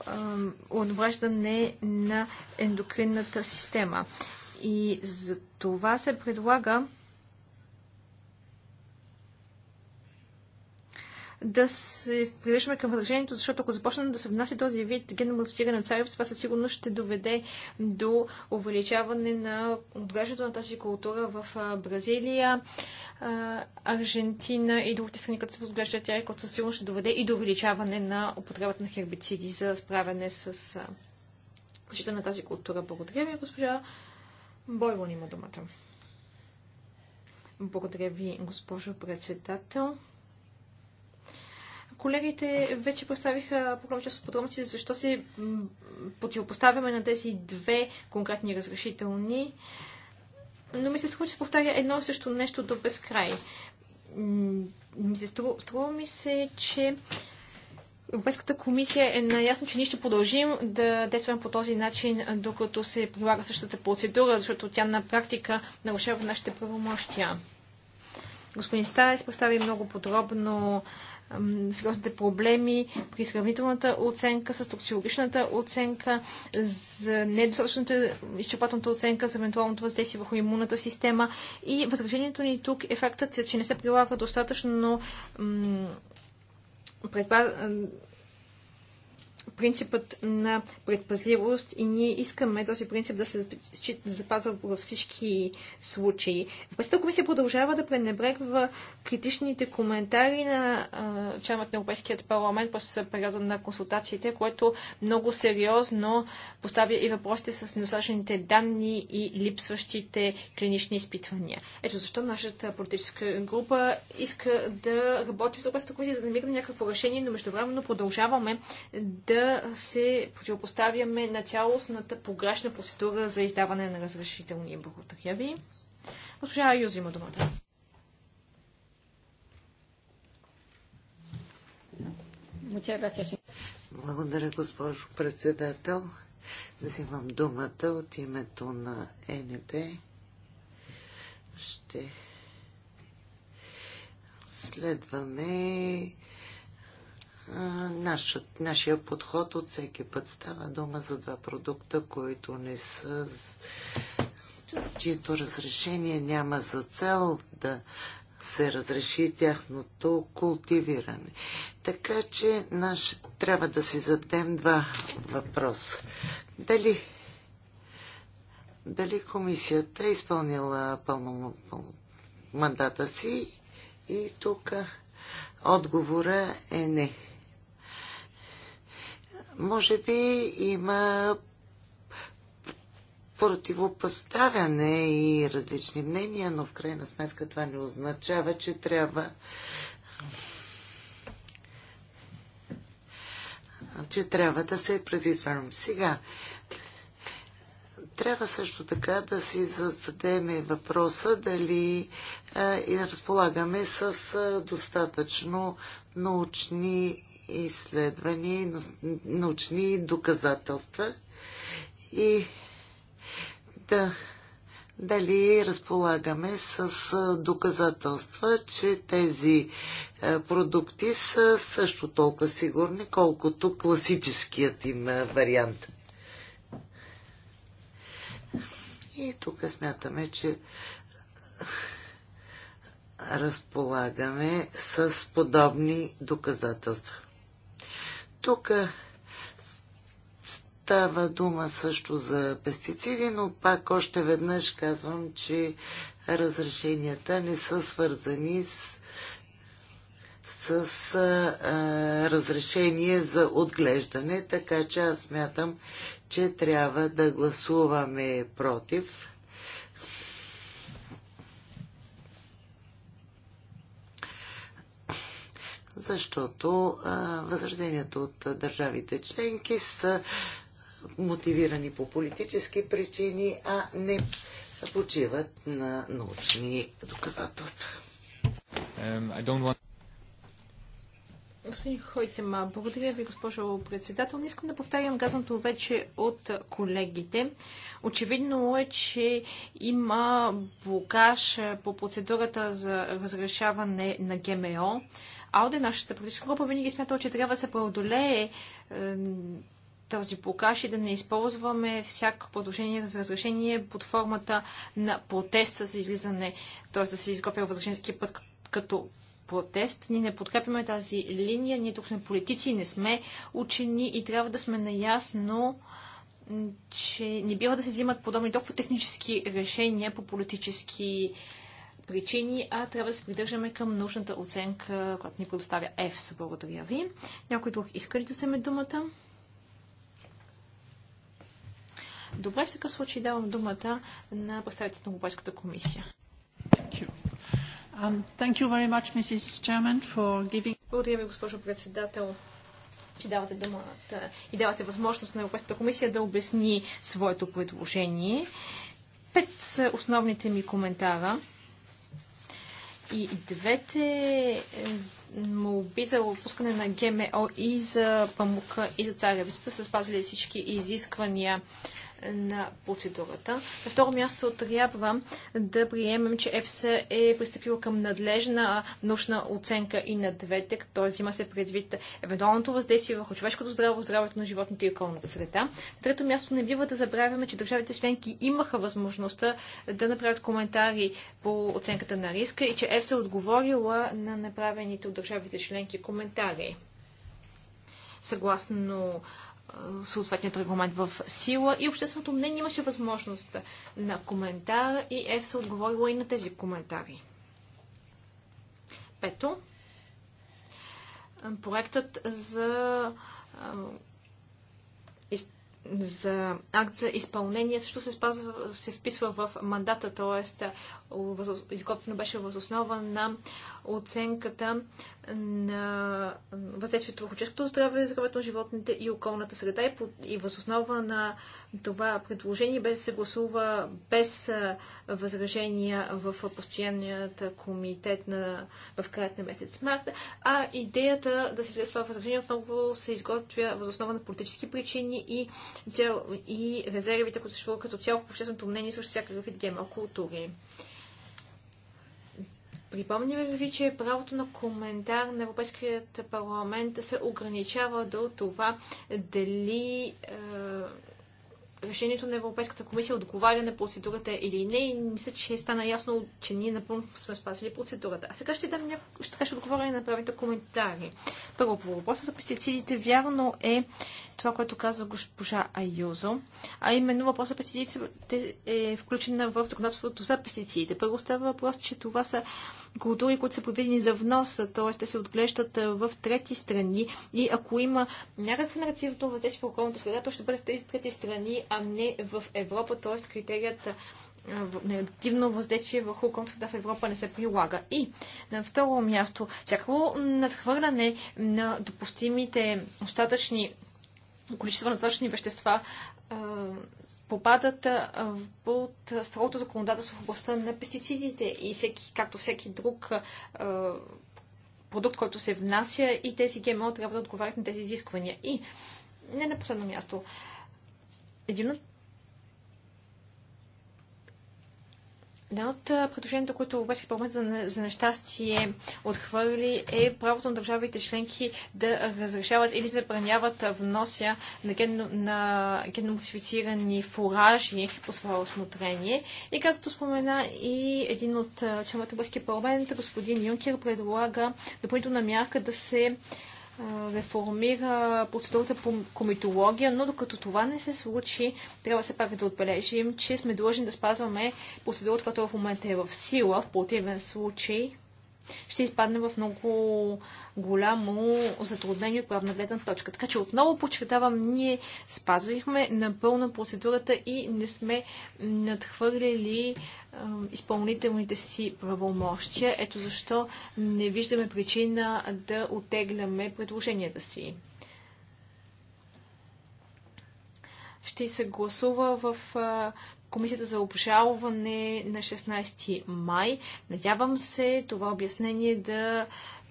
отвреждане на ендокринната система. И за това се предлага да се придържаме към възражението, защото ако започнем да се внася този вид на царев, това със сигурност ще доведе до увеличаване на отглеждането на тази култура в Бразилия, Аржентина и другите страни, като се отглежда тя, което със сигурност ще доведе и до увеличаване на употребата на хербициди за справяне с защита на тази култура. Благодаря ви, госпожа Бойлон има думата. Благодаря ви, госпожо председател. Колегите вече представиха по-голяма част от подробности защо се противопоставяме на тези две конкретни разрешителни. Но ми се струва, че се повтаря едно и също нещо до безкрай. Ми се струва, струва ми се, че Европейската комисия е наясно, че ние ще продължим да действаме по този начин, докато се прилага същата процедура, защото тя на практика нарушава нашите правомощия. Господин Стайс, представи много подробно сериозните проблеми при сравнителната оценка, с токсиологичната оценка, за недостатъчната изчерпателната оценка за евентуалното въздействие върху имунната система. И възражението ни тук е фактът, че не се прилага достатъчно предпаз принципът на предпазливост и ние искаме този принцип да се запазва във всички случаи. Европейската комисия продължава да пренебрегва критичните коментари на членът на Европейският парламент през периода на консултациите, което много сериозно поставя и въпросите с недостатъчните данни и липсващите клинични изпитвания. Ето защо нашата политическа група иска да работи в Европейската комисия, за да намираме някакво решение, но междувременно продължаваме да се противопоставяме на цялостната погрешна процедура за издаване на разрешителни. Благодаря ви. Госпожа Юз има думата. Благодаря, госпожо председател. Взимам думата от името на НБ. Ще следваме нашът, нашия подход от всеки път става дума за два продукта, които не са чието разрешение няма за цел да се разреши тяхното култивиране. Така че наш, трябва да си зададем два въпроса. Дали, дали комисията е изпълнила пълно, пълно мандата си и тук отговора е не. Може би има противопоставяне и различни мнения, но в крайна сметка това не означава, че трябва че трябва да се предизвърнем. Сега, трябва също така да си зададеме въпроса дали а, и разполагаме с а, достатъчно научни изследвания, научни доказателства и да дали разполагаме с доказателства, че тези продукти са също толкова сигурни, колкото класическият им вариант. И тук смятаме, че разполагаме с подобни доказателства. Тук става дума също за пестициди, но пак още веднъж казвам, че разрешенията не са свързани с с а, разрешение за отглеждане, така че аз мятам, че трябва да гласуваме против. защото възраженията от държавите членки са мотивирани по политически причини, а не почиват на научни доказателства. Um, Господин Хойтема, благодаря ви, госпожо председател. Не искам да повтарям газното вече от колегите. Очевидно е, че има блокаж по процедурата за разрешаване на ГМО. АЛДЕ, нашата политическа група, винаги смятала, че трябва да се преодолее е, този блокаж и да не използваме всяко предложение за разрешение под формата на протеста за излизане, т.е. да се изготвя възрешенски път като протест. Ние не подкрепяме тази линия, ние тук сме политици, не сме учени и трябва да сме наясно, че не бива да се взимат подобни толкова технически решения по политически решения причини, а трябва да се придържаме към нужната оценка, която ни предоставя ЕФС. Благодаря ви. Някой друг иска ли да вземе думата? Добре, в такъв случай давам думата на представителите на Европейската комисия. Um, much, giving... Благодаря ви, госпожо председател, че давате думата и давате възможност на Европейската комисия да обясни своето предложение. Пет са основните ми коментара и двете е, молби за опускане на ГМО и за памука и за царевицата са спазили всички изисквания на процедурата. На второ място трябва да приемем, че ЕФСА е пристъпила към надлежна научна оценка и на двете, т.е. взима се предвид евентуалното въздействие върху човешкото здраво, здравето на животните и околната среда. На Трето място не бива да забравяме, че държавите членки имаха възможността да направят коментари по оценката на риска и че ЕФСА е отговорила на направените от държавите членки коментари. Съгласно съответният регламент в сила и общественото мнение имаше възможност на коментар и ЕФСА отговорила и на тези коментари. Пето, проектът за за акт за изпълнение също се, спазва, се вписва в мандата, т.е изготвено беше въз основа на оценката на въздействието върху човешкото здраве, здравето на животните и околната среда и, по, и въз основа на това предложение бе да се гласува без възражения в постоянният комитет на, в краят на месец марта, а идеята да се излезе това възражение отново се изготвя въз основа на политически причини и, цял, и резервите, които съществуват като цяло общественото мнение срещу всякакъв вид гемокултури. култури. Припомняме ви, че правото на коментар на Европейският парламент се ограничава до това дали е, решението на Европейската комисия отговаря на процедурата или не. И мисля, че стана ясно, че ние напълно сме спазили процедурата. А сега ще, дам няко... ще, ще отговоря на правите коментари. Първо, по въпроса за пестицидите, вярно е това, което каза госпожа Айозо, а именно въпроса за пестицидите е включена в законодателството за пестицидите. Първо става въпрос, че това са култури, които са предвидени за вноса, т.е. те се отглеждат в трети страни и ако има някакво негативно въздействие в околната среда, то ще бъде в тези трети страни, а не в Европа, т.е. критерият негативно въздействие върху околната среда в Европа не се прилага. И на второ място, всяко надхвърляне на допустимите остатъчни количество на точни вещества попадат под строгото законодателство в областта на пестицидите и всеки, както всеки друг продукт, който се внася и тези ГМО трябва да отговарят на тези изисквания. И не на последно място, един от Една от предложенията, които Европейския парламент за, за нещастие отхвърли е правото на държавите членки да разрешават или забраняват внося на, генно, на генномодифицирани фуражи по свое осмотрение. И както спомена и един от членовете Европейския парламент, господин Юнкер предлага допълнителна мярка да се реформира процедурата по комитология, но докато това не се случи, трябва все пак да отбележим, че сме длъжни да спазваме процедурата, която в момента е в сила. В противен случай ще изпадне в много голямо затруднение от правна гледна точка. Така че отново подчертавам, ние спазвахме напълно процедурата и не сме надхвърлили изпълнителните си правомощия. Ето защо не виждаме причина да отегляме предложенията си. Ще се гласува в Комисията за обжалване на 16 май. Надявам се това обяснение да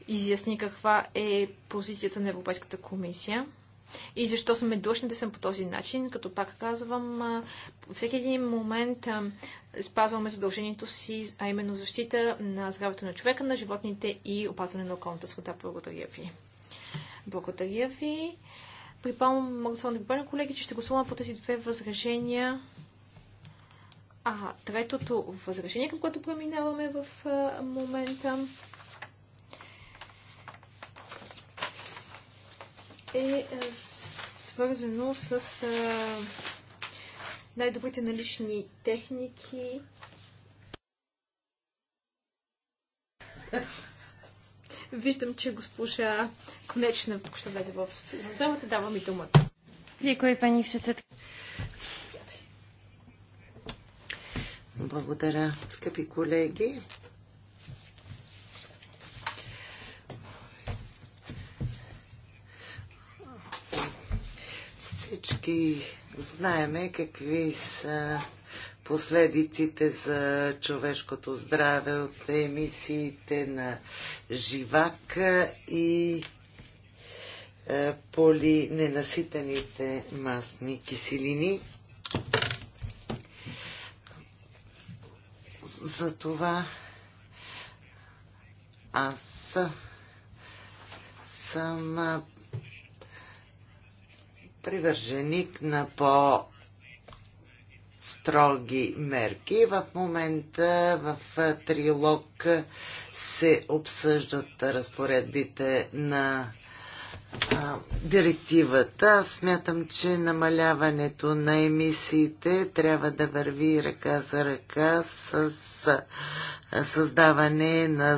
изясни каква е позицията на Европейската комисия и защо сме длъжни да сме по този начин. Като пак казвам, всеки един момент спазваме задължението си, а именно защита на здравето на човека, на животните и опазване на околната среда. Благодаря ви. Благодаря ви. Припомням, мога само да припомня, колеги, че ще гласуваме по тези две възражения. А третото възражение, към което преминаваме в а, момента, е свързано с а, най-добрите налични техники. Виждам, че госпожа Конечна тук ще влезе в залата. Давам и думата. Děkuji, пани předsedkyně. Благодаря, скъпи колеги. Всички Знаеме какви са последиците за човешкото здраве от емисиите на живак и е, полиненаситените масни киселини. Затова аз съм привърженик на по строги мерки. В момента в трилог се обсъждат разпоредбите на директивата. Аз смятам, че намаляването на емисиите трябва да върви ръка за ръка с създаване на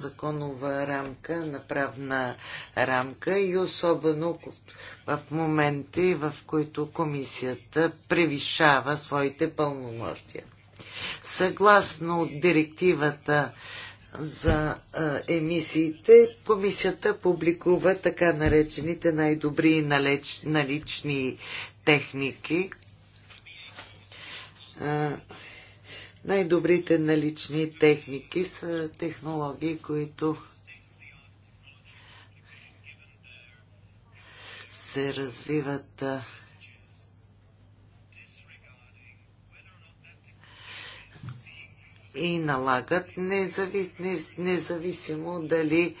законова рамка, на правна рамка и особено в моменти, в които комисията превишава своите пълномощия. Съгласно директивата за емисиите, комисията публикува така наречените най-добри налеч... налични техники. най-добрите налични техники са технологии, които се развиват и налагат, незави, независимо дали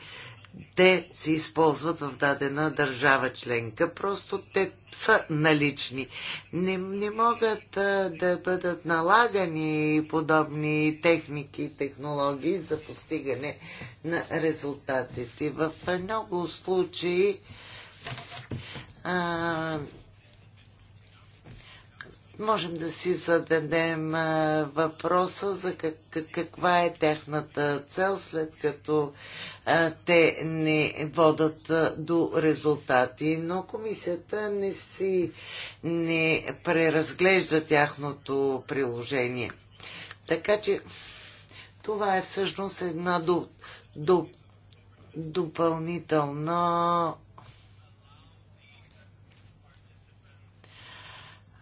те се използват в дадена държава членка. Просто те са налични. Не, не могат а, да бъдат налагани подобни техники и технологии за постигане на резултатите. В много случаи а, можем да си зададем въпроса за каква е тяхната цел, след като те не водат до резултати. Но комисията не си не преразглежда тяхното приложение. Така че това е всъщност една до, до, допълнителна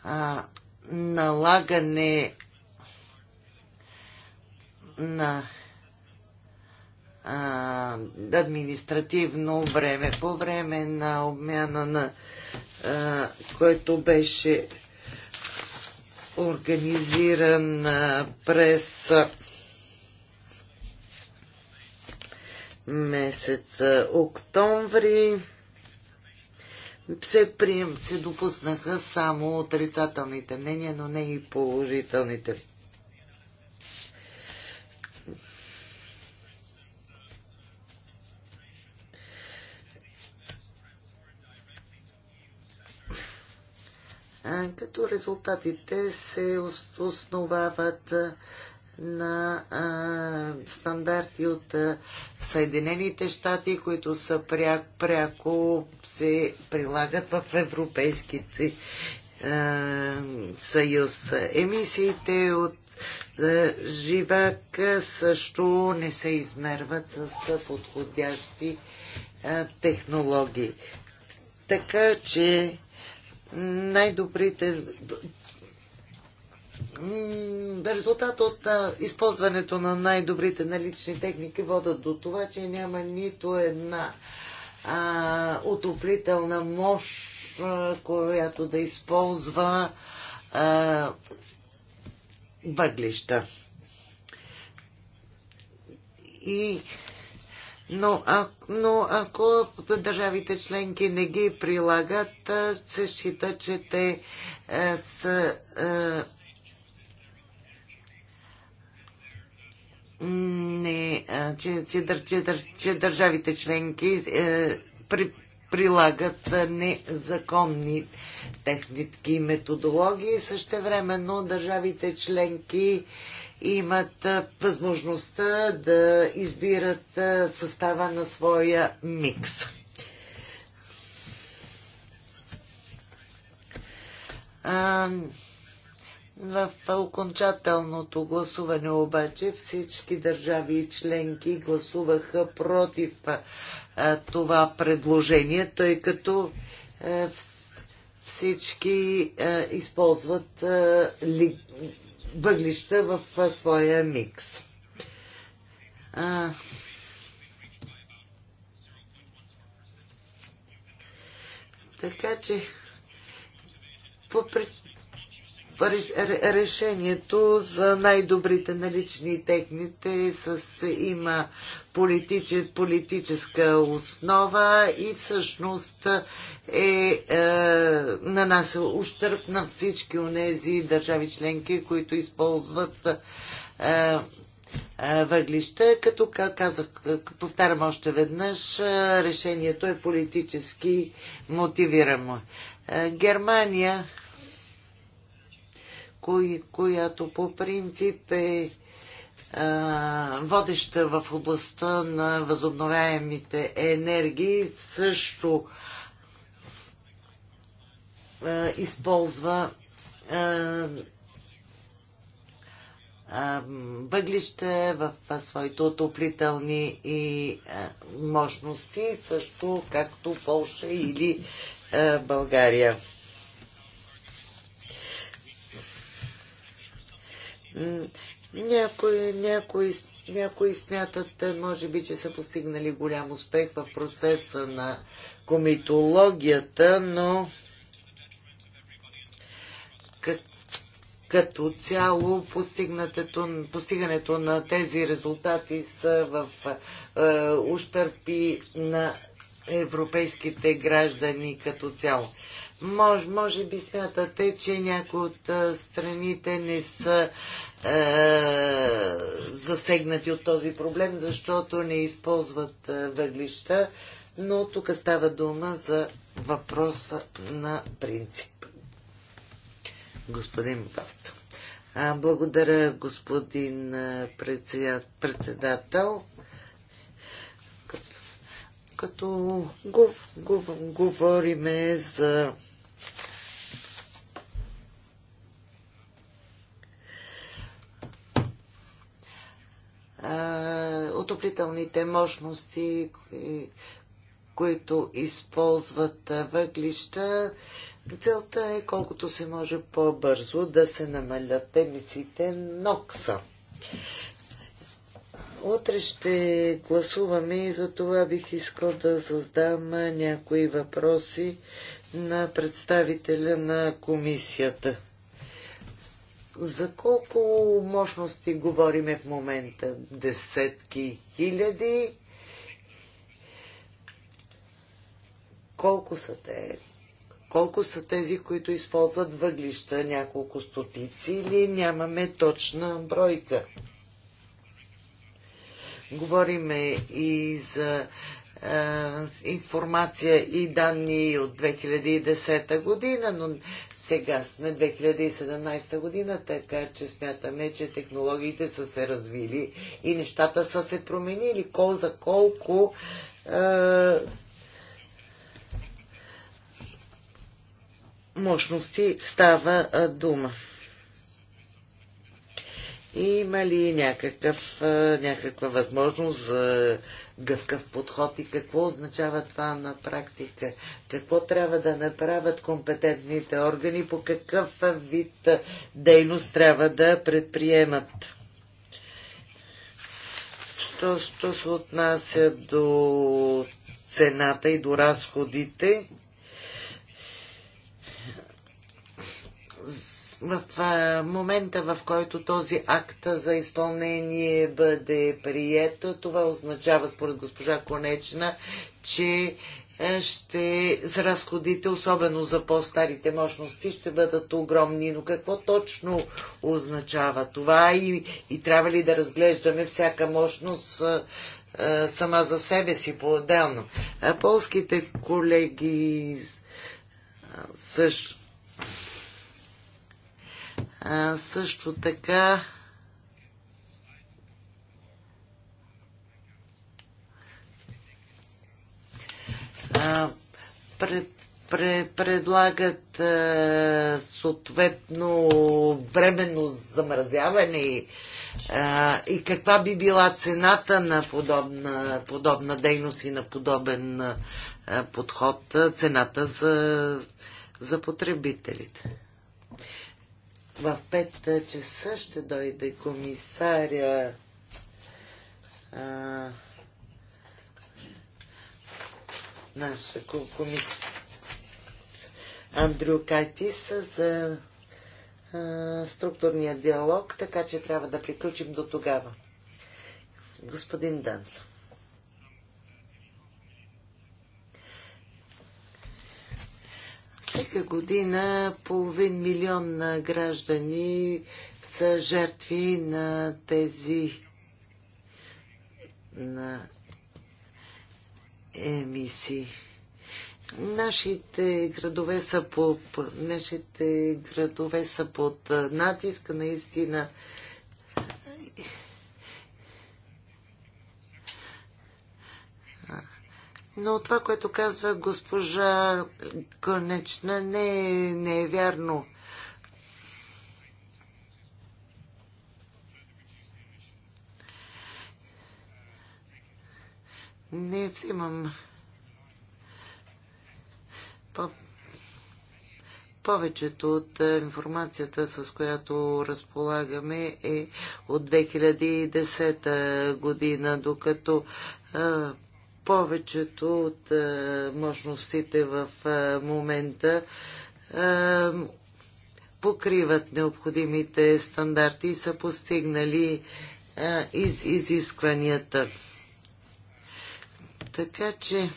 а, налагане на а, административно време по време на обмяна на а, което беше организиран а, през а, месец октомври се, прием, се допуснаха само отрицателните мнения, но не и положителните. като резултатите се основават на а, стандарти от а, Съединените щати, които са пряко, пряко се прилагат в Европейските а, съюз. Емисиите от а, живак също не се измерват с подходящи а, технологии. Така че най-добрите резултат от а, използването на най-добрите налични техники водат до това, че няма нито една а, отоплителна мощ, а, която да използва а, въглища. И но, а, но ако държавите членки не ги прилагат, се счита, че те а, са а, не, че, че, че, че държавите членки е, при, прилагат незаконни техники и методологии. Същевременно държавите членки имат възможността да избират състава на своя микс. А, в окончателното гласуване обаче всички държави и членки гласуваха против това предложение, тъй като е, всички е, използват е, въглища в своя микс. Така че по през решението за най-добрите налични техните с, има политиче, политическа основа и всъщност е, е нанася ущърп на всички онези държави членки, които използват е, е, въглища. Като казах, повтарям още веднъж, е, решението е политически мотивирано. Е, Германия кои, която по принцип е водеща в областта на възобновяемите енергии, също използва въглища в своите отоплителни и мощности, също както Полша или България. Някои, някои, някои смятат, е, може би, че са постигнали голям успех в процеса на комитологията, но като цяло постигането на тези резултати са в е, ущърпи на европейските граждани като цяло. Мож, може би смятате, че някои от страните не са е, засегнати от този проблем, защото не използват въглища, но тук става дума за въпроса на принцип. Господин Бавто. Благодаря, господин председател като говориме за отоплителните мощности, които използват въглища. Целта е колкото се може по-бързо да се намалят емисиите НОКСа. Утре ще гласуваме и за това бих искал да задам някои въпроси на представителя на комисията. За колко мощности говориме в момента? Десетки хиляди? Колко са те? Колко са тези, които използват въглища? Няколко стотици или нямаме точна бройка? Говориме и за информация и данни от 2010 година, но сега сме 2017 година, така че смятаме, че технологиите са се развили и нещата са се променили. Кол за колко е, мощности става е, дума. Има ли някакъв, някаква възможност за гъвкав подход и какво означава това на практика? Какво трябва да направят компетентните органи? По какъв вид дейност трябва да предприемат? Що, що се отнася до цената и до разходите? в момента, в който този акт за изпълнение бъде прият, това означава, според госпожа Конечна, че ще за разходите, особено за по-старите мощности, ще бъдат огромни. Но какво точно означава това и, и трябва ли да разглеждаме всяка мощност а, а, сама за себе си по-отделно? Полските колеги също а, също така а, пред предлагат а, съответно временно замразяване и, а, и каква би била цената на подобна, подобна дейност и на подобен а, подход, цената за, за потребителите в 5 часа ще дойде комисаря а, наша комис... Андрю Кайтис за а, структурния диалог, така че трябва да приключим до тогава. Господин Дансон. Всяка година половин милион на граждани са жертви на тези на емисии. Нашите градове са, по, нашите градове са под натиск наистина но това, което казва госпожа Конечна, не, е, не е вярно. Не взимам по повечето от информацията, с която разполагаме, е от 2010 година, докато а, повечето от е, мощностите в е, момента е, покриват необходимите стандарти и са постигнали из изискванията. Така че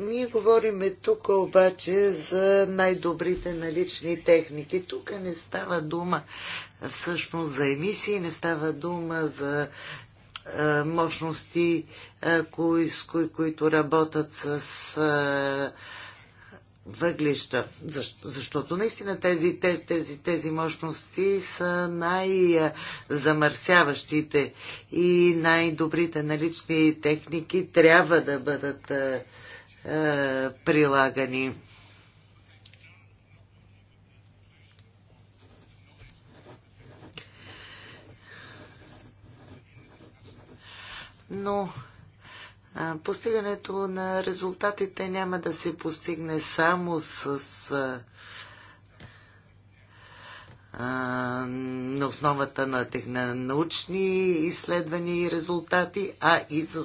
ние говориме тук обаче за най-добрите налични техники. Тук не става дума всъщност за емисии, не става дума за е, мощности, е, кои, с кои, които работят с а, е, въглища. Защо, защото наистина тези, тези, тези мощности са най-замърсяващите и най-добрите налични техники трябва да бъдат а, а, прилагани. но постигането на резултатите няма да се постигне само с на основата на, на научни изследвания и резултати, а и с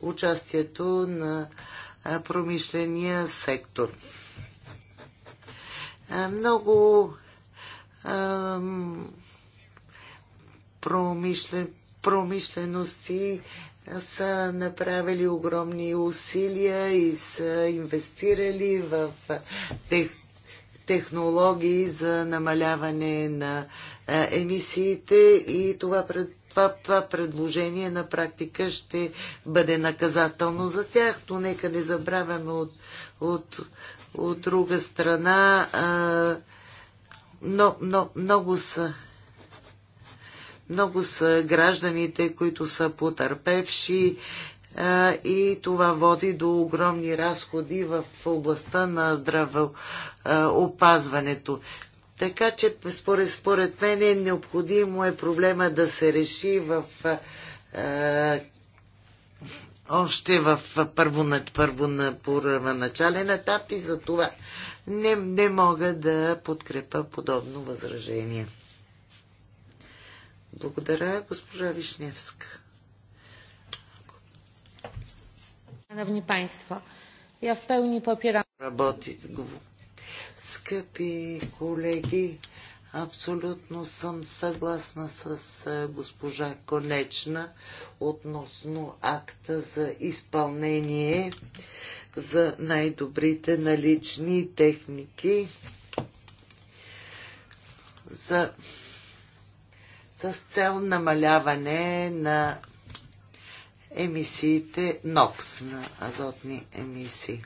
участието на промишления сектор. Много промишлен, промишлености са направили огромни усилия и са инвестирали в тех, технологии за намаляване на а, емисиите и това, пред, това, това предложение на практика ще бъде наказателно за тях, но нека не забравяме от, от, от друга страна. А, но, но, много са много са гражданите, които са потърпевши и това води до огромни разходи в областта на здравеопазването. Така че според, според мен е необходимо е проблема да се реши в е, още в първо на първоначален етап и за това не, не мога да подкрепа подобно възражение. Благодаря, госпожа Вишневска. Шановни панства, я в пълни попирам. Работит го. Скъпи колеги, абсолютно съм съгласна с госпожа Конечна относно акта за изпълнение за най-добрите налични техники за с цел намаляване на емисиите НОКС, на азотни емисии.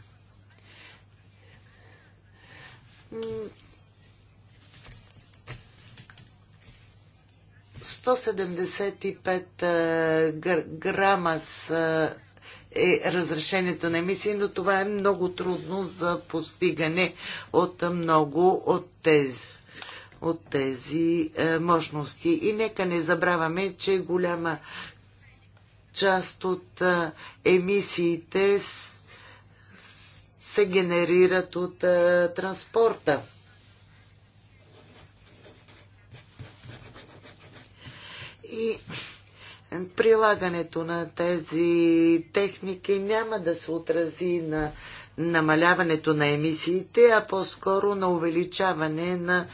Сто грама са е разрешението на емисии, но това е много трудно за постигане от много от тези от тези е, мощности. И нека не забравяме, че голяма част от е, емисиите се генерират от е, транспорта. И прилагането на тези техники няма да се отрази на намаляването на емисиите, а по-скоро на увеличаване на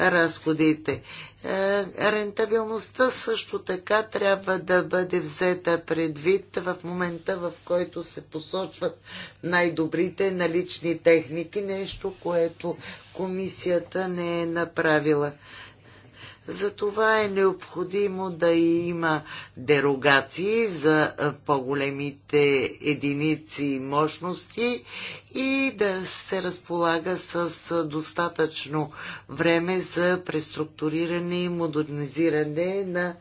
разходите. Е, рентабилността също така трябва да бъде взета предвид в момента, в който се посочват най-добрите налични техники, нещо, което комисията не е направила. Затова е необходимо да има дерогации за по-големите единици и мощности и да се разполага с достатъчно време за преструктуриране и модернизиране на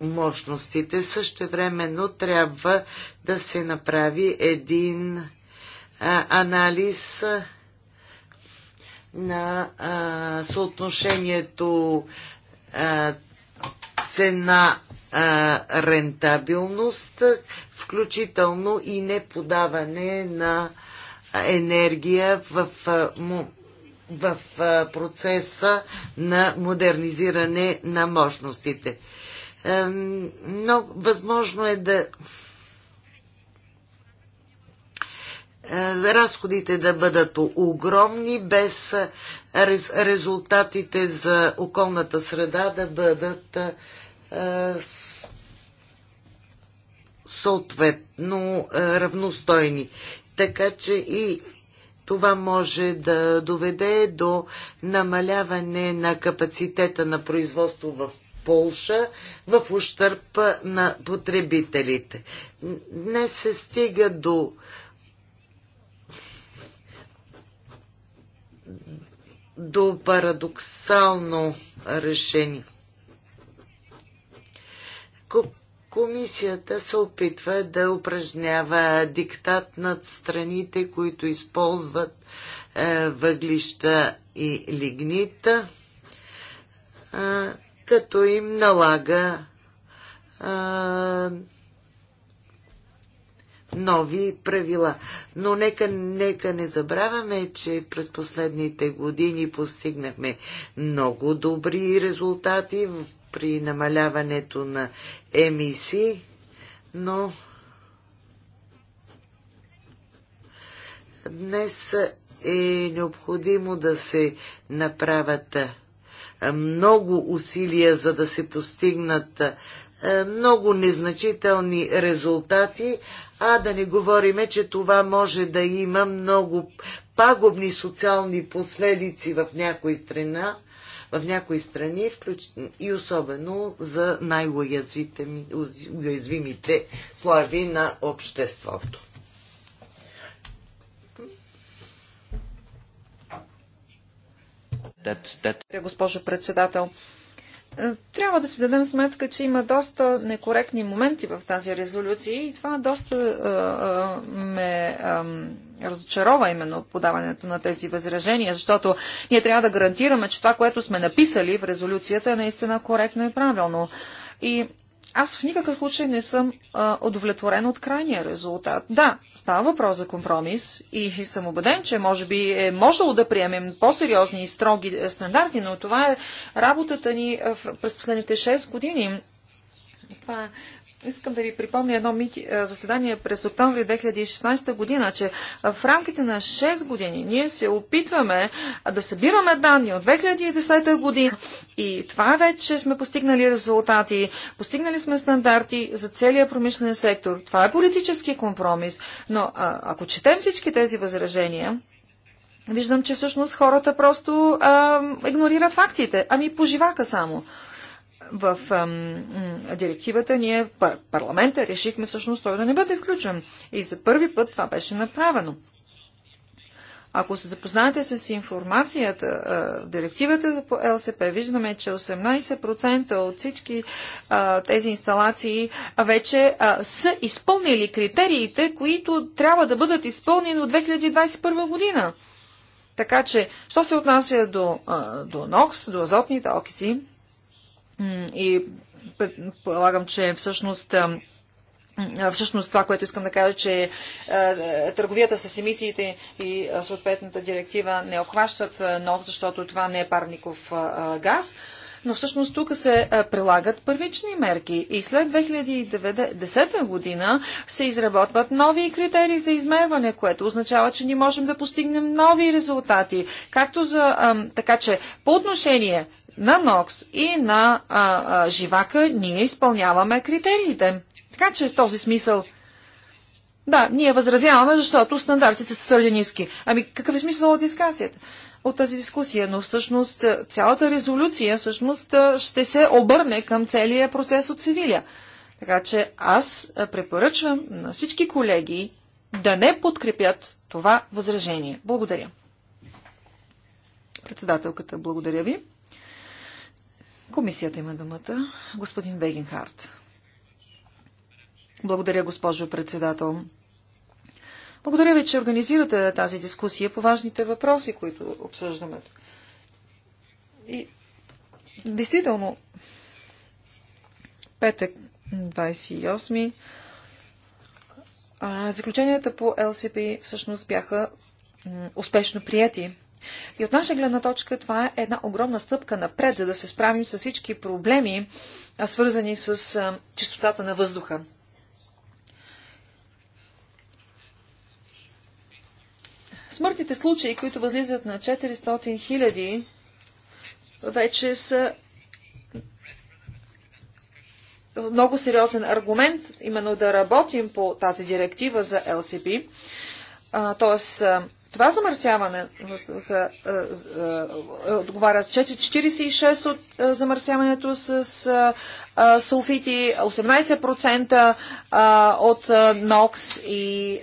мощностите. Същевременно трябва да се направи един анализ на а, съотношението а, цена а, рентабилност, включително и неподаване на енергия в, в, в процеса на модернизиране на мощностите. Много възможно е да Е, разходите да бъдат огромни, без е, резултатите за околната среда да бъдат е, съответно равностойни. Така че и това може да доведе до намаляване на капацитета на производство в Полша в ущърп на потребителите. Днес се стига до до парадоксално решение. Комисията се опитва да упражнява диктат над страните, които използват е, въглища и лигнита, е, като им налага е, нови правила. Но нека, нека не забравяме, че през последните години постигнахме много добри резултати при намаляването на емисии, но днес е необходимо да се направят много усилия, за да се постигнат е, много незначителни резултати, а да не говориме, че това може да има много пагубни социални последици в някои страна, в някои страни, включ... и особено за най-уязвимите слави на обществото. That, that... Госпожо председател, е, трябва да си дадем сметка, че има доста некоректни моменти в тази резолюция и това доста е, е, ме разочарова именно подаването на тези възражения, защото ние трябва да гарантираме, че това, което сме написали в резолюцията е наистина коректно и правилно. И аз в никакъв случай не съм а, удовлетворен от крайния резултат. Да, става въпрос за компромис и съм убеден, че може би е можело да приемем по-сериозни и строги е, стандарти, но това е работата ни през последните 6 години. Това е Искам да ви припомня едно мити, е, заседание през октомври 2016 година, че е, в рамките на 6 години ние се опитваме е, да събираме данни от 2010 година и това вече сме постигнали резултати, постигнали сме стандарти за целия промишлен сектор. Това е политически компромис, но ако четем всички тези възражения, виждам, че всъщност хората просто а, игнорират фактите, ами поживака само в ам, директивата ние, пар, парламента, решихме всъщност той да не бъде включен. И за първи път това беше направено. Ако се запознаете с информацията в директивата по ЛСП, виждаме, че 18% от всички а, тези инсталации вече а, са изпълнили критериите, които трябва да бъдат изпълнени от 2021 година. Така че, що се отнася до, а, до НОКС, до азотните окиси, и предполагам, че всъщност Всъщност това, което искам да кажа, че търговията с емисиите и съответната директива не обхващат нов, защото това не е парников газ. Но всъщност тук се прилагат първични мерки и след 2010 година се изработват нови критерии за измерване, което означава, че ние можем да постигнем нови резултати. Както за, така че по отношение на НОКС и на а, а, живака ние изпълняваме критериите. Така че в този смисъл. Да, ние възразяваме, защото стандартите са твърде ниски. Ами какъв е смисъл от дискусията? От тази дискусия, но всъщност цялата резолюция всъщност ще се обърне към целия процес от Севиля. Така че аз препоръчвам на всички колеги да не подкрепят това възражение. Благодаря. Председателката, благодаря ви. Комисията има думата. Господин Вегенхарт. Благодаря, госпожо председател. Благодаря ви, че организирате тази дискусия по важните въпроси, които обсъждаме. И действително, петък 28 заключенията по ЛСП всъщност бяха успешно прияти и от наша гледна точка това е една огромна стъпка напред, за да се справим с всички проблеми, свързани с чистотата на въздуха. Смъртните случаи, които възлизат на 400 хиляди, вече са много сериозен аргумент именно да работим по тази директива за LCP. Тоест, това замърсяване въздуха е, е, е, отговаря с 46% от замърсяването с сулфити, 18% от НОКС и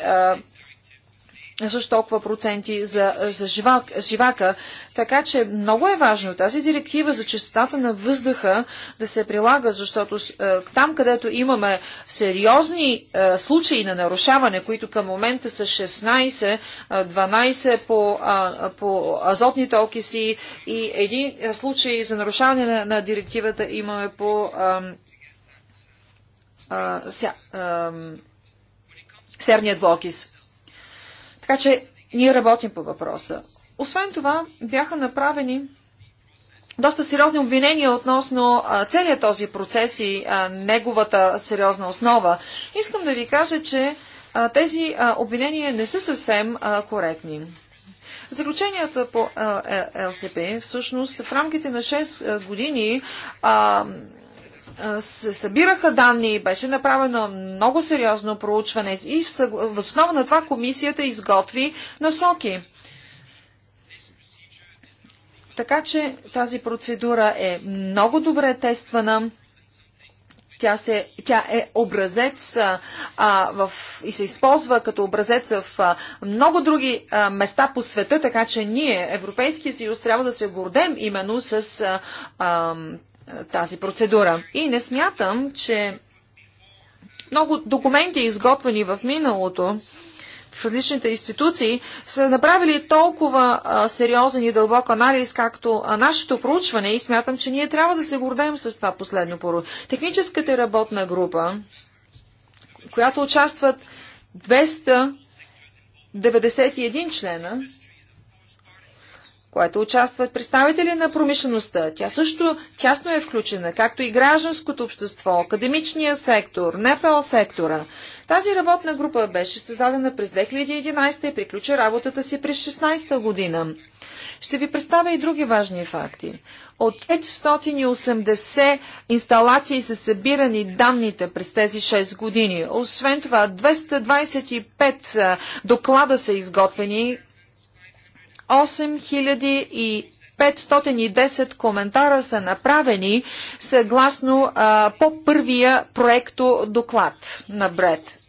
също толкова проценти за, за живак, живака. Така че много е важно тази директива за чистотата на въздуха да се прилага, защото е, там, където имаме сериозни е, случаи на нарушаване, които към момента са 16, 12 е, по, е, по азотните окиси и един е, случай за нарушаване на, на директивата имаме по е, е, е, серният блокис. Така че ние работим по въпроса. Освен това, бяха направени доста сериозни обвинения относно а, целият този процес и а, неговата сериозна основа. Искам да ви кажа, че а, тези обвинения не са съвсем коректни. Заключенията по е, е ЛСП всъщност в рамките на 6 години се събираха данни, беше направено много сериозно проучване и в основа на това комисията изготви насоки. Така че тази процедура е много добре тествана. Тя, се, тя е образец а, в, и се използва като образец в а, много други а, места по света, така че ние, Европейския съюз, трябва да се гордем именно с а, а, тази процедура. И не смятам, че много документи, изготвени в миналото, в различните институции, са направили толкова а, сериозен и дълбок анализ, както а, нашето проучване и смятам, че ние трябва да се гордеем с това последно поро. Техническата работна група, която участват 291 члена, което участват представители на промишлеността. Тя също тясно е включена, както и гражданското общество, академичния сектор, НПО сектора. Тази работна група беше създадена през 2011 и приключи работата си през 16 година. Ще ви представя и други важни факти. От 580 инсталации са събирани данните през тези 6 години. Освен това, 225 доклада са изготвени, 8510 коментара са направени съгласно а, по първия проекто доклад на Бред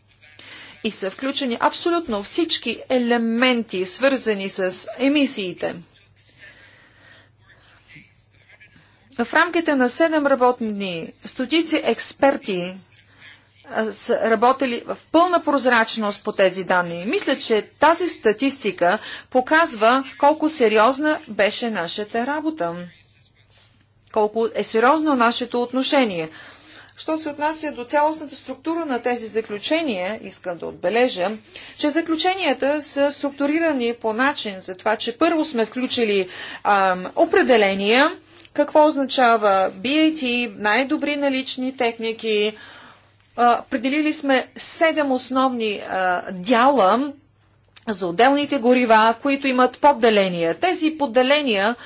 и са включени абсолютно всички елементи, свързани с емисиите. В рамките на 7 работни дни стотици експерти са работили в пълна прозрачност по тези данни. Мисля, че тази статистика показва колко сериозна беше нашата работа. Колко е сериозно нашето отношение. Що се отнася до цялостната структура на тези заключения, искам да отбележа, че заключенията са структурирани по начин за това, че първо сме включили ам, определения, какво означава BAT, най-добри налични техники, Определили сме седем основни дяла за отделните горива, които имат подделения. Тези подделения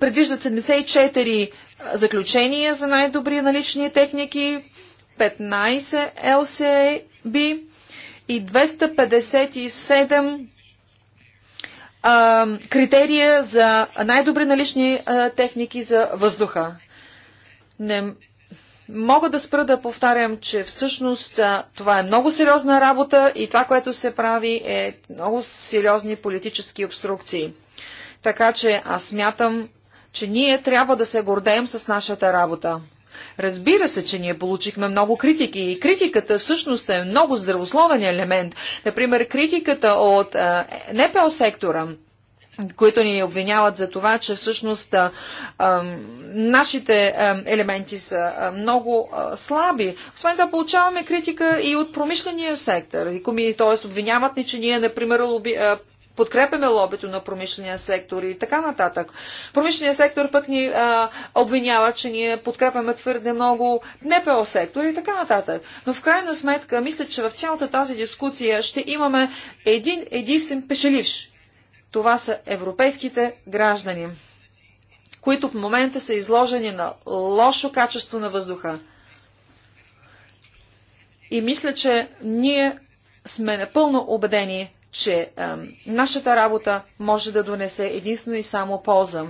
предвиждат 74 заключения за най-добри налични техники, 15 LCB и 257 критерия за най-добри налични техники за въздуха. Не, Мога да спра да повтарям, че всъщност това е много сериозна работа и това, което се прави е много сериозни политически обструкции. Така че аз смятам, че ние трябва да се гордеем с нашата работа. Разбира се, че ние получихме много критики и критиката всъщност е много здравословен елемент. Например, критиката от НПО сектора – които ни обвиняват за това, че всъщност а, а, нашите а, елементи са а, много а, слаби. Освен това получаваме критика и от промишления сектор. И, т.е. обвиняват ни, че ние, например, лоби, а, подкрепяме лобито на промишления сектор и така нататък. Промишления сектор пък ни а, обвинява, че ние подкрепяме твърде много НПО сектор и така нататък. Но в крайна сметка, мисля, че в цялата тази дискусия ще имаме един единствен пешеливш това са европейските граждани, които в момента са изложени на лошо качество на въздуха. И мисля, че ние сме напълно убедени, че е, нашата работа може да донесе единствено и само полза.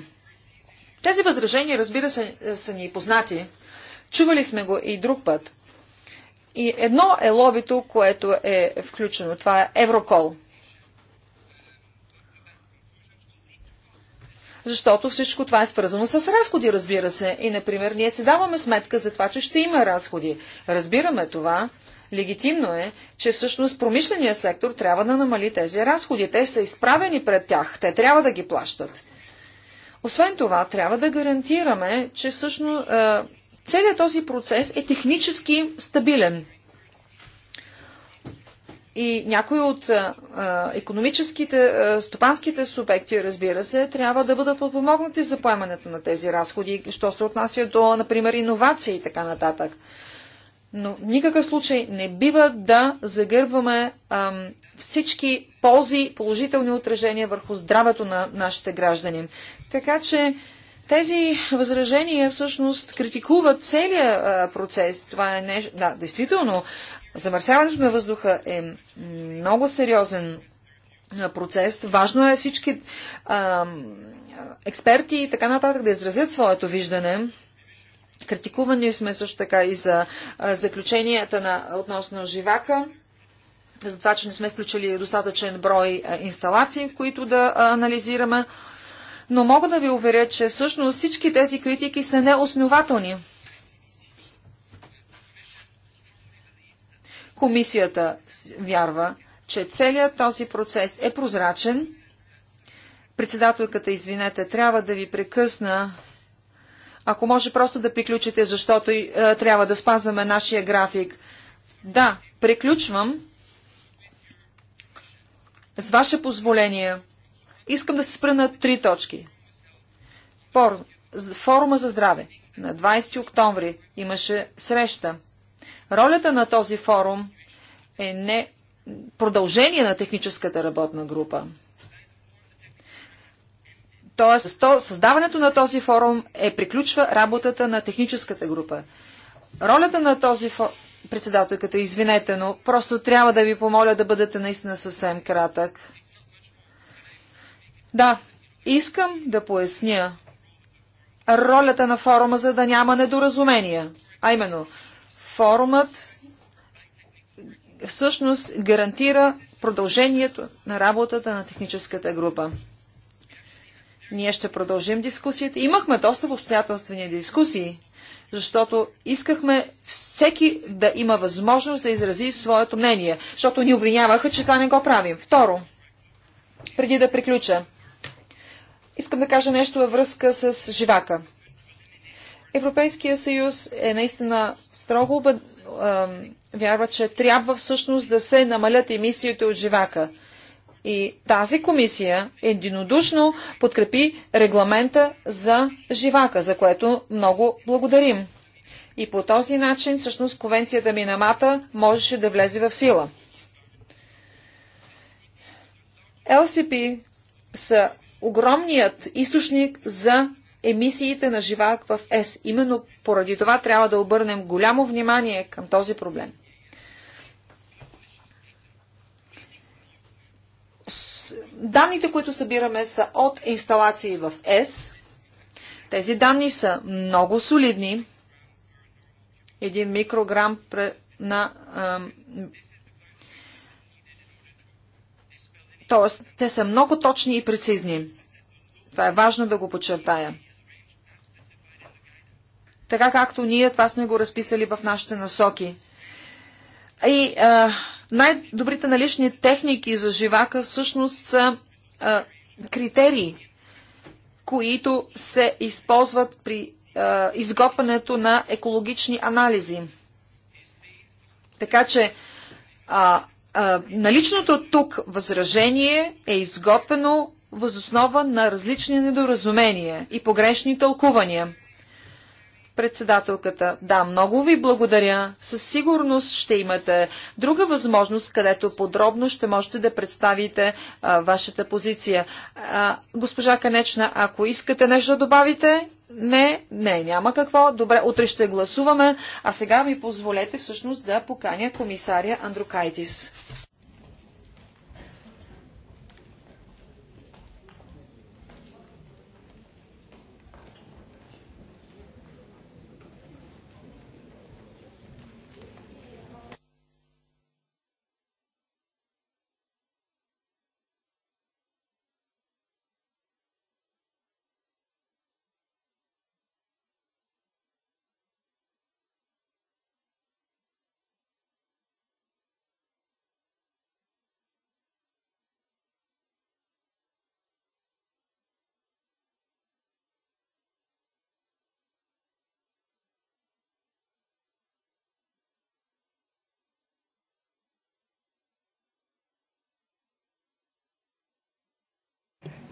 Тези възражения, разбира се, е, са ни познати. Чували сме го и друг път. И едно е лобито, което е включено. Това е Еврокол. защото всичко това е свързано с разходи, разбира се. И, например, ние си даваме сметка за това, че ще има разходи. Разбираме това. Легитимно е, че всъщност промишления сектор трябва да намали тези разходи. Те са изправени пред тях. Те трябва да ги плащат. Освен това, трябва да гарантираме, че всъщност е, целият този процес е технически стабилен. И някои от а, економическите, а, стопанските субекти, разбира се, трябва да бъдат подпомогнати за поемането на тези разходи, що се отнася до, например, иновации и така нататък. Но в никакъв случай не бива да загърбваме всички ползи, положителни отражения върху здравето на нашите граждани. Така че тези възражения всъщност критикуват целият а, процес. Това е нещо. Да, действително, замърсяването на въздуха е много сериозен процес. Важно е всички а, експерти и така нататък да изразят своето виждане. Критикувани сме също така и за а, заключенията на, относно живака, за това, че не сме включили достатъчен брой а, инсталации, които да анализираме. Но мога да ви уверя, че всъщност всички тези критики са неоснователни. Комисията вярва, че целият този процес е прозрачен. Председателката, извинете, трябва да ви прекъсна. Ако може просто да приключите, защото е, трябва да спазваме нашия график. Да, приключвам. С ваше позволение, искам да се спра на три точки. Пор, форума за здраве. На 20 октомври имаше среща Ролята на този форум е не продължение на техническата работна група. Тоест, създаването на този форум е приключва работата на техническата група. Ролята на този форум... Председателката, извинете, но просто трябва да ви помоля да бъдете наистина съвсем кратък. Да, искам да поясня ролята на форума, за да няма недоразумения. А именно, форумът всъщност гарантира продължението на работата на техническата група. Ние ще продължим дискусията. Имахме доста обстоятелствени дискусии, защото искахме всеки да има възможност да изрази своето мнение, защото ни обвиняваха, че това не го правим. Второ, преди да приключа, искам да кажа нещо във връзка с живака. Европейския съюз е наистина строго вярва, че трябва всъщност да се намалят емисиите от живака. И тази комисия единодушно подкрепи регламента за живака, за което много благодарим. И по този начин, всъщност, конвенцията Минамата можеше да влезе в сила. LCP са огромният източник за емисиите на живак в ЕС. Именно поради това трябва да обърнем голямо внимание към този проблем. Данните, които събираме са от инсталации в ЕС. Тези данни са много солидни. Един микрограм на Тоест, те са много точни и прецизни. Това е важно да го подчертая така както ние това сме го разписали в нашите насоки. И най-добрите налични техники за живака всъщност са а, критерии, които се използват при а, изготвянето на екологични анализи. Така че а, а, наличното тук възражение е изготвено възоснова на различни недоразумения и погрешни тълкувания. Председателката, да, много ви благодаря. Със сигурност ще имате друга възможност, където подробно ще можете да представите а, вашата позиция. А, госпожа Канечна, ако искате нещо да добавите, не, не, няма какво. Добре, утре ще гласуваме. А сега ми позволете всъщност да поканя комисаря Андрукайтис.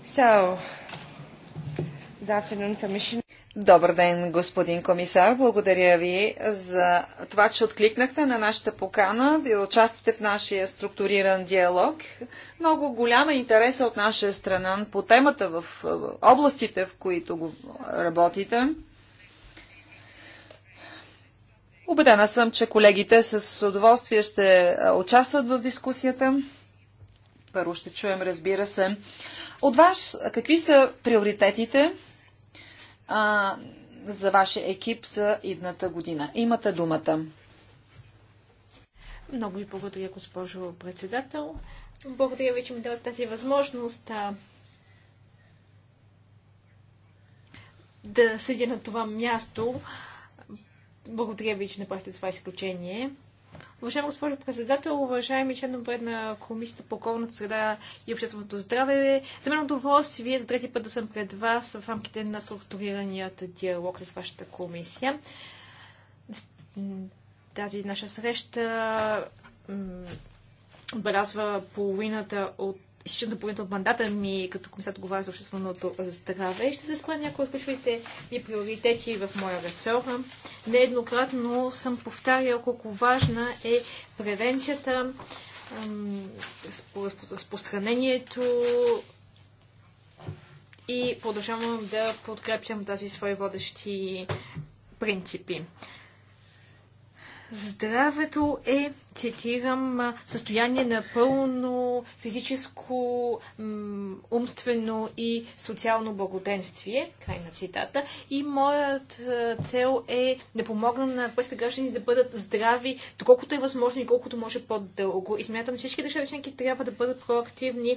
So, Добър ден, господин комисар. Благодаря ви за това, че откликнахте на нашата покана. Ви участвате в нашия структуриран диалог. Много голяма е интереса от наша страна по темата в областите, в които работите. Убедена съм, че колегите с удоволствие ще участват в дискусията. Първо ще чуем, разбира се, от вас, какви са приоритетите а, за вашия екип за идната година? Имате думата. Много ви благодаря, госпожо председател. Благодаря ви, че ми дадохте тази възможност а, да седя на това място. Благодаря ви, че направихте това изключение. Уважаема госпожо председател, уважаеми членове на Комисията по околната среда и общественото здраве, за мен е удоволствие за трети път да съм пред вас в рамките на структурираният диалог с вашата комисия. Тази наша среща отбелязва половината от изчитам допълнително от мандата ми като комисар отговаря за общественото здраве и ще се спра някои от ключовите и приоритети в моя ресор. Нееднократно съм повтарял колко важна е превенцията, разпространението и продължавам да подкрепям тази свои водещи принципи. Здравето е цитирам, състояние на пълно физическо, умствено и социално благоденствие, край на цитата. И моят цел е да помогна на европейските граждани да бъдат здрави, доколкото е възможно и колкото може по-дълго. И смятам, че всички държави членки трябва да бъдат проактивни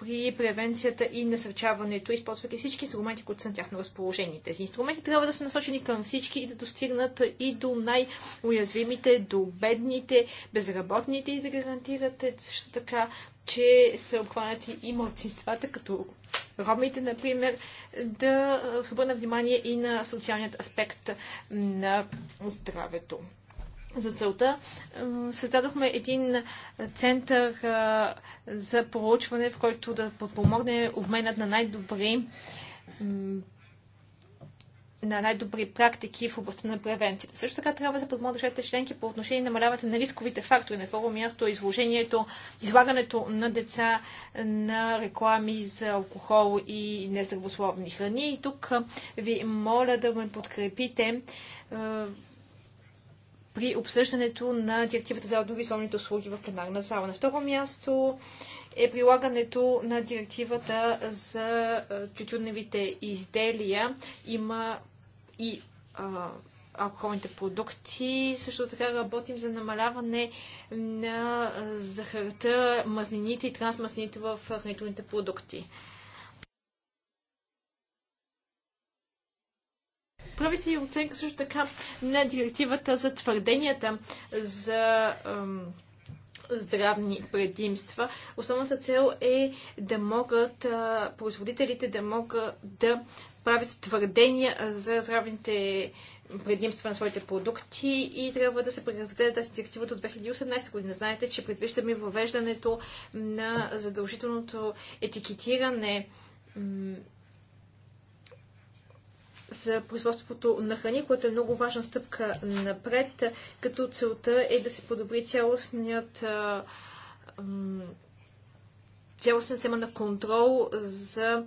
при превенцията и насърчаването, използвайки всички инструменти, които са на тяхно разположение. Тези инструменти трябва да са насочени към всички и да достигнат и до най-уязвимите, до бедните, безработните и да гарантират е също така, че са обхванати и младсинствата, като ромите, например, да обърна внимание и на социалният аспект на здравето. За целта създадохме един център за проучване, в който да подпомогне обменът на най-добри на най-добри практики в областта на превенцията. Също така трябва да подмогнат държавите членки по отношение на намаляването на рисковите фактори. На първо място изложението, излагането на деца на реклами за алкохол и нездравословни храни. И тук ви моля да ме подкрепите при обсъждането на директивата за аудиовизуалните услуги в пленарна зала. На второ място е прилагането на директивата за тютюневите изделия. Има и а, алкохолните продукти. Също така работим за намаляване на захарата мазнините и трансмазнините в хранителните продукти. Прави се и оценка също така на директивата за твърденията за здравни предимства. Основната цел е да могат а, производителите да могат да правят твърдения за здравните предимства на своите продукти и трябва да се преразгледа тази директива до 2018 година. Знаете, че предвиждаме въвеждането на задължителното етикетиране за производството на храни, което е много важна стъпка напред, като целта е да се подобри цялостният цялостна система на контрол за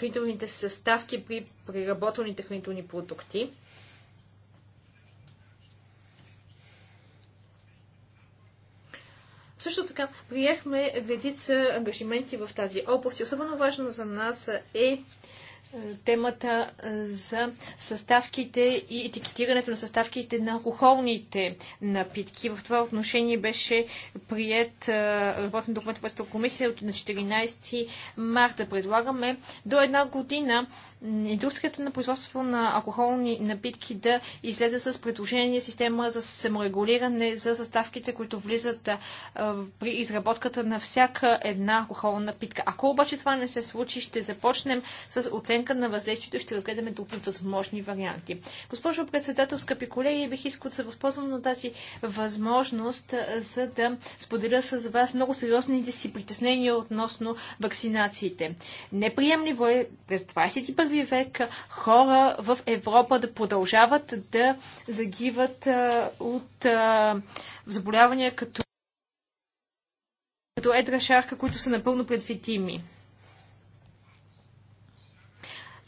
хранителните съставки при преработваните хранителни продукти. Също така, приехме редица ангажименти в тази област и особено важна за нас е темата за съставките и етикетирането на съставките на алкохолните напитки. В това отношение беше прият работен документ в Пъстата комисия от на 14 марта. Предлагаме до една година индустрията на производство на алкохолни напитки да излезе с предложение система за саморегулиране за съставките, които влизат при изработката на всяка една алкохолна напитка. Ако обаче това не се случи, ще започнем с оценка оценка на въздействието ще разгледаме други възможни варианти. Госпожо председател, скъпи колеги, бих искал да се възползвам на тази възможност, за да споделя с вас много сериозните си притеснения относно вакцинациите. Неприемливо е през 21 век хора в Европа да продължават да загиват от заболявания като като едра шарка, които са напълно предвидими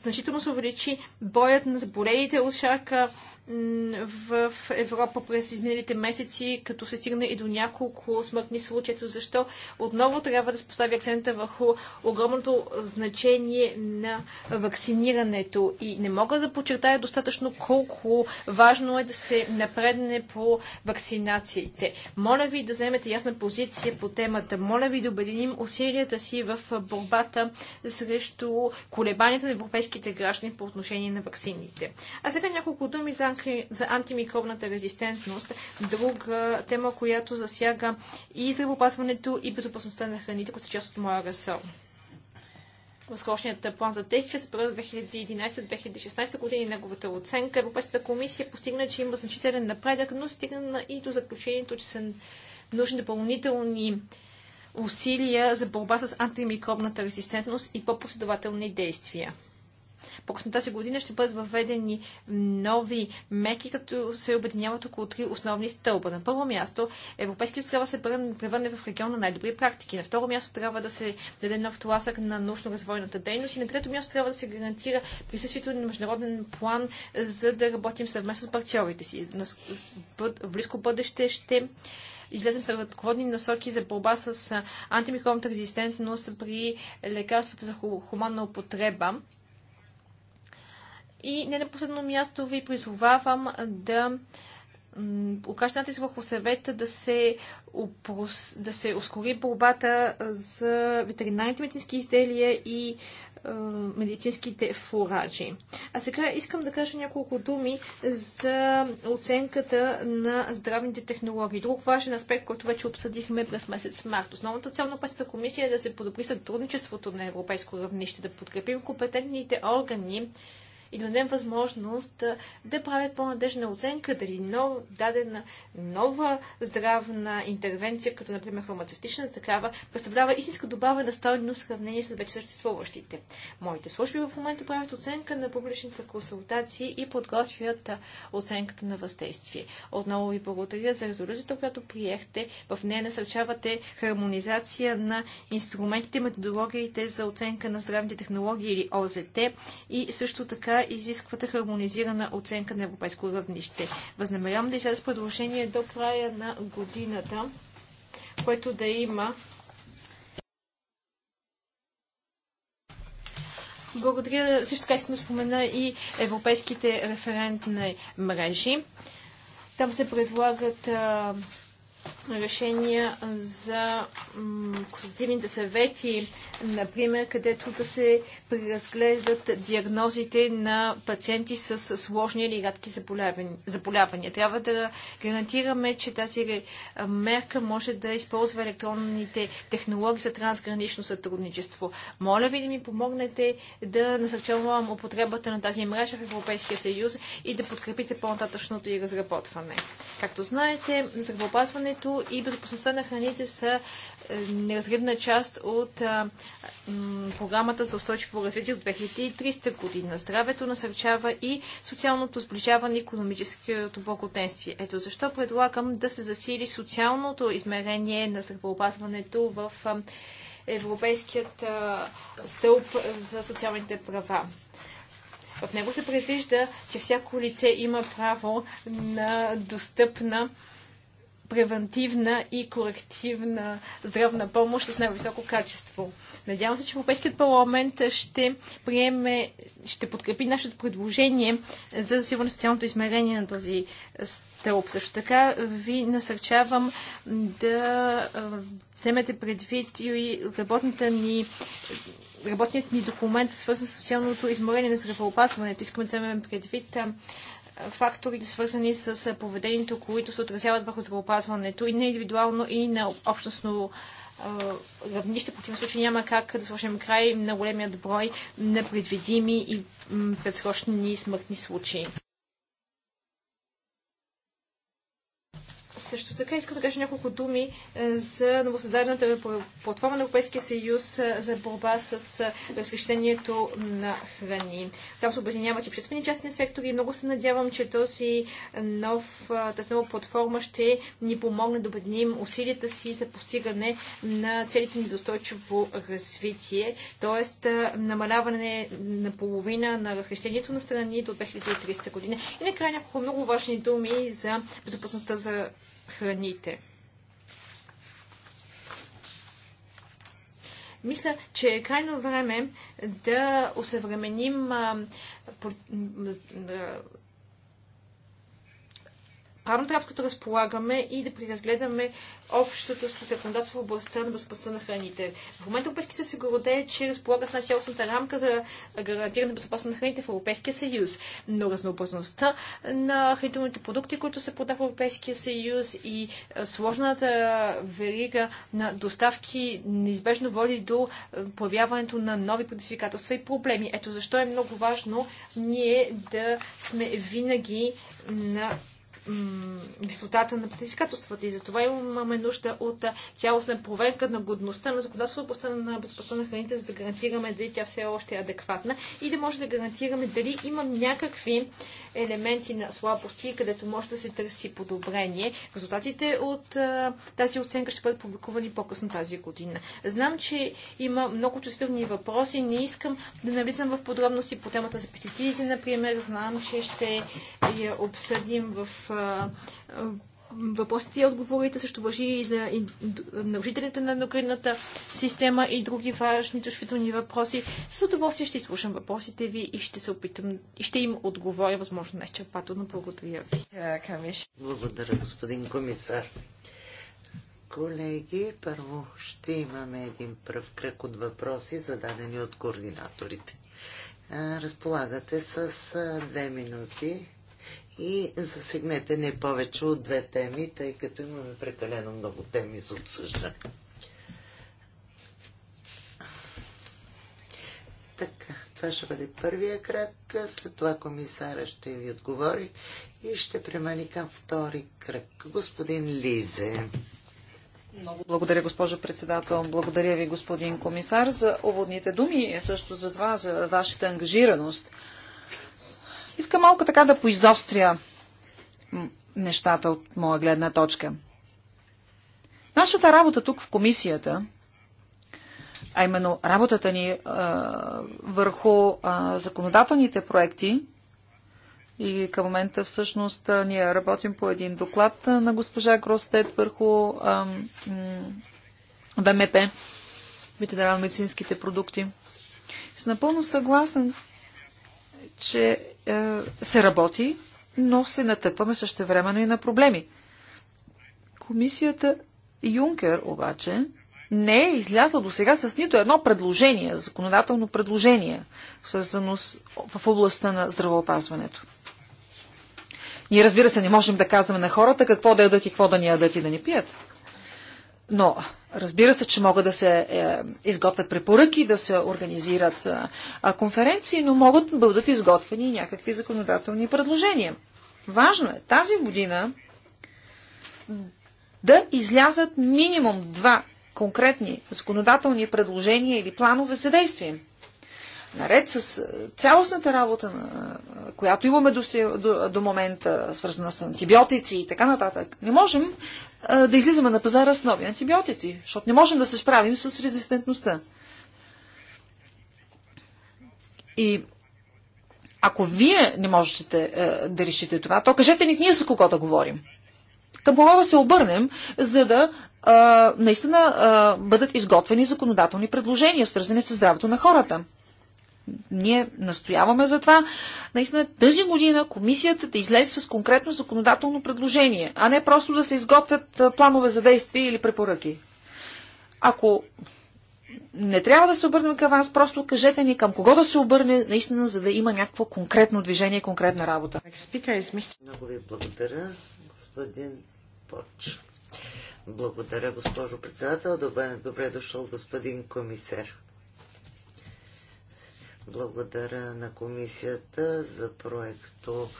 значително се увеличи боят на заболелите от шарка в Европа през изминалите месеци, като се стигна и до няколко смъртни случаи. Защо отново трябва да се постави акцента върху огромното значение на вакцинирането. И не мога да подчертая достатъчно колко важно е да се напредне по вакцинациите. Моля ви да вземете ясна позиция по темата. Моля ви да обединим усилията си в борбата срещу колебанията на европейските граждани по отношение на вакцините. А сега няколко думи за за антимикробната резистентност, друга тема, която засяга и здравеопазването и безопасността на храните, които са част от моя ресор. Възкошният план за действие за период 2011-2016 години и неговата оценка. Европейската комисия постигна, че има значителен напредък, но стигна и до заключението, че са нужни допълнителни усилия за борба с антимикробната резистентност и по-последователни действия по късната тази година ще бъдат въведени нови меки, като се обединяват около три основни стълба. На първо място, Европейският трябва да се превърне в регион на най-добри практики. На второ място трябва да се даде нов тласък на научно-развойната дейност. И на трето място трябва да се гарантира присъствието на международен план, за да работим съвместно с партньорите си. В близко бъдеще ще излезем с ръководни насоки за борба с антимикробната резистентност при лекарствата за хуманна употреба. И не на последно място ви призовавам да окажете натиск върху съвета да се, упрос, да се ускори борбата за ветеринарните медицински изделия и е, медицинските фуражи. А сега искам да кажа няколко думи за оценката на здравните технологии. Друг важен аспект, който вече обсъдихме през месец март. Основната цел на паста комисия е да се подобри сътрудничеството на европейско равнище, да подкрепим компетентните органи и да дадем възможност да правят по-надежна оценка дали нов, дадена нова здравна интервенция, като например фармацевтична такава, представлява истинска добавена стойност в сравнение с вече съществуващите. Моите служби в момента правят оценка на публичните консултации и подготвят оценката на въздействие. Отново ви благодаря за резолюцията, която приехте. В нея насърчавате хармонизация на инструментите, методологиите за оценка на здравните технологии или ОЗТ и също така изискват хармонизирана оценка на европейско равнище. Възнамерявам да изляза предложение до края на годината, което да има Благодаря. Също така искам да спомена и европейските референтни мрежи. Там се предлагат а, решения за консултативните съвети, например, където да се преразглеждат диагнозите на пациенти с сложни или рядки заболявания. Трябва да гарантираме, че тази мерка може да използва електронните технологии за трансгранично сътрудничество. Моля ви да ми помогнете да насърчавам употребата на тази мрежа в Европейския съюз и да подкрепите по-нататъчното и разработване. Както знаете, здравеопазването и безопасността на храните са е, неразривна част от програмата за устойчиво развитие от 2300 година. Здравето насърчава и социалното сближаване и економическото благоденствие. Ето защо предлагам да се засили социалното измерение на здравеопазването в Европейският стълб за социалните права. В него се предвижда, че всяко лице има право на достъпна превентивна и корективна здравна помощ с най-високо качество. Надявам се, че Европейският парламент ще приеме, ще подкрепи нашето предложение за засилване на социалното измерение на този стълб. Също така ви насърчавам да вземете предвид и работната ни работният ни документ, свързан с социалното измерение на здравеопазването. Искаме да вземем предвид фактори, свързани с е, поведението, които се отразяват върху здравеопазването и на индивидуално, и на общностно е, равнище. В противен случай няма как да сложим край на големият брой непредвидими и предсрочни смъртни случаи. Също така искам да кажа няколко думи е, за новосъздадената платформа на Европейския съюз е, за борба с е, разхищението на храни. Там се обединяват и обществени частни сектори и много се надявам, че този нов, тази нова платформа ще ни помогне да обединим усилията си за постигане на целите ни за устойчиво развитие, т.е. намаляване на половина на разхищението на страни до 2030 година. И накрая няколко много важни думи за безопасността за храните. Мисля, че е крайно време да осъвременим правната рамка, която разполагаме и да преразгледаме общото си законодателство в областта на безопасността на храните. В момента Европейския съюз се гордее, че разполага с най-цялостната рамка за гарантиране безопасност на храните в Европейския съюз. Но разнообразността на хранителните продукти, които се продават в Европейския съюз и сложната верига на доставки неизбежно води до появяването на нови предизвикателства и проблеми. Ето защо е много важно ние да сме винаги на висотата на предизвикателствата и затова имаме нужда от цялостна проверка на годността на законодателството в областта на безопасността на храните, за да гарантираме дали тя все още е адекватна и да може да гарантираме дали има някакви елементи на слабости, където може да се търси подобрение. Резултатите от а, тази оценка ще бъдат публикувани по-късно тази година. Знам, че има много чувствителни въпроси. Не искам да навлизам в подробности по темата за пестицидите, например. Знам, че ще я обсъдим в въпросите и отговорите също въжи и за нарушителите на еднокринната система и други важни чувствителни въпроси. С удоволствие ще изслушам въпросите ви и ще се опитам и ще им отговоря възможно най-черпателно. Благодаря ви. Благодаря, господин комисар. Колеги, първо ще имаме един пръв кръг от въпроси, зададени от координаторите. Разполагате с две минути и засегнете не повече от две теми, тъй като имаме прекалено много теми за обсъждане. Така, това ще бъде първия кръг, след това комисара ще ви отговори и ще премани към втори кръг. Господин Лизе. Много благодаря, госпожо председател. Благодаря ви, господин комисар, за уводните думи и също за това, за вашата ангажираност Искам малко така да поизостря нещата от моя гледна точка. Нашата работа тук в комисията, а именно работата ни а, върху а, законодателните проекти, и към момента всъщност ние работим по един доклад на госпожа Гростет върху ВМП ветеринарно-медицинските продукти. С напълно съгласен, че е, се работи, но се натъкваме същевременно и на проблеми. Комисията Юнкер обаче не е излязла до сега с нито едно предложение, законодателно предложение, свързано с, в областта на здравеопазването. Ние, разбира се, не можем да казваме на хората какво да ядат и какво да ни ядат и да ни пият. Но разбира се, че могат да се е, изготвят препоръки, да се организират е, конференции, но могат да бъдат изготвени някакви законодателни предложения. Важно е тази година да излязат минимум два конкретни законодателни предложения или планове за действие. Наред с е, цялостната работа, е, която имаме до, до, до момента, свързана с антибиотици и така нататък, не можем да излизаме на пазара с нови антибиотици, защото не можем да се справим с резистентността. И ако вие не можете е, да решите това, то кажете ни ние с кого да говорим. Към кого да се обърнем, за да е, наистина е, бъдат изготвени законодателни предложения, свързани с здравето на хората ние настояваме за това, наистина тази година комисията да излезе с конкретно законодателно предложение, а не просто да се изготвят планове за действие или препоръки. Ако не трябва да се обърнем към вас, просто кажете ни към кого да се обърне, наистина, за да има някакво конкретно движение, конкретна работа. Много ви благодаря, господин Поч. Благодаря, госпожо председател. Добре, добре дошъл, господин комисар. Благодаря на комисията за проекто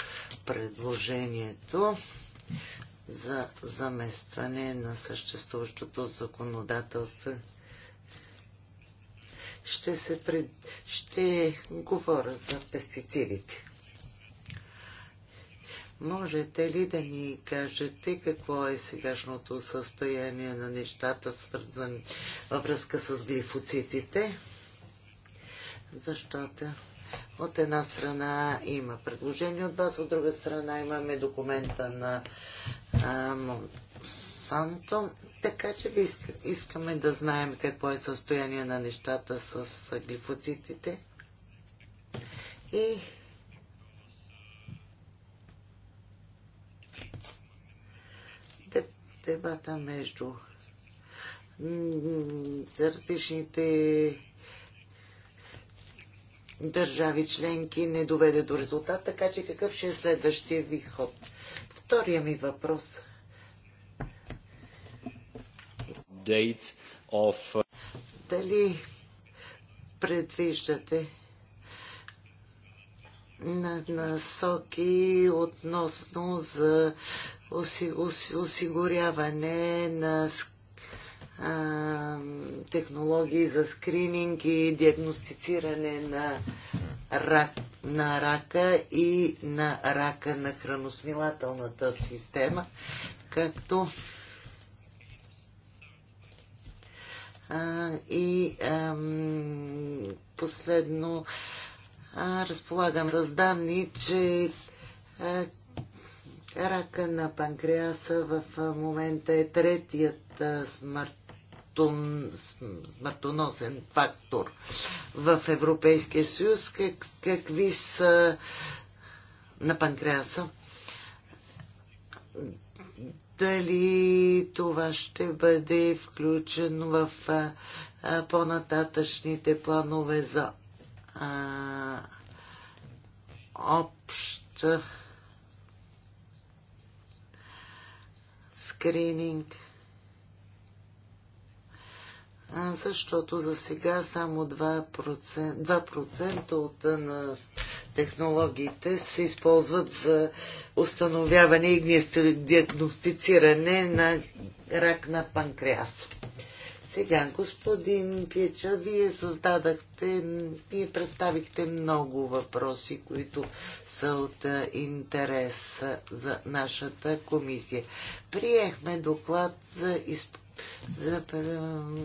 предложението за заместване на съществуващото законодателство. Ще, се пред... ще говоря за пестицидите. Можете ли да ни кажете какво е сегашното състояние на нещата свързани във връзка с глифоцитите? защото от една страна има предложение от вас, от друга страна имаме документа на а, Монсанто, така че ви искаме да знаем какво е състояние на нещата с глифоцитите. И дебата между различните държави членки не доведе до резултат, така че какъв ще е следващия ви ход? Втория ми въпрос. Of... Uh, Дали предвиждате на насоки относно за осигуряване на технологии за скрининг и диагностициране на, рак, на рака и на рака на храносмилателната система, както а, и а, последно а, разполагам с данни, че а, рака на панкреаса в момента е третият смърт смъртоносен фактор в Европейския съюз, как, какви са на панкреаса. Дали това ще бъде включено в по-нататъчните планове за а, общ скрининг? защото за сега само 2%, 2% от на технологиите се използват за установяване и диагностициране на рак на панкреас. Сега, господин Пича, вие създадахте, вие представихте много въпроси, които са от интерес за нашата комисия. Приехме доклад за изпълнение за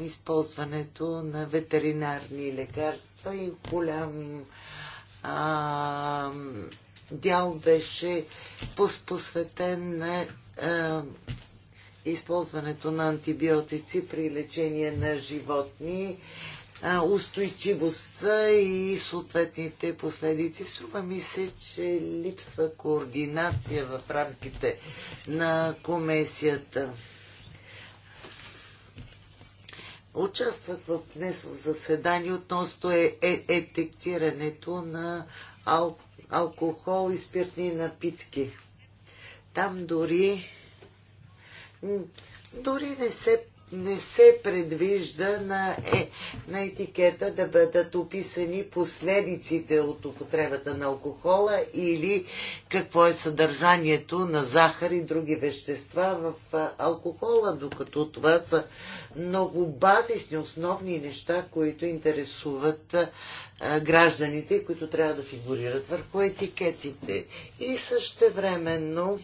използването на ветеринарни лекарства и голям а, дял беше посветен на а, използването на антибиотици при лечение на животни, а, устойчивостта и съответните последици. Струва ми се, че липсва координация в рамките на комисията. Участвах в днес в заседание относно е, е, етектирането на ал, алкохол и спиртни напитки. Там дори дори не се не се предвижда на, е, на етикета да бъдат описани последиците от употребата на алкохола или какво е съдържанието на захар и други вещества в алкохола, докато това са много базисни, основни неща, които интересуват гражданите, които трябва да фигурират върху етикетите. И същевременно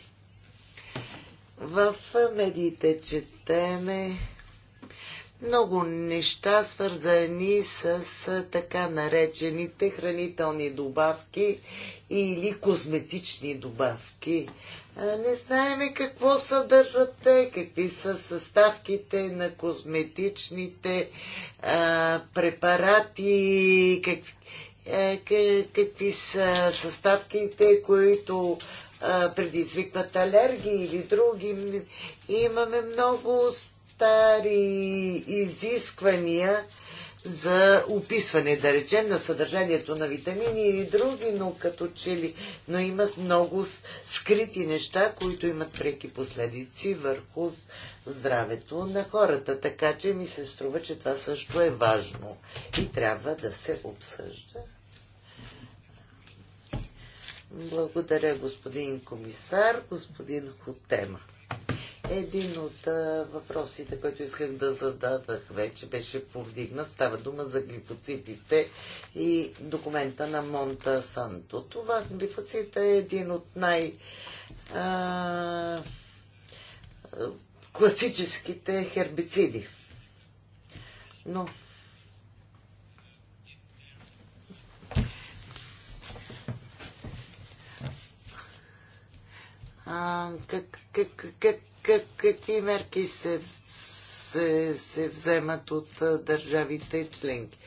в медиите четеме много неща, свързани с така наречените хранителни добавки или козметични добавки. Не знаеме какво съдържат те, какви са съставките на козметичните а, препарати, как, а, е, как, какви са съставките, които а, предизвикват алергии или други. имаме много стари изисквания за описване, да речем, на съдържанието на витамини и други, но като че ли, но има много скрити неща, които имат преки последици върху здравето на хората. Така че ми се струва, че това също е важно и трябва да се обсъжда. Благодаря, господин комисар, господин Хотема. Един от а, въпросите, който исках да зададах вече, беше повдигнат. Става дума за глифоцитите и документа на Монта Санто. Това глифоцит е един от най- а, класическите хербициди. Но а, как, как, как, как, какви мерки се, се, се вземат от държавите членки.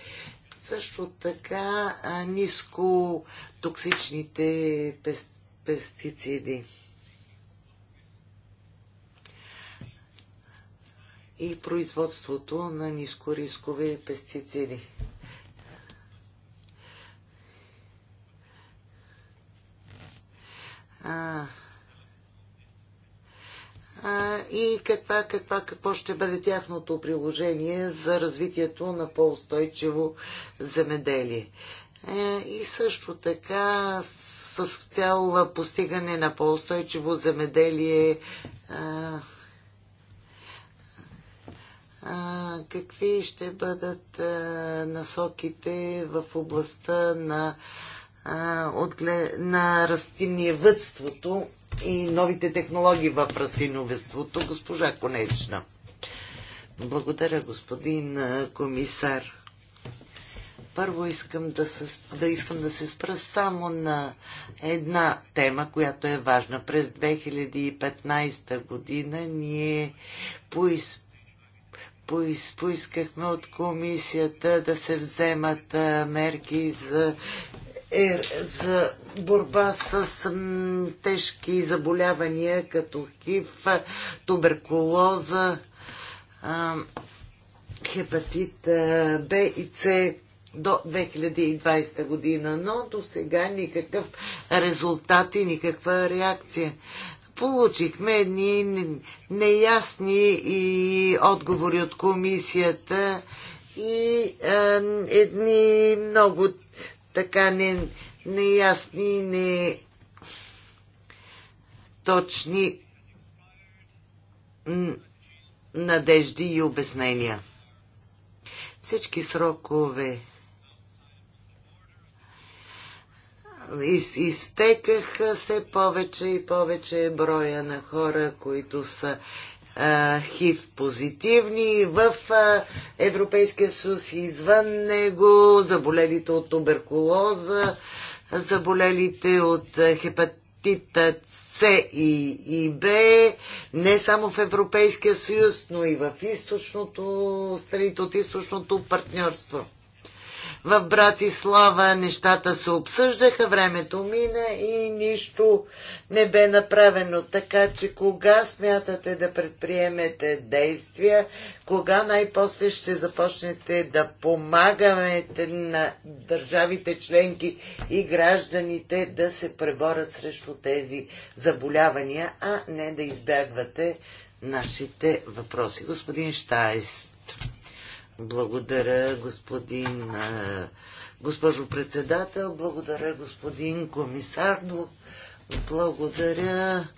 Също така ниско токсичните пес, пестициди. и производството на нискорискови пестициди. А, и каква, каква, какво ще бъде тяхното приложение за развитието на по-устойчиво земеделие. Е, и също така с, цял постигане на по-устойчиво земеделие какви ще бъдат насоките в областта на, а, на и новите технологии в растиновеството. Госпожа Конечна. Благодаря, господин комисар. Първо искам да, се, да искам да се спра само на една тема, която е важна. През 2015 година ние поис, поис, поискахме от комисията да се вземат мерки за е, за борба с тежки заболявания, като хив, туберкулоза, хепатит Б и С до 2020 година, но до сега никакъв резултат и никаква реакция. Получихме едни неясни и отговори от комисията и едни много така не, неясни, не точни надежди и обяснения. Всички срокове из, изтекаха все повече и повече броя на хора, които са хив позитивни в Европейския съюз и извън него, заболелите от туберкулоза, заболелите от хепатита С и, и Б, не само в Европейския съюз, но и в източното, страните от източното партньорство в Братислава нещата се обсъждаха, времето мина и нищо не бе направено. Така че кога смятате да предприемете действия, кога най-после ще започнете да помагаме на държавите членки и гражданите да се преборят срещу тези заболявания, а не да избягвате нашите въпроси. Господин Штайс. Благодаря, господин, госпожо председател, благодаря, господин комисар, благодаря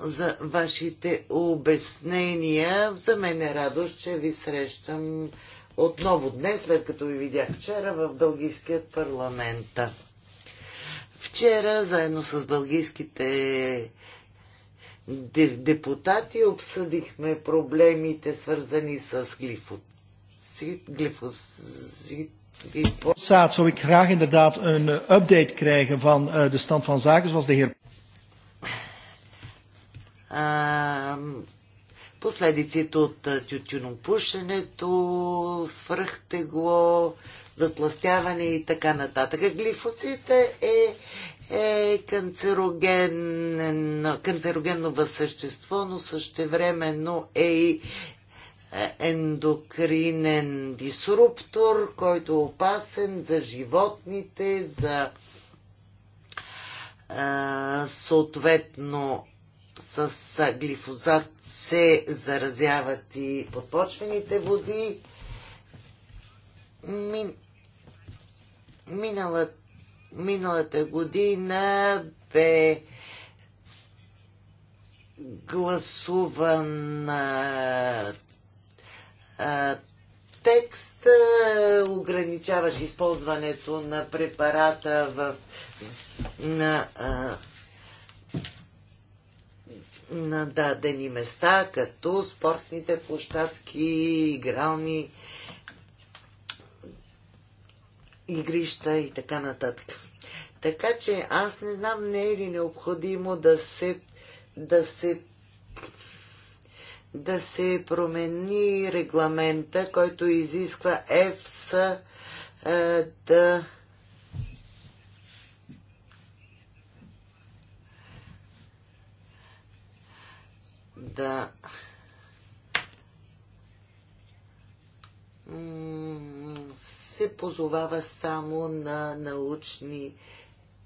за вашите обяснения. За мен е радост, че ви срещам отново днес, след като ви видях вчера в Бългийският парламент. Вчера, заедно с бългийските депутати, обсъдихме проблемите, свързани с глифот glyfosaat. zou ik graag inderdaad een eh, update krijgen van eh, de stand van zaken, zoals de heer. Последиците от е, тютюнопушенето, свръхтегло, затластяване и така нататък. Глифоците е, е канцероген, е, канцерогенно същество, но същевременно е и е, ендокринен дисруптор, който е опасен за животните, за а, е, съответно с е, глифозат се заразяват и подпочвените води. Мин... Минала... Миналата година бе гласуван текст, ограничаваш използването на препарата в, на, а, на дадени места, като спортните площадки, игрални игрища и така нататък. Така че аз не знам не е ли необходимо да се, да се да се промени регламента, който изисква ЕФСА е, да да се позовава само на научни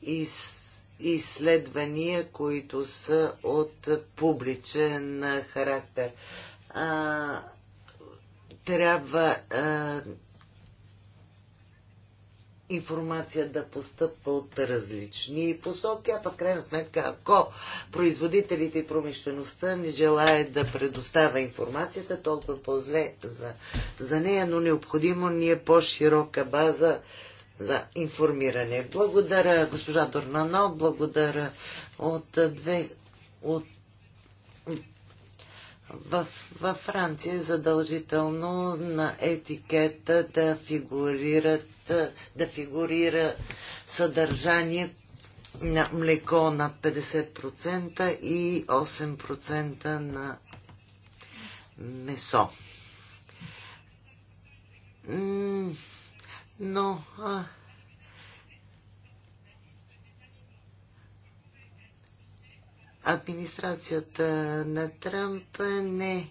изследвания изследвания, които са от публичен характер. А, трябва а, информация да постъпва от различни посоки, а пък крайна сметка, ако производителите и промишлеността не желаят да предоставя информацията, толкова по-зле за, за нея, но необходимо ни е по-широка база за информиране. Благодаря, госпожа Дорнано, благодаря от две от в, във Франция задължително на етикета да фигурират, да фигурира съдържание на млеко на 50% и 8% на месо. Но а, администрацията на Тръмп не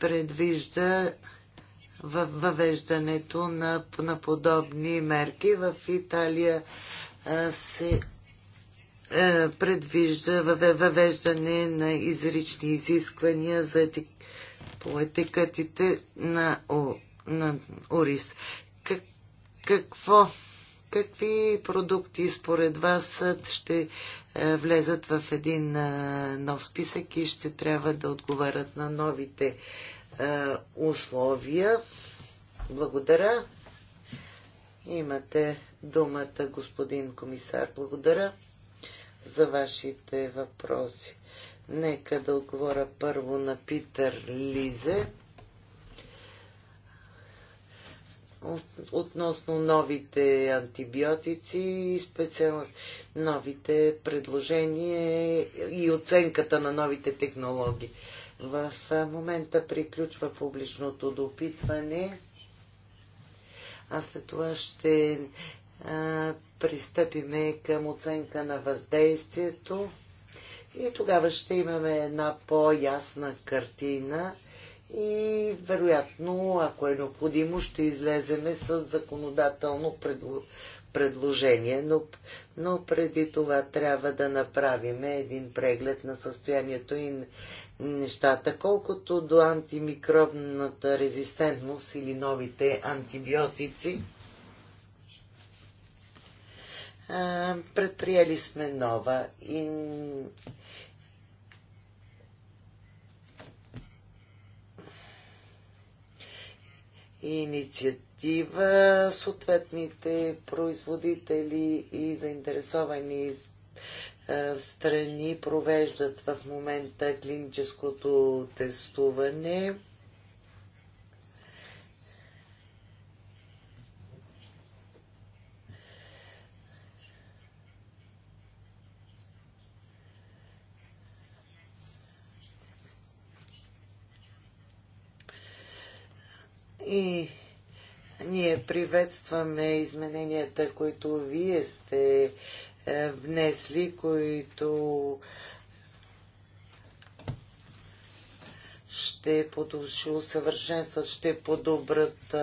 предвижда въвеждането на, на подобни мерки. В Италия а, се а, предвижда въвеждане на изрични изисквания за етик, по етикатите на, о, на ОРИС какво, какви продукти според вас ще е, влезат в един е, нов списък и ще трябва да отговарят на новите е, условия. Благодаря. Имате думата, господин комисар. Благодаря за вашите въпроси. Нека да отговоря първо на Питър Лизе. относно новите антибиотици и специално новите предложения и оценката на новите технологии. В момента приключва публичното допитване. А след това ще а, пристъпиме към оценка на въздействието и тогава ще имаме една по-ясна картина и вероятно, ако е необходимо, ще излеземе с законодателно предложение. Но, но преди това трябва да направим един преглед на състоянието и нещата. Колкото до антимикробната резистентност или новите антибиотици, предприели сме нова и инициатива съответните производители и заинтересовани е, страни провеждат в момента клиническото тестуване И ние приветстваме измененията, които вие сте е, внесли, които ще, ще усъвършенстват, ще подобрат а,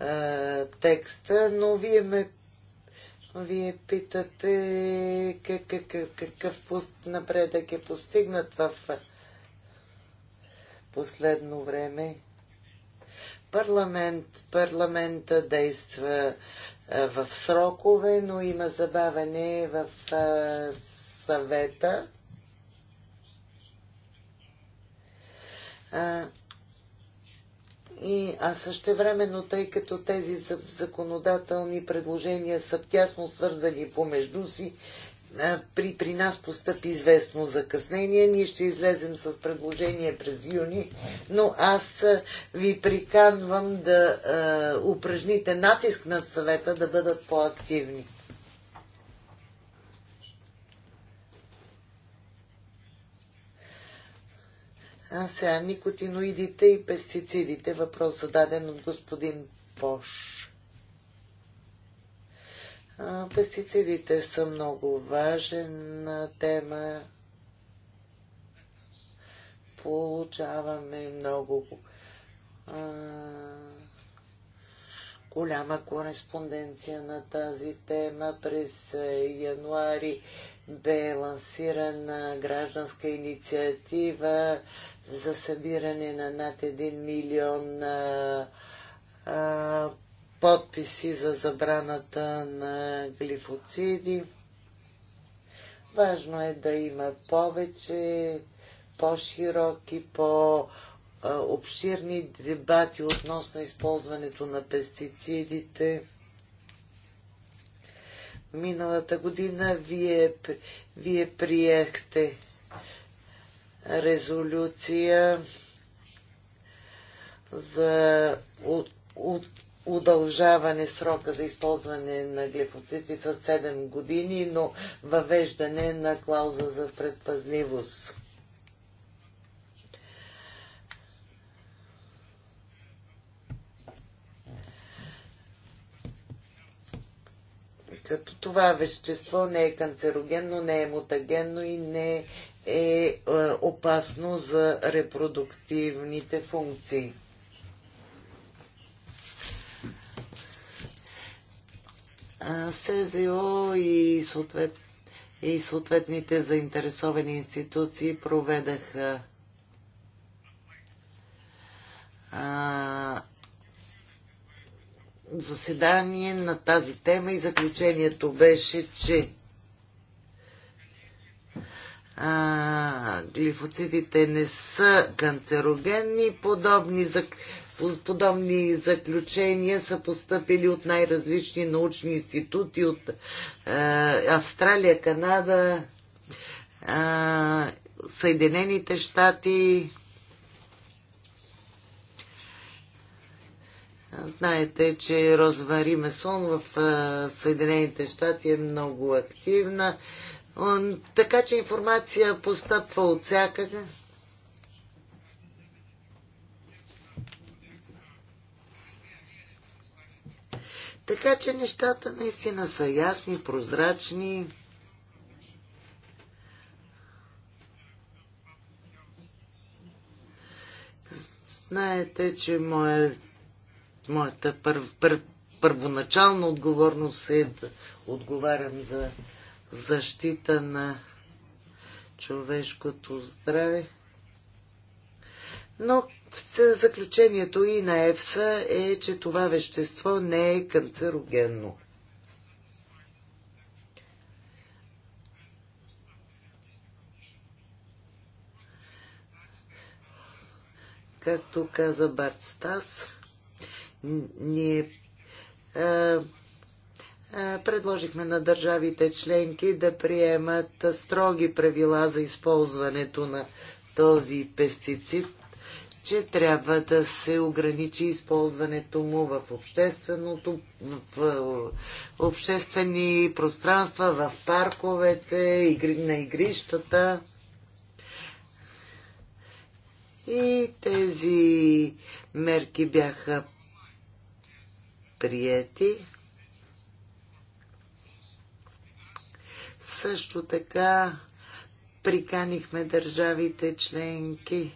е, а, е, текста, но вие ме вие питате как, какъв напредък е постигнат в последно време парламент, парламента действа е, в срокове, но има забавене в е, съвета. И, а също времено, тъй като тези законодателни предложения са тясно свързани помежду си, при, при нас постъпи известно закъснение. Ние ще излезем с предложение през юни, но аз ви приканвам да е, упражните натиск на съвета да бъдат по-активни. А сега никотиноидите и пестицидите. Въпрос зададен от господин Пош. Пестицидите са много важен тема. Получаваме много голяма кореспонденция на тази тема. През януари бе лансирана гражданска инициатива за събиране на над 1 милион а, а, подписи за забраната на глифоциди. Важно е да има повече, по-широки, по-обширни дебати относно използването на пестицидите. Миналата година вие, вие приехте резолюция за от, от удължаване срока за използване на глифоцити с 7 години, но въвеждане на клауза за предпазливост. Като това вещество не е канцерогенно, не е мутагенно и не е, е опасно за репродуктивните функции. СЗО и, съответ, и съответните заинтересовани институции проведаха а, заседание на тази тема и заключението беше, че а, глифоцидите не са канцерогенни, подобни за подобни заключения са поступили от най-различни научни институти от е, Австралия, Канада, е, Съединените щати. Знаете, че Розмари Месон в е, Съединените щати е много активна. Е, така че информация постъпва от всякъде. Така че нещата наистина са ясни, прозрачни. Знаете, че моя, моята пър, пър, първоначална отговорност е да отговарям за защита на човешкото здраве. Но Заключението и на ЕФСА е, че това вещество не е канцерогенно. Както каза Барт Стас, ние а, предложихме на държавите членки да приемат строги правила за използването на този пестицид че трябва да се ограничи използването му в общественото, в е, обществени пространства, в парковете, на игрищата. И тези мерки бяха прияти. Също така приканихме държавите членки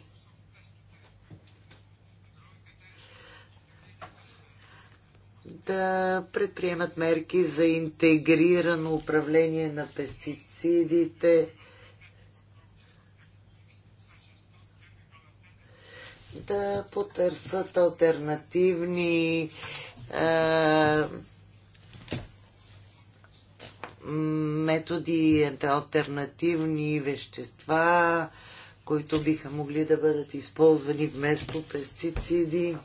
да предприемат мерки за интегрирано управление на пестицидите, да потърсят альтернативни а, методи, альтернативни вещества, които биха могли да бъдат използвани вместо пестициди.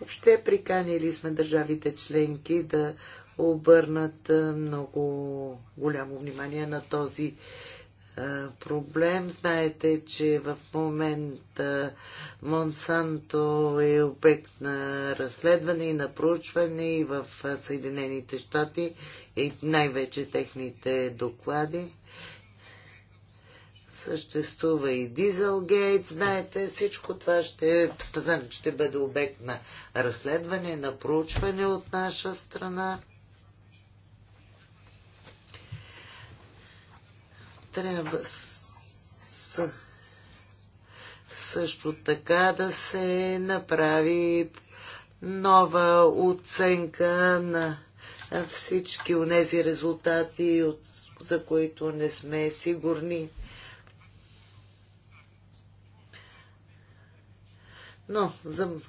Въобще приканили сме държавите членки да обърнат много голямо внимание на този проблем. Знаете, че в момента Монсанто е обект на разследване и на проучване и в Съединените щати и най-вече техните доклади. Съществува и Дизелгейт, знаете, всичко това ще, ще бъде обект на разследване, на проучване от наша страна. Трябва с, също така да се направи нова оценка на всички тези резултати, от, за които не сме сигурни. Но за,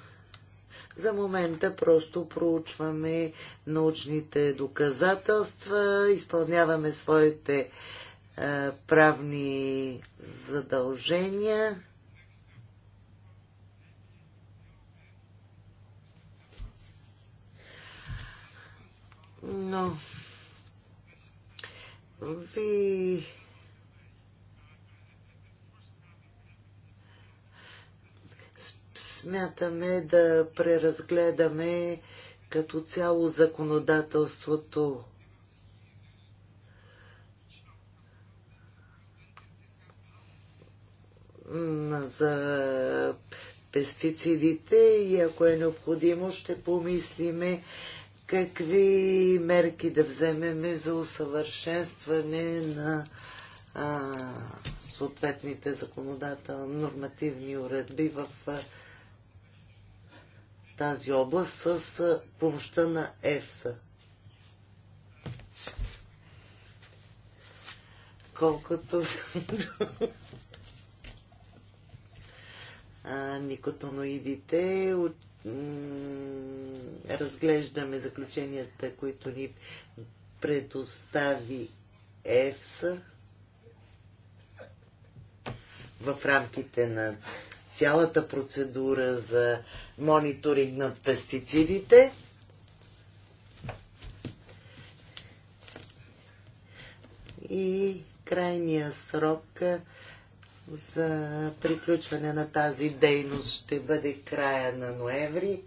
за момента просто проучваме научните доказателства, изпълняваме своите е, правни задължения. Но ви смятаме да преразгледаме като цяло законодателството. за пестицидите и ако е необходимо ще помислиме какви мерки да вземеме за усъвършенстване на а, съответните законодателни нормативни уредби в тази област с помощта на ЕФСА. Колкото никотоноидите от разглеждаме заключенията, които ни предостави ЕФСА в рамките на цялата процедура за мониторинг на пестицидите. И крайния срок за приключване на тази дейност ще бъде края на ноември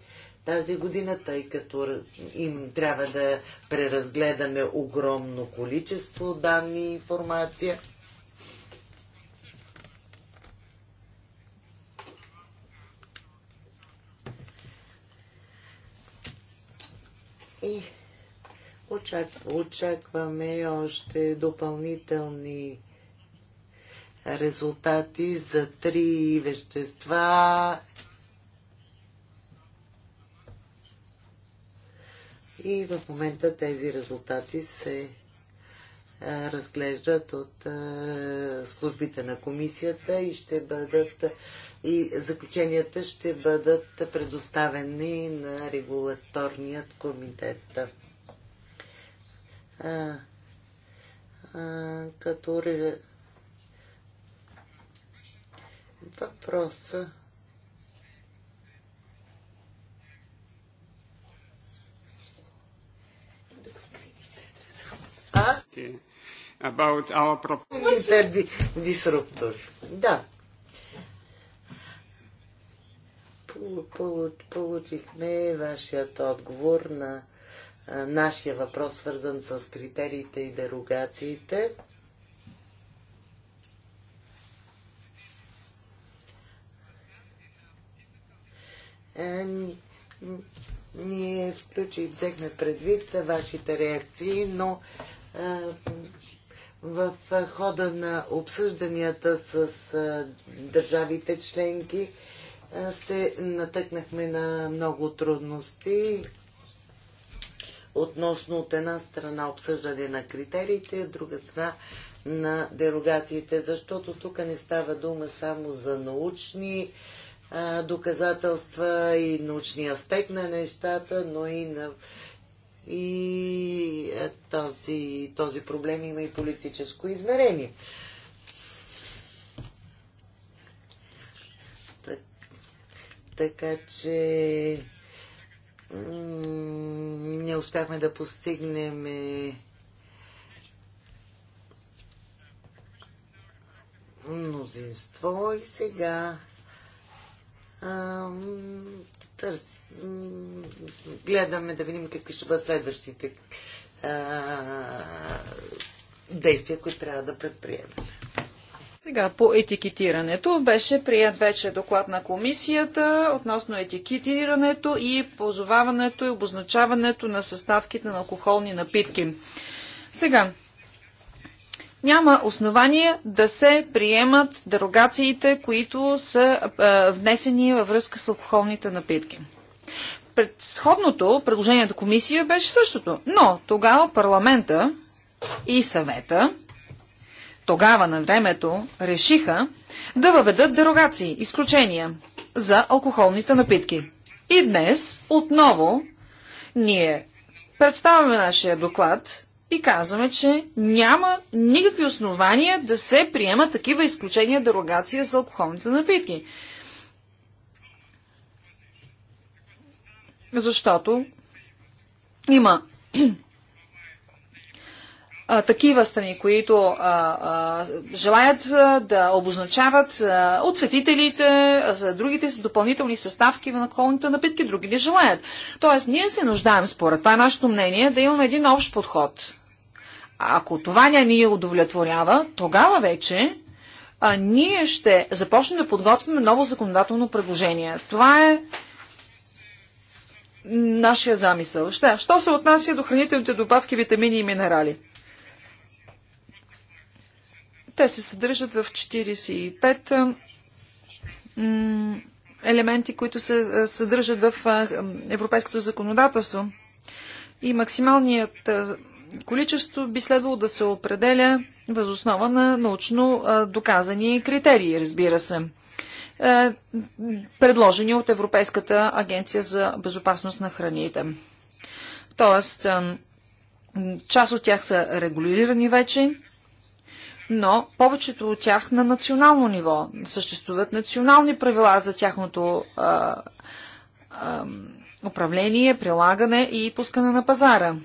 тази година, тъй като им трябва да преразгледаме огромно количество данни и информация. И очакваме още допълнителни резултати за три вещества и в момента тези резултати се разглеждат от службите на комисията и ще бъдат и заключенията ще бъдат предоставени на регулаторният комитет. А, а, като ре... въпроса А? about our proposal. disruptor. Да. Получихме вашият отговор на нашия въпрос, свързан с критериите и дерогациите. Е, ние включи, взехме предвид вашите реакции, но в хода на обсъжданията с държавите членки се натъкнахме на много трудности относно от една страна обсъждане на критериите, от друга страна на дерогациите, защото тук не става дума само за научни доказателства и научни аспект на нещата, но и на и е, този, този проблем има и политическо измерение. Так, така че не успяхме да постигнем е, мнозинство и сега търс, гледаме да видим какви ще бъдат следващите а, действия, които трябва да предприемем. Сега по етикетирането беше прият вече доклад на комисията относно етикетирането и позоваването и обозначаването на съставките на алкохолни напитки. Сега, няма основания да се приемат дерогациите, които са а, внесени във връзка с алкохолните напитки. Предходното предложение на комисия беше същото, но тогава парламента и съвета тогава на времето решиха да въведат дерогации, изключения за алкохолните напитки. И днес отново ние представяме нашия доклад и казваме, че няма никакви основания да се приема такива изключения дерогация за алкохолните напитки. Защото има а, такива страни, които а, а, желаят а, да обозначават а, за а, другите допълнителни съставки на колните напитки, други не желаят. Тоест, ние се нуждаем, според това е нашето мнение, да имаме един общ подход ако това не ни удовлетворява, тогава вече а, ние ще започнем да подготвяме ново законодателно предложение. Това е нашия замисъл. Ще, що се отнася до хранителните добавки, витамини и минерали? Те се съдържат в 45 елементи, които се съдържат в европейското законодателство. И максималният количество би следвало да се определя възоснова на научно доказани критерии, разбира се, е, предложени от Европейската агенция за безопасност на храните. Тоест, част от тях са регулирани вече, но повечето от тях на национално ниво. Съществуват национални правила за тяхното управление, прилагане и пускане на пазара.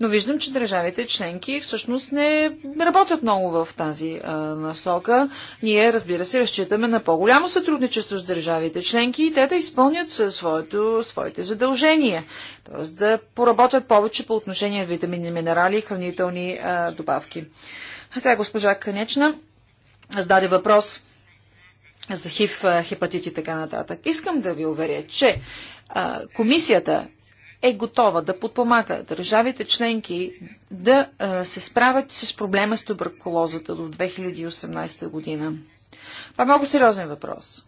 Но виждам, че държавите членки всъщност не работят много в тази а, насока. Ние, разбира се, разчитаме на по-голямо сътрудничество с държавите членки и те да изпълнят своето, своите задължения. Тоест да поработят повече по отношение на витамини, минерали и хранителни а, добавки. А сега госпожа Канечна зададе въпрос за хив, хепатит и така нататък. Искам да ви уверя, че а, комисията е готова да подпомага държавите членки да се справят с проблема с туберкулозата до 2018 година. Това е много сериозен въпрос.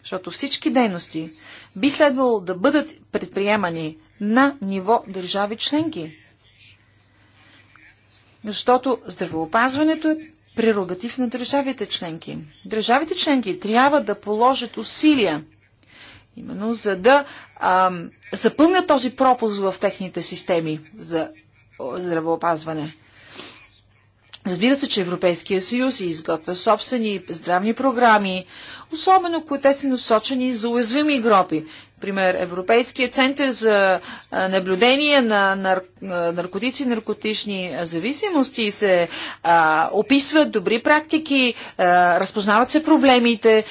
Защото всички дейности би следвало да бъдат предприемани на ниво държави членки. Защото здравеопазването е прерогатив на държавите членки. Държавите членки трябва да положат усилия Именно за да а, запълнят този пропуск в техните системи за здравеопазване. Разбира се, че Европейския съюз изготвя собствени здравни програми, особено които те са насочени за уязвими групи, например, Европейския център за наблюдение на наркотици и наркотични зависимости се а, описват добри практики, а, разпознават се проблемите,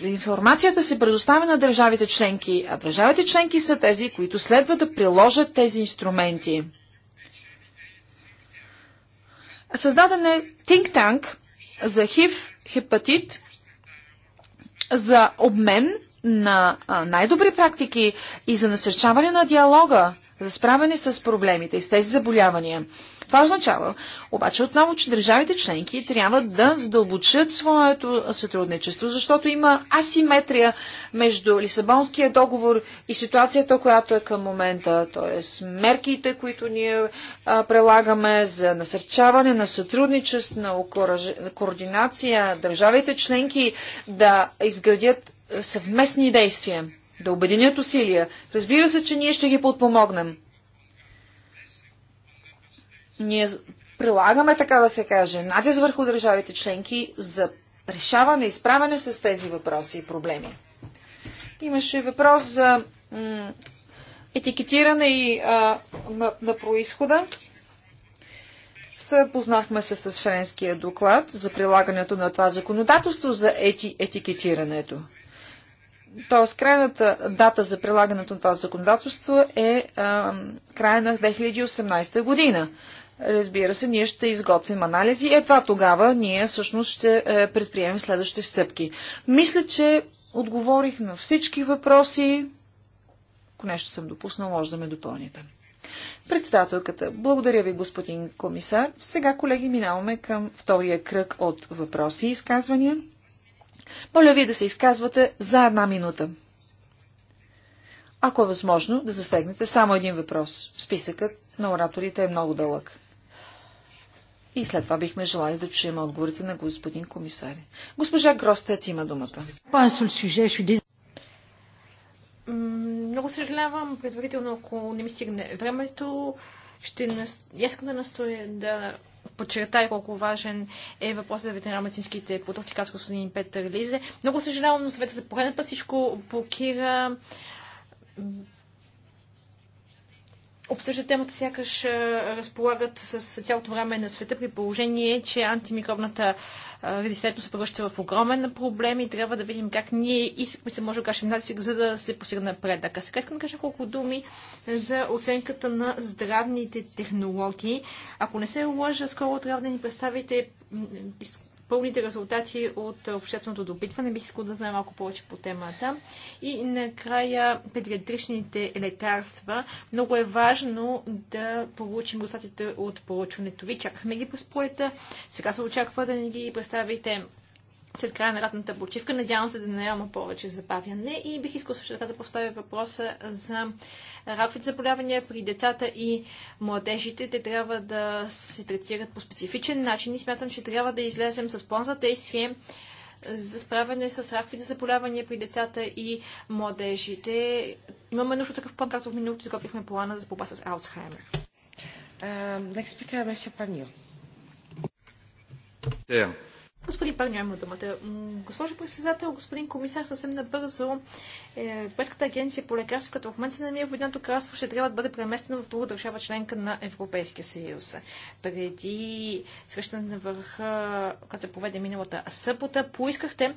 информацията се предоставя на държавите членки, а държавите членки са тези, които следва да приложат тези инструменти. Създаден е think tank за хив, хепатит, за обмен на най-добри практики и за насърчаване на диалога, за справяне с проблемите и с тези заболявания. Това означава обаче отново, че държавите членки трябва да задълбочат своето сътрудничество, защото има асиметрия между Лисабонския договор и ситуацията, която е към момента, т.е. мерките, които ние а, прилагаме за насърчаване на сътрудничество, на координация, държавите членки да изградят е, съвместни действия, да обединят усилия. Разбира се, че ние ще ги подпомогнем. Ние прилагаме, така да се каже, натиск върху държавите членки за решаване и справяне с тези въпроси и проблеми. Имаше въпрос за етикетиране и а, на, на происхода. Съпознахме се с френския доклад за прилагането на това законодателство за ети, етикетирането т.е. крайната дата за прилагането на това законодателство е а, края на 2018 година. Разбира се, ние ще изготвим анализи. Едва тогава ние всъщност ще е, предприемем следващите стъпки. Мисля, че отговорих на всички въпроси. Ако нещо съм допуснал, може да ме допълните. Председателката, благодаря ви, господин комисар. Сега, колеги, минаваме към втория кръг от въпроси и изказвания. Моля ви да се изказвате за една минута. Ако е възможно, да застегнете само един въпрос. Списъкът на ораторите е много дълъг. И след това бихме желали да чуем отговорите на господин комисаря. Госпожа Гростет има думата. Много съжалявам предварително, ако не ми стигне времето. Ще искам да настоя да подчертая колко важен е въпросът за ветеринарно-медицинските продукти, каза господин Петър Лизе. Много съжалявам, но съвета за пореден път всичко блокира обсъждат темата, сякаш разполагат с цялото време на света при положение, че антимикробната резистентност се превръща в огромен проблем и трябва да видим как ние искаме се може да кажем натиск, за да се постигне напред. Така сега искам да кажа колко думи за оценката на здравните технологии. Ако не се лъжа, скоро трябва да ни представите пълните резултати от общественото допитване. Бих искал да знае малко повече по темата. И накрая педиатричните лекарства. Много е важно да получим резултатите от получването ви. Чакахме ги през полета. Сега се очаква да ни ги представите след края на ратната почивка. Надявам се да не няма повече забавяне и бих искал също така да поставя въпроса за раковите заболявания при децата и младежите. Те трябва да се третират по специфичен начин и смятам, че трябва да излезем с план за действие за справяне с раковите заболявания при децата и младежите. Имаме нужда такъв план, както в миналото изготвихме плана за борба с Алцхаймер. Uh, next speaker, Mr. Yeah. Господин Парньо има думата. Госпожо председател, господин комисар, съвсем набързо Европейската агенция по лекарство, като в момента се намира в Едното кралство, ще трябва да бъде преместена в друга държава членка на Европейския съюз. Преди срещане на върха, като се проведе миналата събота, поискахте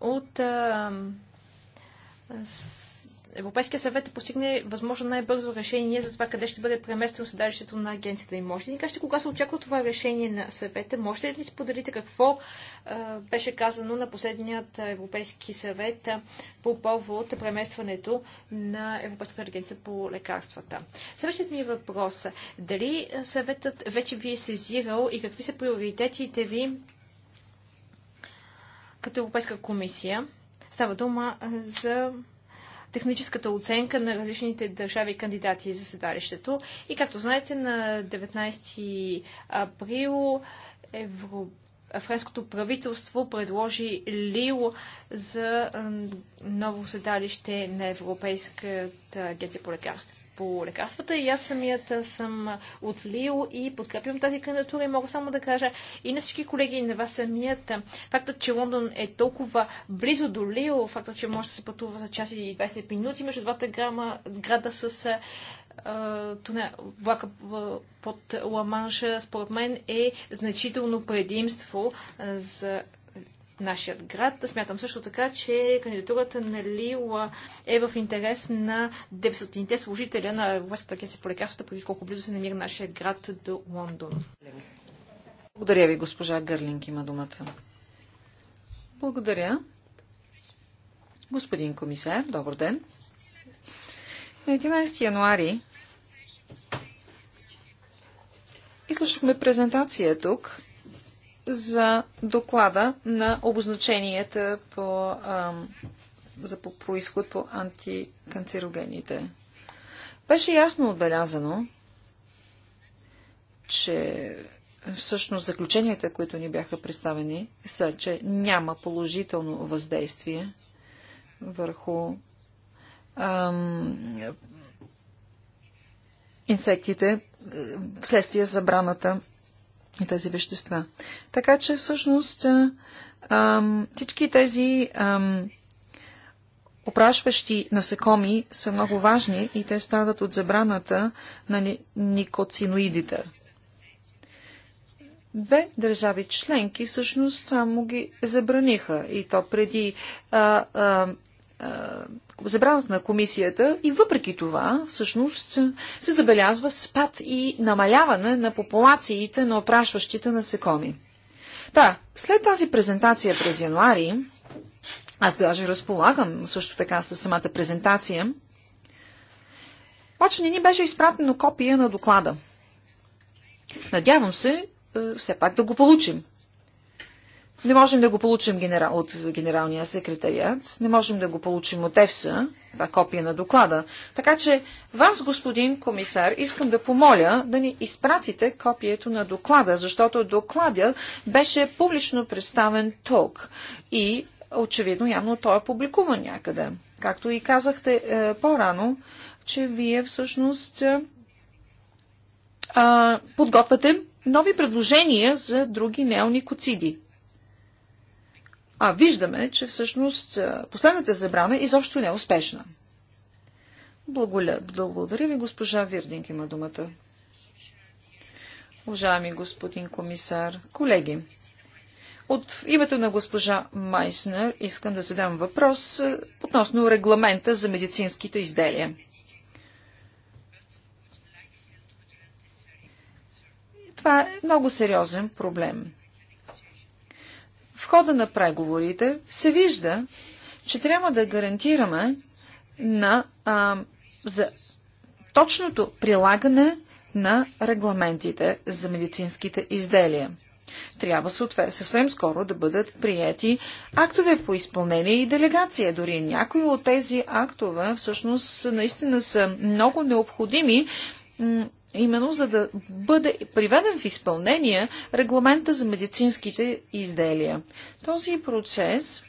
от а, с Европейския съвет постигне възможно най-бързо решение за това къде ще бъде преместено седалището на агенцията. И може ли кажете кога се очаква това решение на съвета? можете ли да споделите какво а, беше казано на последният Европейски съвет а, по повод преместването на Европейската агенция по лекарствата? Следващият ми въпрос е дали съветът вече ви е сезирал и какви са приоритетите ви като Европейска комисия? Става дума за техническата оценка на различните държави кандидати за седалището. И както знаете, на 19 април Европа френското правителство предложи Лил за ново седалище на Европейската агенция по лекарства по лекарствата и аз самият съм от Лил и подкрепям тази кандидатура и мога само да кажа и на всички колеги и на вас самият. Фактът, че Лондон е толкова близо до Лио, фактът, че може да се пътува за час и 20 минути между двата грама, града с влака под Ламанша, според мен е значително предимство за нашият град. Смятам също така, че кандидатурата на Лила е в интерес на 900-те служителя на Европейската агенция по лекарствата, преди колко близо се намира нашия град до Лондон. Благодаря ви, госпожа Гърлинг има думата. Благодаря. Господин комисар, добър ден. На 11 януари изслушахме презентация тук за доклада на обозначенията по, ам, за по происход по антиканцерогените. Беше ясно отбелязано, че всъщност заключенията, които ни бяха представени, са, че няма положително въздействие върху инсектите е, вследствие забраната и тези вещества. Така че всъщност е, всички тези опрашващи насекоми са много важни и те страдат от забраната на никоциноидите. Две държави членки всъщност само ги забраниха и то преди а, а, забраната на комисията и въпреки това всъщност се забелязва спад и намаляване на популациите на опрашващите насекоми. Да, след тази презентация през януари, аз даже разполагам също така с самата презентация, обаче не ни беше изпратено копия на доклада. Надявам се, все пак да го получим. Не можем да го получим генерал, от генералния секретарият, не можем да го получим от ЕФСА, това е копия на доклада. Така че вас, господин комисар, искам да помоля да ни изпратите копието на доклада, защото докладът беше публично представен тук и очевидно явно той е публикуван някъде. Както и казахте е, по-рано, че вие всъщност е, подготвяте нови предложения за други неоникоциди. А виждаме, че всъщност последната забрана изобщо не е успешна. Благодаря ви, госпожа Вирдинг има думата. Уважаеми господин комисар, колеги, от името на госпожа Майснер искам да задам въпрос относно регламента за медицинските изделия. Това е много сериозен проблем. В хода на преговорите се вижда, че трябва да гарантираме на, а, за точното прилагане на регламентите за медицинските изделия. Трябва съвсем скоро да бъдат приети актове по изпълнение и делегация. Дори някои от тези актове всъщност наистина са много необходими именно за да бъде приведен в изпълнение регламента за медицинските изделия. Този процес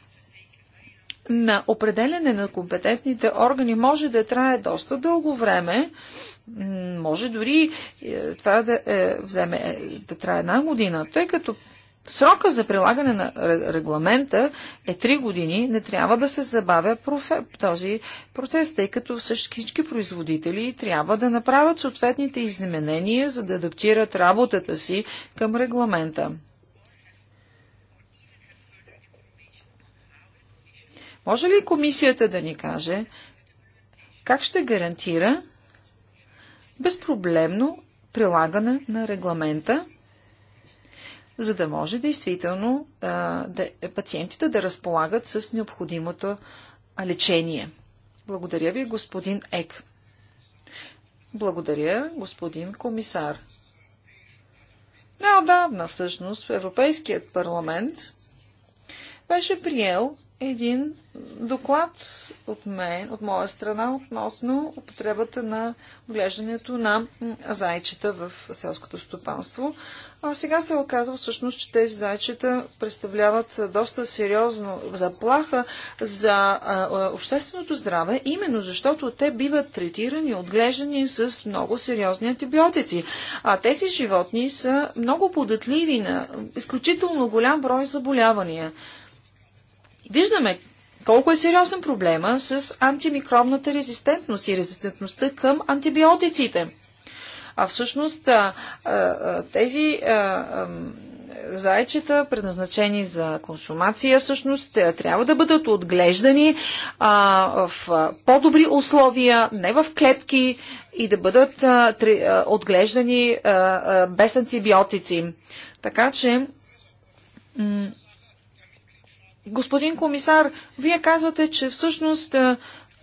на определене на компетентните органи може да трае доста дълго време, може дори е, това да е, вземе е, да трае една година, тъй като Срока за прилагане на регламента е 3 години. Не трябва да се забавя този процес, тъй като всички производители трябва да направят съответните изменения, за да адаптират работата си към регламента. Може ли комисията да ни каже как ще гарантира безпроблемно прилагане на регламента за да може действително да, пациентите да разполагат с необходимото лечение. Благодаря ви, господин Ек. Благодаря, господин комисар. Неодавна, всъщност, Европейският парламент беше приел един доклад от мен, от моя страна, относно употребата на отглеждането на зайчета в селското стопанство. А сега се оказва всъщност, че тези зайчета представляват доста сериозно заплаха за а, общественото здраве, именно защото те биват третирани, отглеждани с много сериозни антибиотици. А тези животни са много податливи на изключително голям брой заболявания. Виждаме колко е сериозен проблема с антимикробната резистентност и резистентността към антибиотиците. А всъщност тези зайчета, предназначени за консумация, всъщност е, трябва да бъдат отглеждани а, в по-добри условия, не в клетки и да бъдат а, три, а, отглеждани а, а, без антибиотици. Така че. Господин комисар, вие казвате, че всъщност а,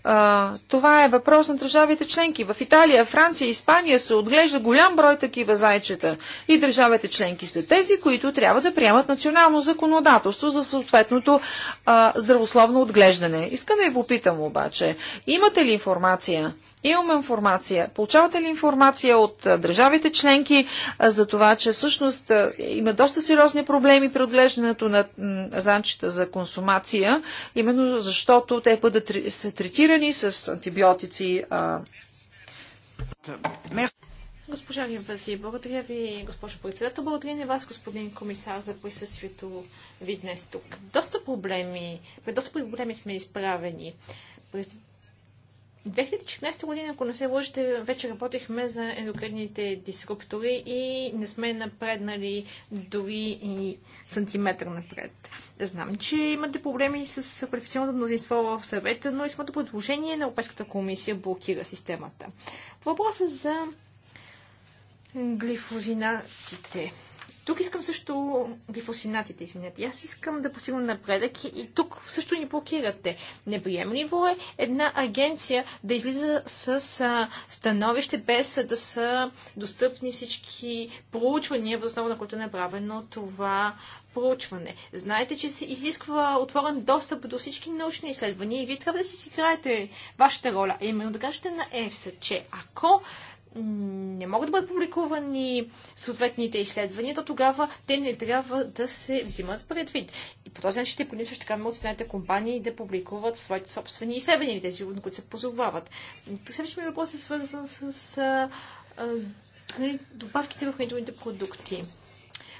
а, това е въпрос на държавите членки. В Италия, Франция, и Испания се отглежда голям брой такива зайчета. И държавите членки са тези, които трябва да приемат национално законодателство за съответното а, здравословно отглеждане. Искам да ви попитам обаче, имате ли информация Имаме информация. Получавате ли информация от държавите членки за това, че всъщност има доста сериозни проблеми при отглеждането на занчета за консумация, именно защото те бъдат са третирани с антибиотици? Госпожа Гимпази, благодаря ви, госпожо председател. Благодаря на вас, господин комисар, за присъствието ви днес тук. Доста проблеми, доста проблеми сме изправени. През 2014 година, ако не се лъжите, вече работихме за ендокринните дисруптори и не сме напреднали дори и сантиметър напред. Знам, че имате проблеми с професионалното мнозинство в съвета, но и самото предложение на Европейската комисия блокира системата. Въпросът за глифозинатите. Тук искам също глифосинатите, извинете. Аз искам да постигна напредък и, и тук също ни блокирате. Неприемливо е една агенция да излиза с а, становище без да са достъпни всички проучвания, в основа на които е направено това проучване. Знаете, че се изисква отворен достъп до всички научни изследвания и вие трябва да си играете вашата роля, именно да кажете на ЕФСА, че ако не могат да бъдат публикувани съответните изследвания, то тогава те не трябва да се взимат предвид. И по този начин ще поне също така мултинационалните компании да публикуват своите собствени изследвания или тези, на които се позовават. Следващия ми въпрос е свързан с а, а, добавките в хранителните продукти.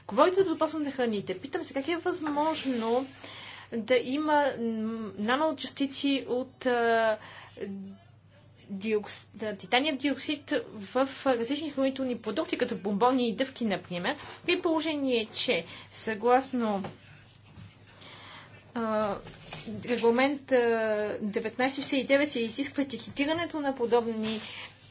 Говорите за безопасност на храните. Питам се как е възможно да има наночастици от а, диокс... титания диоксид в различни хранителни продукти, като бомбони и дъвки, например, при положение, че съгласно а, регламент 1969 се изисква етикетирането на подобни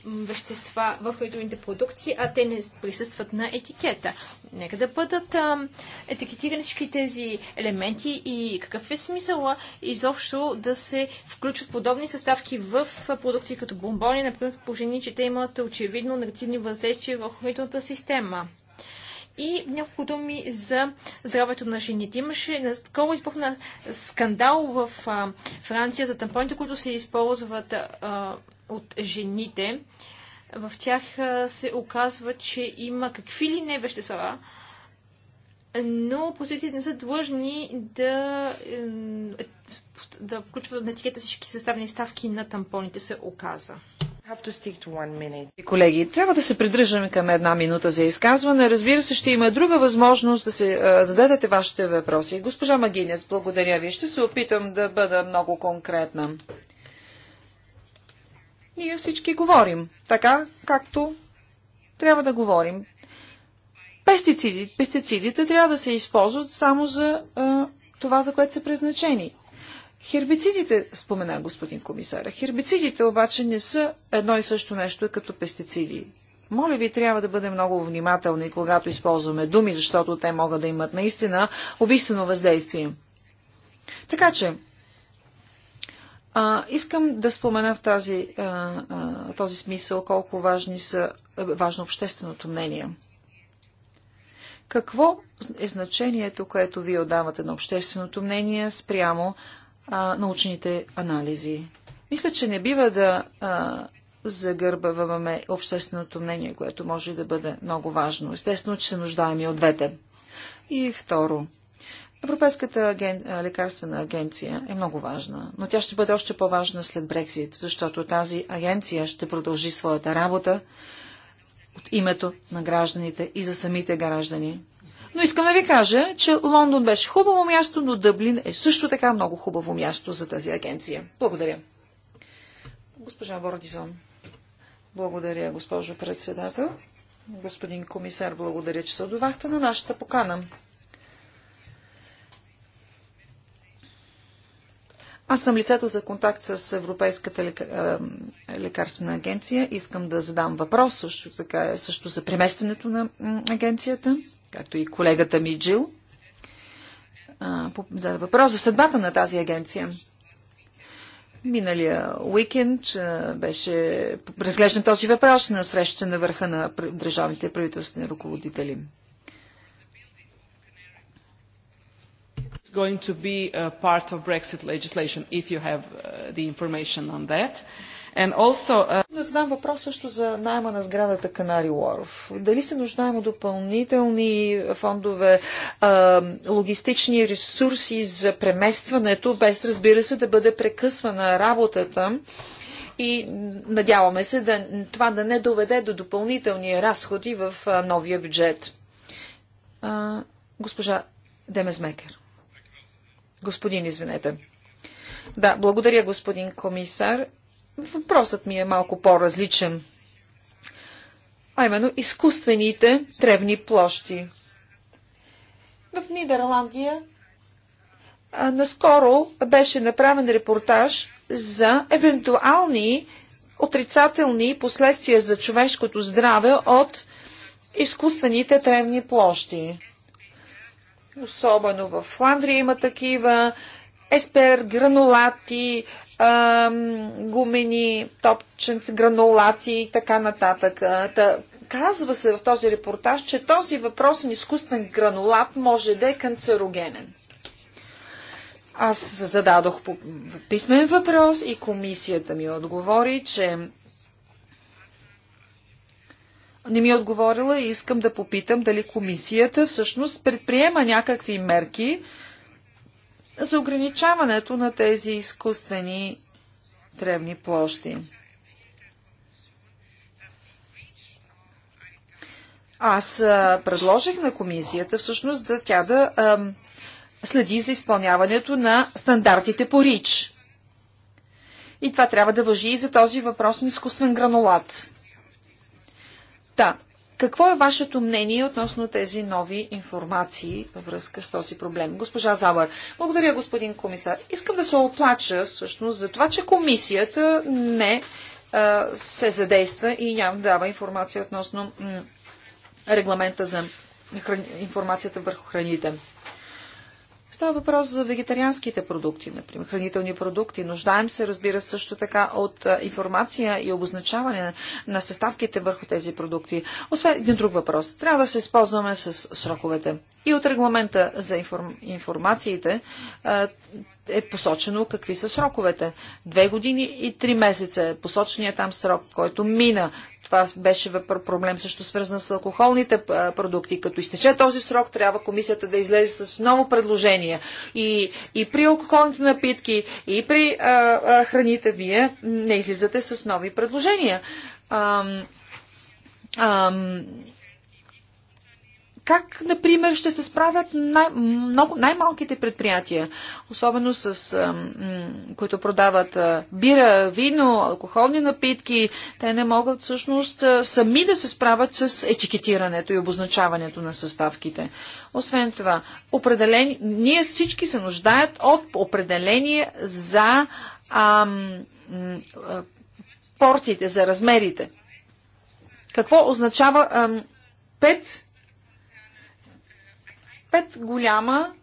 вещества в хранителните продукти, а те не присъстват на етикета. Нека да бъдат а, етикетирани всички тези елементи и какъв е смисъла изобщо да се включват подобни съставки в продукти като бомбони, например, по жени, че те имат очевидно негативни въздействия в хранителната система. И няколко думи за здравето на жените. Имаше наскоро избухна скандал в а, Франция за тампоните, които се използват а, от жените. В тях се оказва, че има какви ли не вещества, но посетителите не са длъжни да, е, да включват на етикета всички съставни ставки на тампоните, се оказа. Колеги, трябва да се придържаме към една минута за изказване. Разбира се, ще има друга възможност да се а, е, зададете вашите въпроси. Госпожа Магинес, благодаря ви. Ще се опитам да бъда много конкретна ние всички говорим така, както трябва да говорим. Пестициди, пестицидите трябва да се използват само за а, това, за което са предназначени. Хербицидите, спомена господин комисаря, хербицидите обаче не са едно и също нещо като пестициди. Моля ви, трябва да бъдем много внимателни, когато използваме думи, защото те могат да имат наистина убийствено въздействие. Така че, а, искам да спомена в тази, а, а, този смисъл колко важни са, е, важно общественото мнение. Какво е значението, което вие отдавате на общественото мнение спрямо а, научните анализи? Мисля, че не бива да а, загърбаваме общественото мнение, което може да бъде много важно. Естествено, че се нуждаем и от двете. И второ, Европейската аген... лекарствена агенция е много важна, но тя ще бъде още по-важна след Брексит, защото тази агенция ще продължи своята работа от името на гражданите и за самите граждани. Но искам да ви кажа, че Лондон беше хубаво място, но Дъблин е също така много хубаво място за тази агенция. Благодаря. Госпожа Бордизон. Благодаря, госпожо председател. Господин комисар, благодаря, че се отдувахте на нашата покана. Аз съм лицето за контакт с Европейската лекарствена агенция. Искам да задам въпрос също така също за преместването на агенцията, както и колегата ми Джил. За въпрос за съдбата на тази агенция. Миналия уикенд беше разглеждан този въпрос на среща на върха на държавните правителствени ръководители. going to be a uh, part of Brexit legislation, if you have uh, the information on that. And also, uh... Да задам въпрос също за найма на сградата Канари Уорф. Дали се нуждаем от допълнителни фондове, а, логистични ресурси за преместването, без разбира се да бъде прекъсвана работата? и надяваме се да, това да не доведе до допълнителни разходи в а, новия бюджет. А, госпожа Демезмекер. Господин, извинете. Да, благодаря, господин комисар. Въпросът ми е малко по-различен. А именно изкуствените тревни площи. В Нидерландия а, наскоро беше направен репортаж за евентуални отрицателни последствия за човешкото здраве от изкуствените тревни площи. Особено в Фландрия има такива. Еспер, гранулати, ам, гумени, топченци, гранулати и така нататък. Та, казва се в този репортаж, че този въпрос на изкуствен гранулат може да е канцерогенен. Аз зададох писмен въпрос и комисията ми отговори, че не ми е отговорила и искам да попитам дали комисията всъщност предприема някакви мерки за ограничаването на тези изкуствени древни площи. Аз предложих на комисията всъщност да тя да а, следи за изпълняването на стандартите по РИЧ. И това трябва да въжи и за този въпрос на изкуствен гранулат. Та, какво е вашето мнение относно тези нови информации във връзка с този проблем? Госпожа Забър, благодаря, господин комисар. Искам да се оплача всъщност за това, че комисията не а, се задейства и няма да дава информация относно регламента за информацията върху храните. Става въпрос за вегетарианските продукти, например, хранителни продукти. Нуждаем се, разбира, също така от информация и обозначаване на съставките върху тези продукти. Освен един друг въпрос. Трябва да се използваме с сроковете. И от регламента за информ... информациите е посочено какви са сроковете. Две години и три месеца е посочения там срок, който мина. Това беше проблем също свързан с алкохолните продукти. Като изтече този срок, трябва комисията да излезе с ново предложение. И, и при алкохолните напитки, и при а, а, храните вие не излизате с нови предложения. Ам, ам, как, например, ще се справят най- много, най-малките предприятия, особено с, които продават а, бира, вино, алкохолни напитки, те не могат всъщност сами да се справят с етикетирането и обозначаването на съставките. Освен това, определени, ние всички се нуждаят от определение за ам, порциите, за размерите. Какво означава ам, 5 пет голяма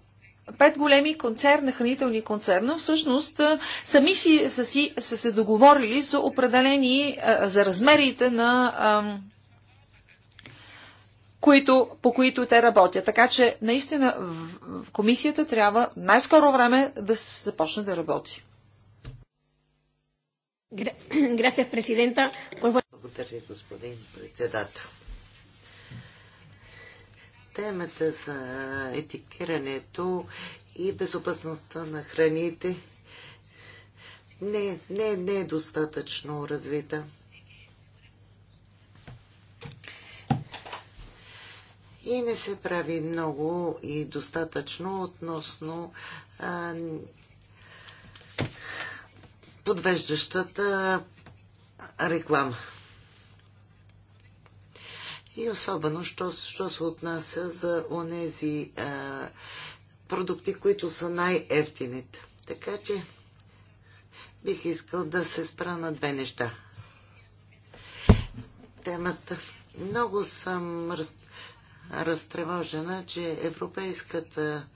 пет големи концерна, хранителни концерна, всъщност сами си, са, си, са се договорили за определени, а, за размерите на а, които, по които те работят. Така че, наистина, в, комисията трябва най-скоро време да се започне да работи. Благодаря, господин председател темата за етикирането и безопасността на храните не, не, не е достатъчно развита. И не се прави много и достатъчно относно а, подвеждащата реклама и особено, що, що се отнася за онези а, продукти, които са най-ефтините. Така че бих искал да се спра на две неща. Темата. Много съм раз, разтревожена, че Европейската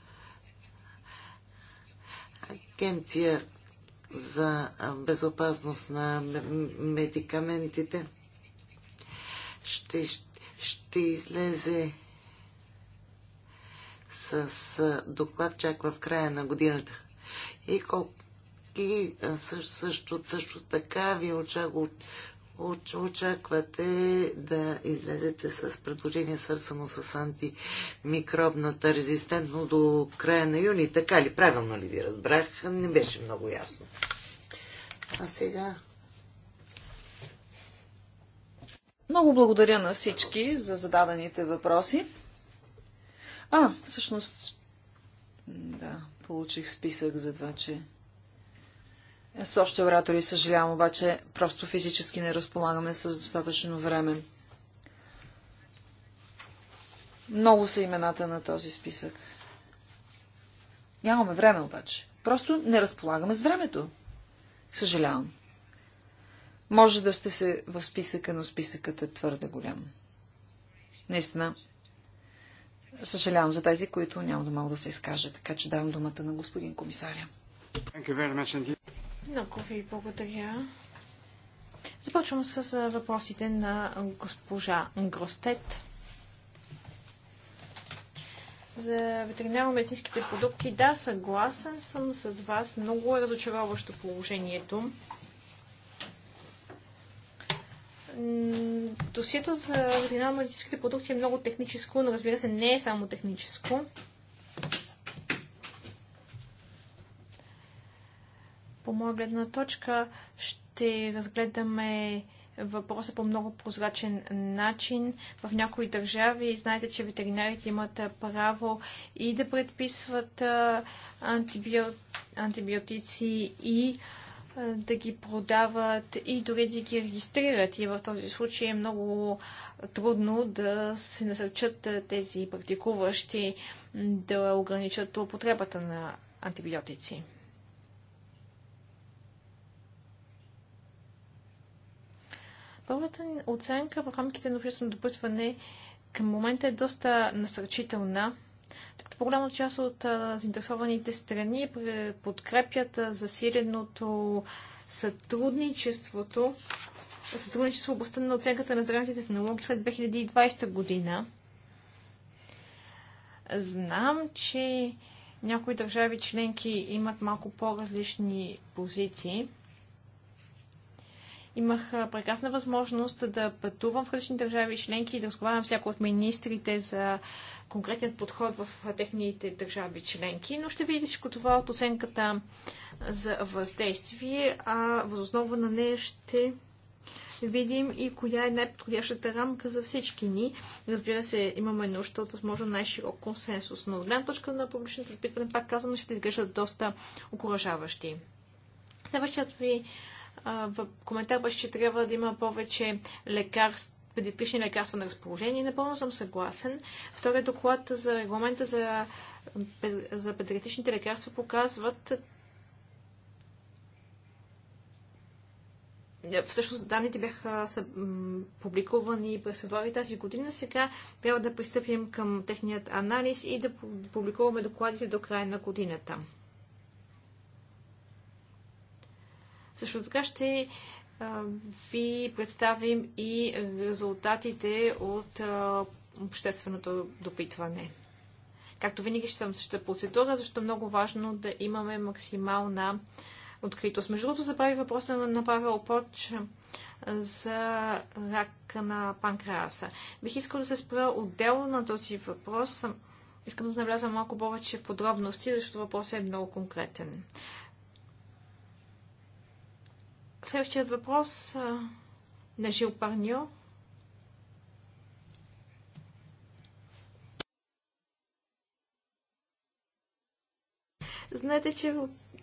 агенция за безопасност на медикаментите ще, ще ще излезе с доклад чак в края на годината. И, колко, и също, също, също така ви очаквате да излезете с предложение, свързано с антимикробната резистентно до края на юни. Така ли? Правилно ли ви разбрах? Не беше много ясно. А сега Много благодаря на всички за зададените въпроси. А, всъщност, да, получих списък за това, че с още оратори съжалявам, обаче просто физически не разполагаме с достатъчно време. Много са имената на този списък. Нямаме време обаче. Просто не разполагаме с времето. Съжалявам. Може да сте се в списъка, но списъкът е твърде голям. Наистина, съжалявам за тези, които няма да могат да се изкажат, така че давам думата на господин комисаря. Много ви благодаря. Започвам с въпросите на госпожа Гростет. За ветеринарно-медицинските продукти, да, съгласен съм с вас. Много е разочароващо положението. досието за регионално-медицинските продукти е много техническо, но разбира се не е само техническо. По моя гледна точка ще разгледаме въпроса по много прозрачен начин. В някои държави знаете, че ветеринарите имат право и да предписват антибиотици и да ги продават и дори да ги регистрират. И в този случай е много трудно да се насърчат тези практикуващи да ограничат употребата на антибиотици. Първата оценка в рамките на общественото допътване към момента е доста насърчителна. По-голяма част от заинтересованите страни подкрепят засиленото сътрудничеството, сътрудничество в областта на оценката на здравните технологии след 2020 година. Знам, че някои държави членки имат малко по-различни позиции. Имах прекрасна възможност да пътувам в различни държави и членки и да разговарям всяко от министрите за конкретният подход в техните държави членки, но ще видите всичко това от оценката за въздействие, а възоснова на нея ще видим и коя е най-подходящата рамка за всички ни. Разбира се, имаме нужда от възможно най-широк консенсус, но от гледна точка на публичното питване, пак казвам, ще изглеждат доста окоръжаващи. Следващият ви коментар беше, че трябва да има повече лекарства педиатрични лекарства на разположение. Напълно съм съгласен. Вторият доклад за регламента за, за педиатричните лекарства показват Всъщност данните бяха са, публикувани през февруари тази година. Сега трябва да пристъпим към техният анализ и да публикуваме докладите до края на годината. Също така ще ви представим и резултатите от общественото допитване. Както винаги ще съм същата процедура, защото е много важно да имаме максимална откритост. Между другото, забрави въпрос на направил Поч за рак на панкреаса. Бих искал да се спра отделно на този въпрос. Искам да навляза малко повече в подробности, защото въпросът е много конкретен. Следващият въпрос на Жил Парньо. Знаете, че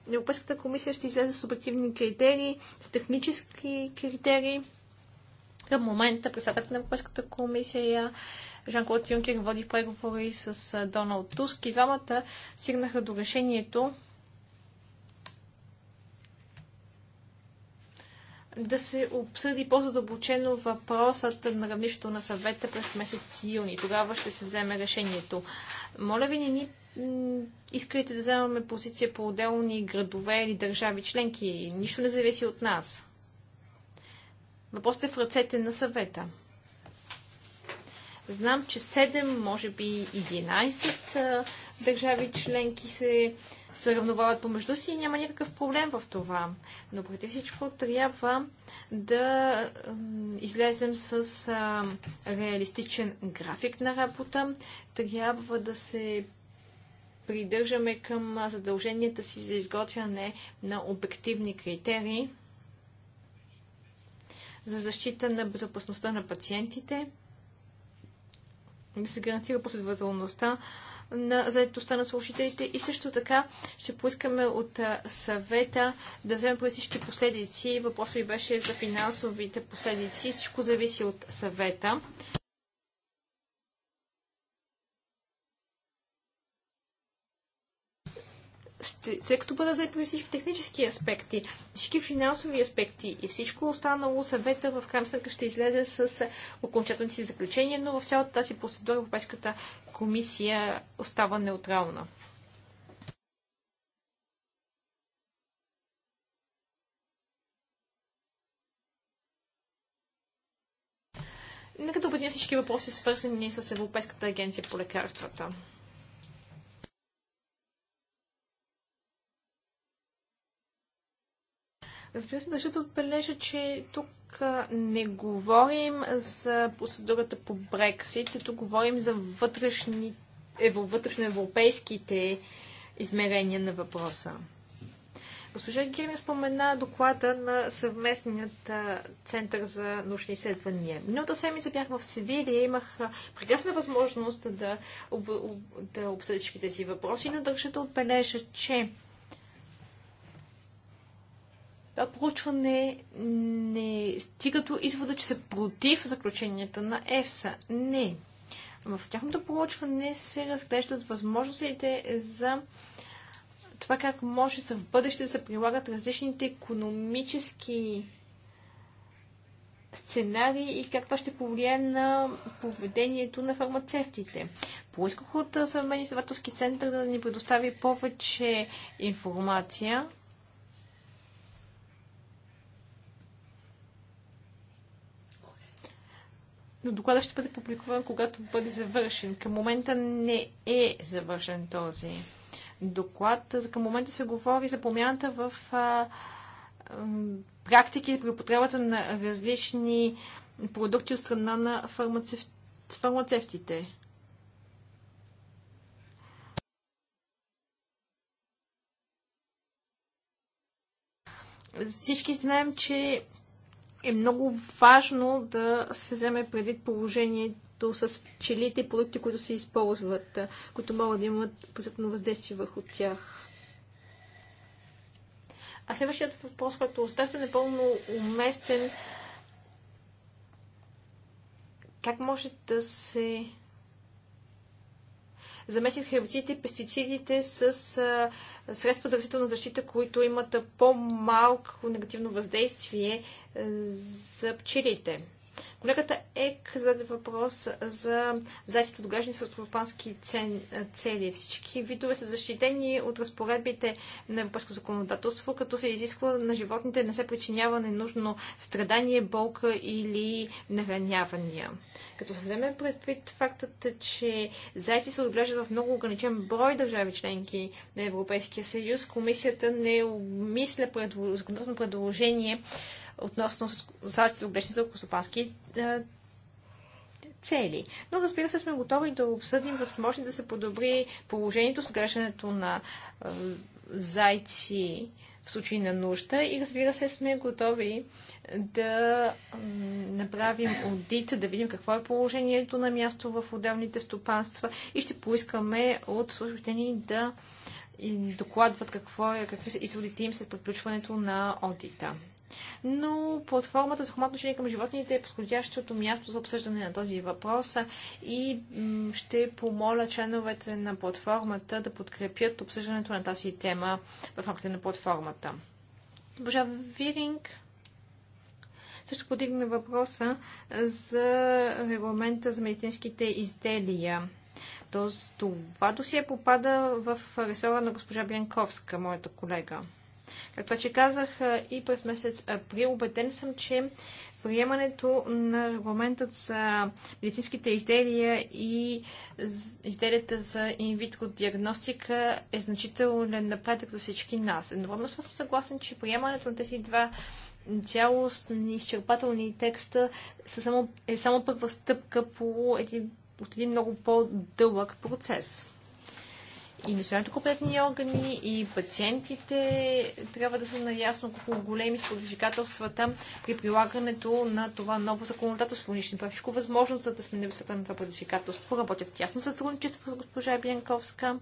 Европейската комисия ще излезе с обективни критерии, с технически критерии. Към момента председателят на Европейската комисия Жан-Клод Юнкер води преговори с Доналд Туск и двамата стигнаха до решението да се обсъди по-задълбочено въпросът на равнището на съвета през месец юни. Тогава ще се вземе решението. Моля ви, не ни искате да вземаме позиция по отделни градове или държави членки. Нищо не зависи от нас. Въпросът е в ръцете на съвета. Знам, че 7, може би 11 държави членки се съревновават помежду си и няма никакъв проблем в това. Но преди всичко трябва да излезем с а, реалистичен график на работа. Трябва да се придържаме към задълженията си за изготвяне на обективни критерии за защита на безопасността на пациентите, да се гарантира последователността на заедостта на слушателите и също така ще поискаме от съвета да вземем през всички последици. Въпросът ви беше за финансовите последици. Всичко зависи от съвета. след като бъдат взети всички технически аспекти, всички финансови аспекти и всичко останало, съвета в крайна сметка ще излезе с окончателните си заключения, но в цялата тази процедура Европейската комисия остава неутрална. Нека да обединя всички въпроси, свързани с Европейската агенция по лекарствата. Разбира се, държа да отбележа, че тук не говорим за процедурата по Брексит, тук говорим за вътрешни, ево, вътрешноевропейските измерения на въпроса. Госпожа Гирин спомена доклада на съвместният център за научни изследвания. Миналата седмица бях в Севилия, имах прекрасна възможност да, да обсъдя всички тези въпроси, но държа да отбележа, че това проучване не стига до извода, че са против заключенията на ЕФСА. Не. В тяхното проучване се разглеждат възможностите за това как може в бъдеще да се прилагат различните економически сценарии и как това ще повлияе на поведението на фармацевтите. Поисках от съвременния изследователски център да ни предостави повече информация но докладът ще бъде публикуван, когато бъде завършен. Към момента не е завършен този доклад. Към момента се говори за промяната в а, практики при употребата на различни продукти от страна на фармацев... фармацевтите. Всички знаем, че е много важно да се вземе предвид положението с пчелите и продукти, които се използват, които могат да имат позитивно въздействие върху тях. А следващият въпрос, който оставте е напълно уместен, как може да се замесят хербицидите и пестицидите с средства за растителна защита, които имат по-малко негативно въздействие за пчелите. Колегата Ек зададе въпрос за зайците от граждани с стопански цели. Всички видове са защитени от разпоредбите на европейско законодателство, като се изисква на животните да не се причинява ненужно страдание, болка или наранявания. Като се вземе предвид фактът, че зайци се отглеждат в много ограничен брой държави членки на Европейския съюз, комисията не обмисля законодателно предложение относно остатъците от грешни селкостопански е, цели. Но разбира се, сме готови да обсъдим възможно да се подобри положението с грешането на е, зайци в случай на нужда и разбира се, сме готови да направим аудит, да видим какво е положението на място в отделните стопанства и ще поискаме от службите ни да докладват какво е, какви са изводите им след приключването на аудита но платформата за хуманно отношение към животните е подходящото място за обсъждане на този въпрос и ще помоля членовете на платформата да подкрепят обсъждането на тази тема в рамките на платформата. Божа Виринг също подигна въпроса за регламента за медицинските изделия. Тоест, това досие попада в ресора на госпожа Бянковска, моята колега. Както че казах и през месец април, убеден съм, че приемането на регламентът за медицинските изделия и изделията за инвитро диагностика е значителен напредък за всички нас. Едновременно съм съгласен, че приемането на тези два цялостни, изчерпателни текста са само, е само първа стъпка по един, от един много по-дълъг процес и националните компетентни органи, и пациентите трябва да са наясно колко големи са предизвикателствата при прилагането на това ново законодателство. Ние ще направим всичко възможно, за да сме на висота на това предизвикателство. Работя в тясно сътрудничество с госпожа Бянковска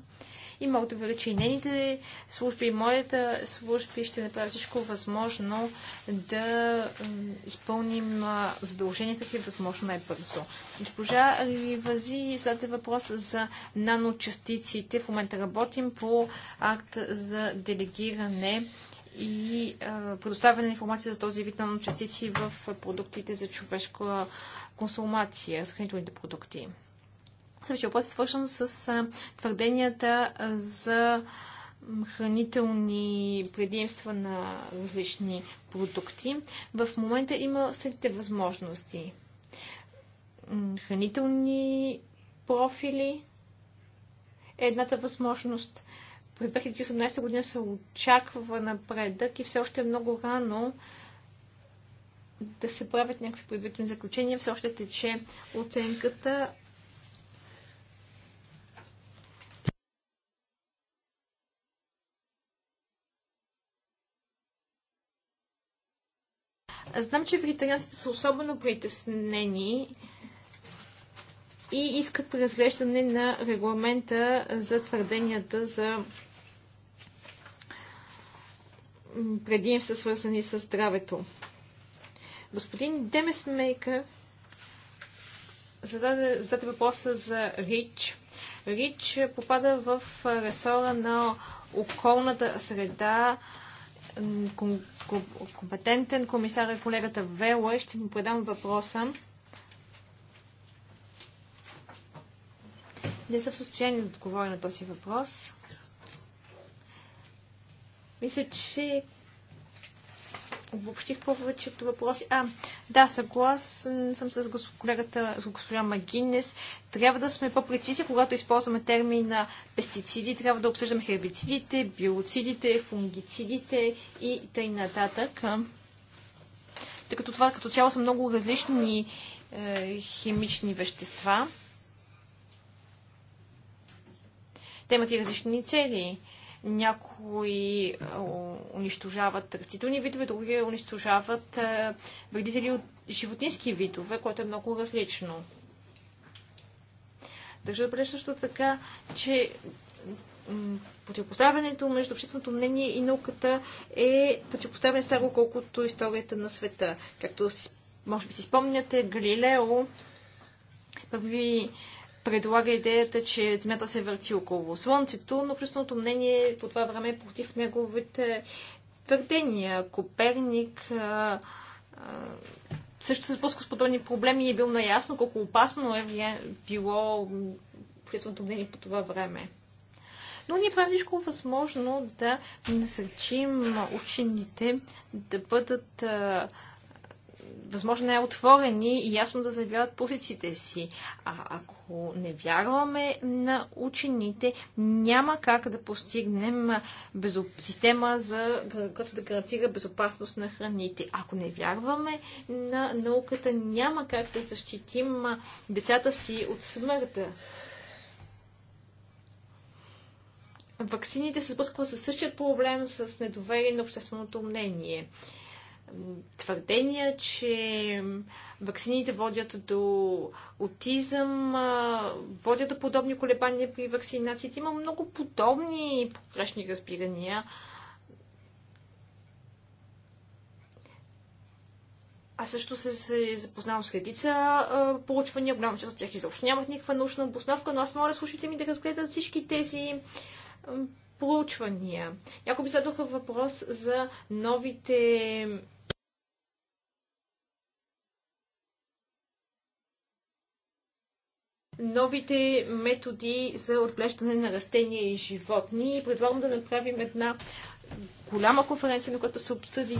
и мога да уверя, че и нейните служби, и моята служби ще направят всичко възможно да изпълним задълженията си възможно най-бързо. Госпожа Ривази зададе въпрос за наночастиците. В момента работим по акт за делегиране и а, предоставяне на информация за този вид наночастици в продуктите за човешка консумация, съхранителните продукти. Следващия въпрос е свършен с твърденията за хранителни предимства на различни продукти. В момента има следите възможности. Хранителни профили е едната възможност. През 2018 година се очаква напредък и все още е много рано да се правят някакви предварителни заключения. Все още тече оценката Знам, че вегетарианците са особено притеснени и искат преразглеждане на регламента за твърденията за предимства, свързани с здравето. Господин Демесмейкър зададе, зададе въпроса за РИЧ. РИЧ попада в ресора на околната среда, компетентен комисар е колегата Вела и ще му предам въпроса. Не са в състояние да отговоря на този въпрос. Мисля, че обобщих повечето въпроси. А, да, съгласен съм с колегата, с госпожа Магинес. Трябва да сме по-прецизни, когато използваме термина пестициди. Трябва да обсъждаме хербицидите, биоцидите, фунгицидите и т.н. нататък. Тъй като това като цяло са много различни е, химични вещества. Те имат и различни цели. Е, някои унищожават растителни видове, други унищожават вредители от животински видове, което е много различно. Държа да бъде също така, че противопоставянето между общественото мнение и науката е противопоставяне само колкото историята на света. Както може би си спомняте, Галилео първи предлага идеята, че Земята се върти около Слънцето, но общественото мнение по това време е против неговите твърдения. Коперник а, а, също се сблъска с подобни проблеми и е бил наясно колко опасно е, е било общественото мнение по това време. Но ние правим всичко възможно да насърчим учените да бъдат а, възможно най-отворени и ясно да заявяват позициите си. А ако не вярваме на учените, няма как да постигнем система, за... която да гарантира безопасност на храните. Ако не вярваме на науката, няма как да защитим децата си от смъртта. Ваксините се сблъскват със същия проблем с недоверие на общественото мнение твърдения, че ваксините водят до аутизъм, водят до подобни колебания при вакцинациите. Има много подобни погрешни разбирания. Аз също се, се запознавам с редица получвания, голяма част от тях изобщо нямат никаква научна обосновка, но аз моля слушайте ми да разгледат всички тези проучвания. Някои ми зададоха въпрос за новите новите методи за отглеждане на растения и животни. Предлагам да направим една голяма конференция, на която се обсъди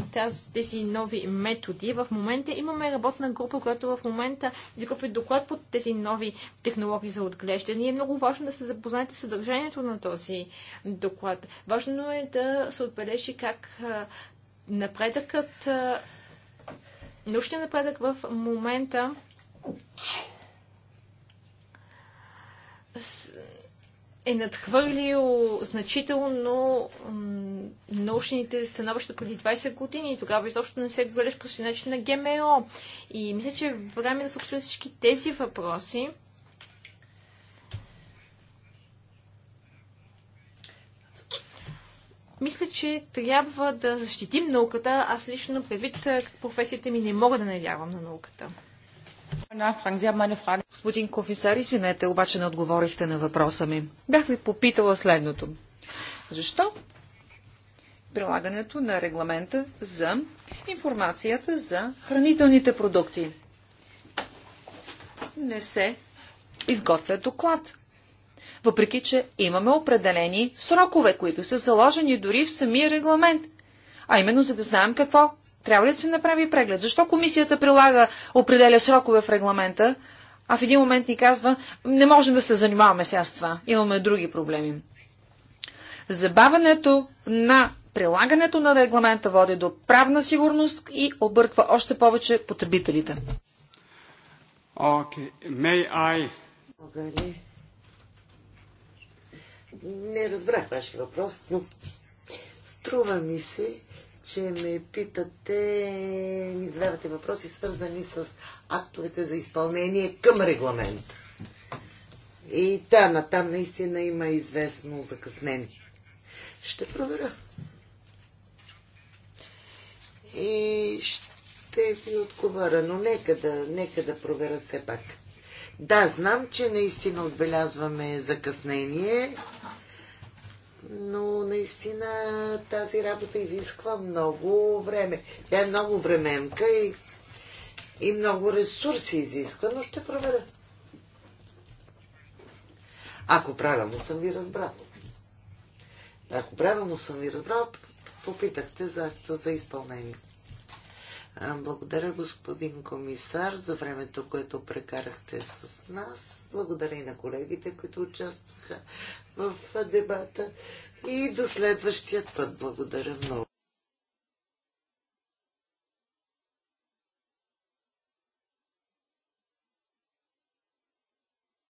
тези нови методи. В момента имаме работна група, която в момента изготвя доклад под тези нови технологии за отглеждане. И е много важно да се запознаете с съдържанието на този доклад. Важно е да се отбележи как напредъкът, научният напредък в момента е надхвърлил значително научните становища преди 20 години и тогава изобщо не се гледаш по начин на ГМО. И мисля, че е време да се обсъдят всички тези въпроси. Мисля, че трябва да защитим науката. Аз лично, предвид професията ми, не мога да не вярвам на науката. Господин комисар, извинете, обаче не отговорихте на въпроса ми. Бях ви попитала следното. Защо прилагането на регламента за информацията за хранителните продукти? Не се изготвя доклад. Въпреки, че имаме определени срокове, които са заложени дори в самия регламент. А именно, за да знаем какво трябва ли да се направи преглед? Защо комисията прилага, определя срокове в регламента, а в един момент ни казва, не можем да се занимаваме сега с това, имаме други проблеми. Забавянето на прилагането на регламента води до правна сигурност и обърква още повече потребителите. Okay. May I... Благодаря. Не разбрах вашия въпрос, но струва ми се, че ме питате, ми задавате въпроси, свързани с актовете за изпълнение към регламент. И да, натам наистина има известно закъснение. Ще проверя. И ще ви отговоря, но нека да, нека да проверя все пак. Да, знам, че наистина отбелязваме закъснение но наистина тази работа изисква много време. Тя е много временка и, и много ресурси изисква, но ще проверя. Ако правилно съм ви разбрал. Ако правилно съм ви разбрал, попитахте за за изпълнение. Благодаря, господин комисар, за времето, което прекарахте с нас. Благодаря и на колегите, които участваха в дебата и до следващия път. Благодаря много.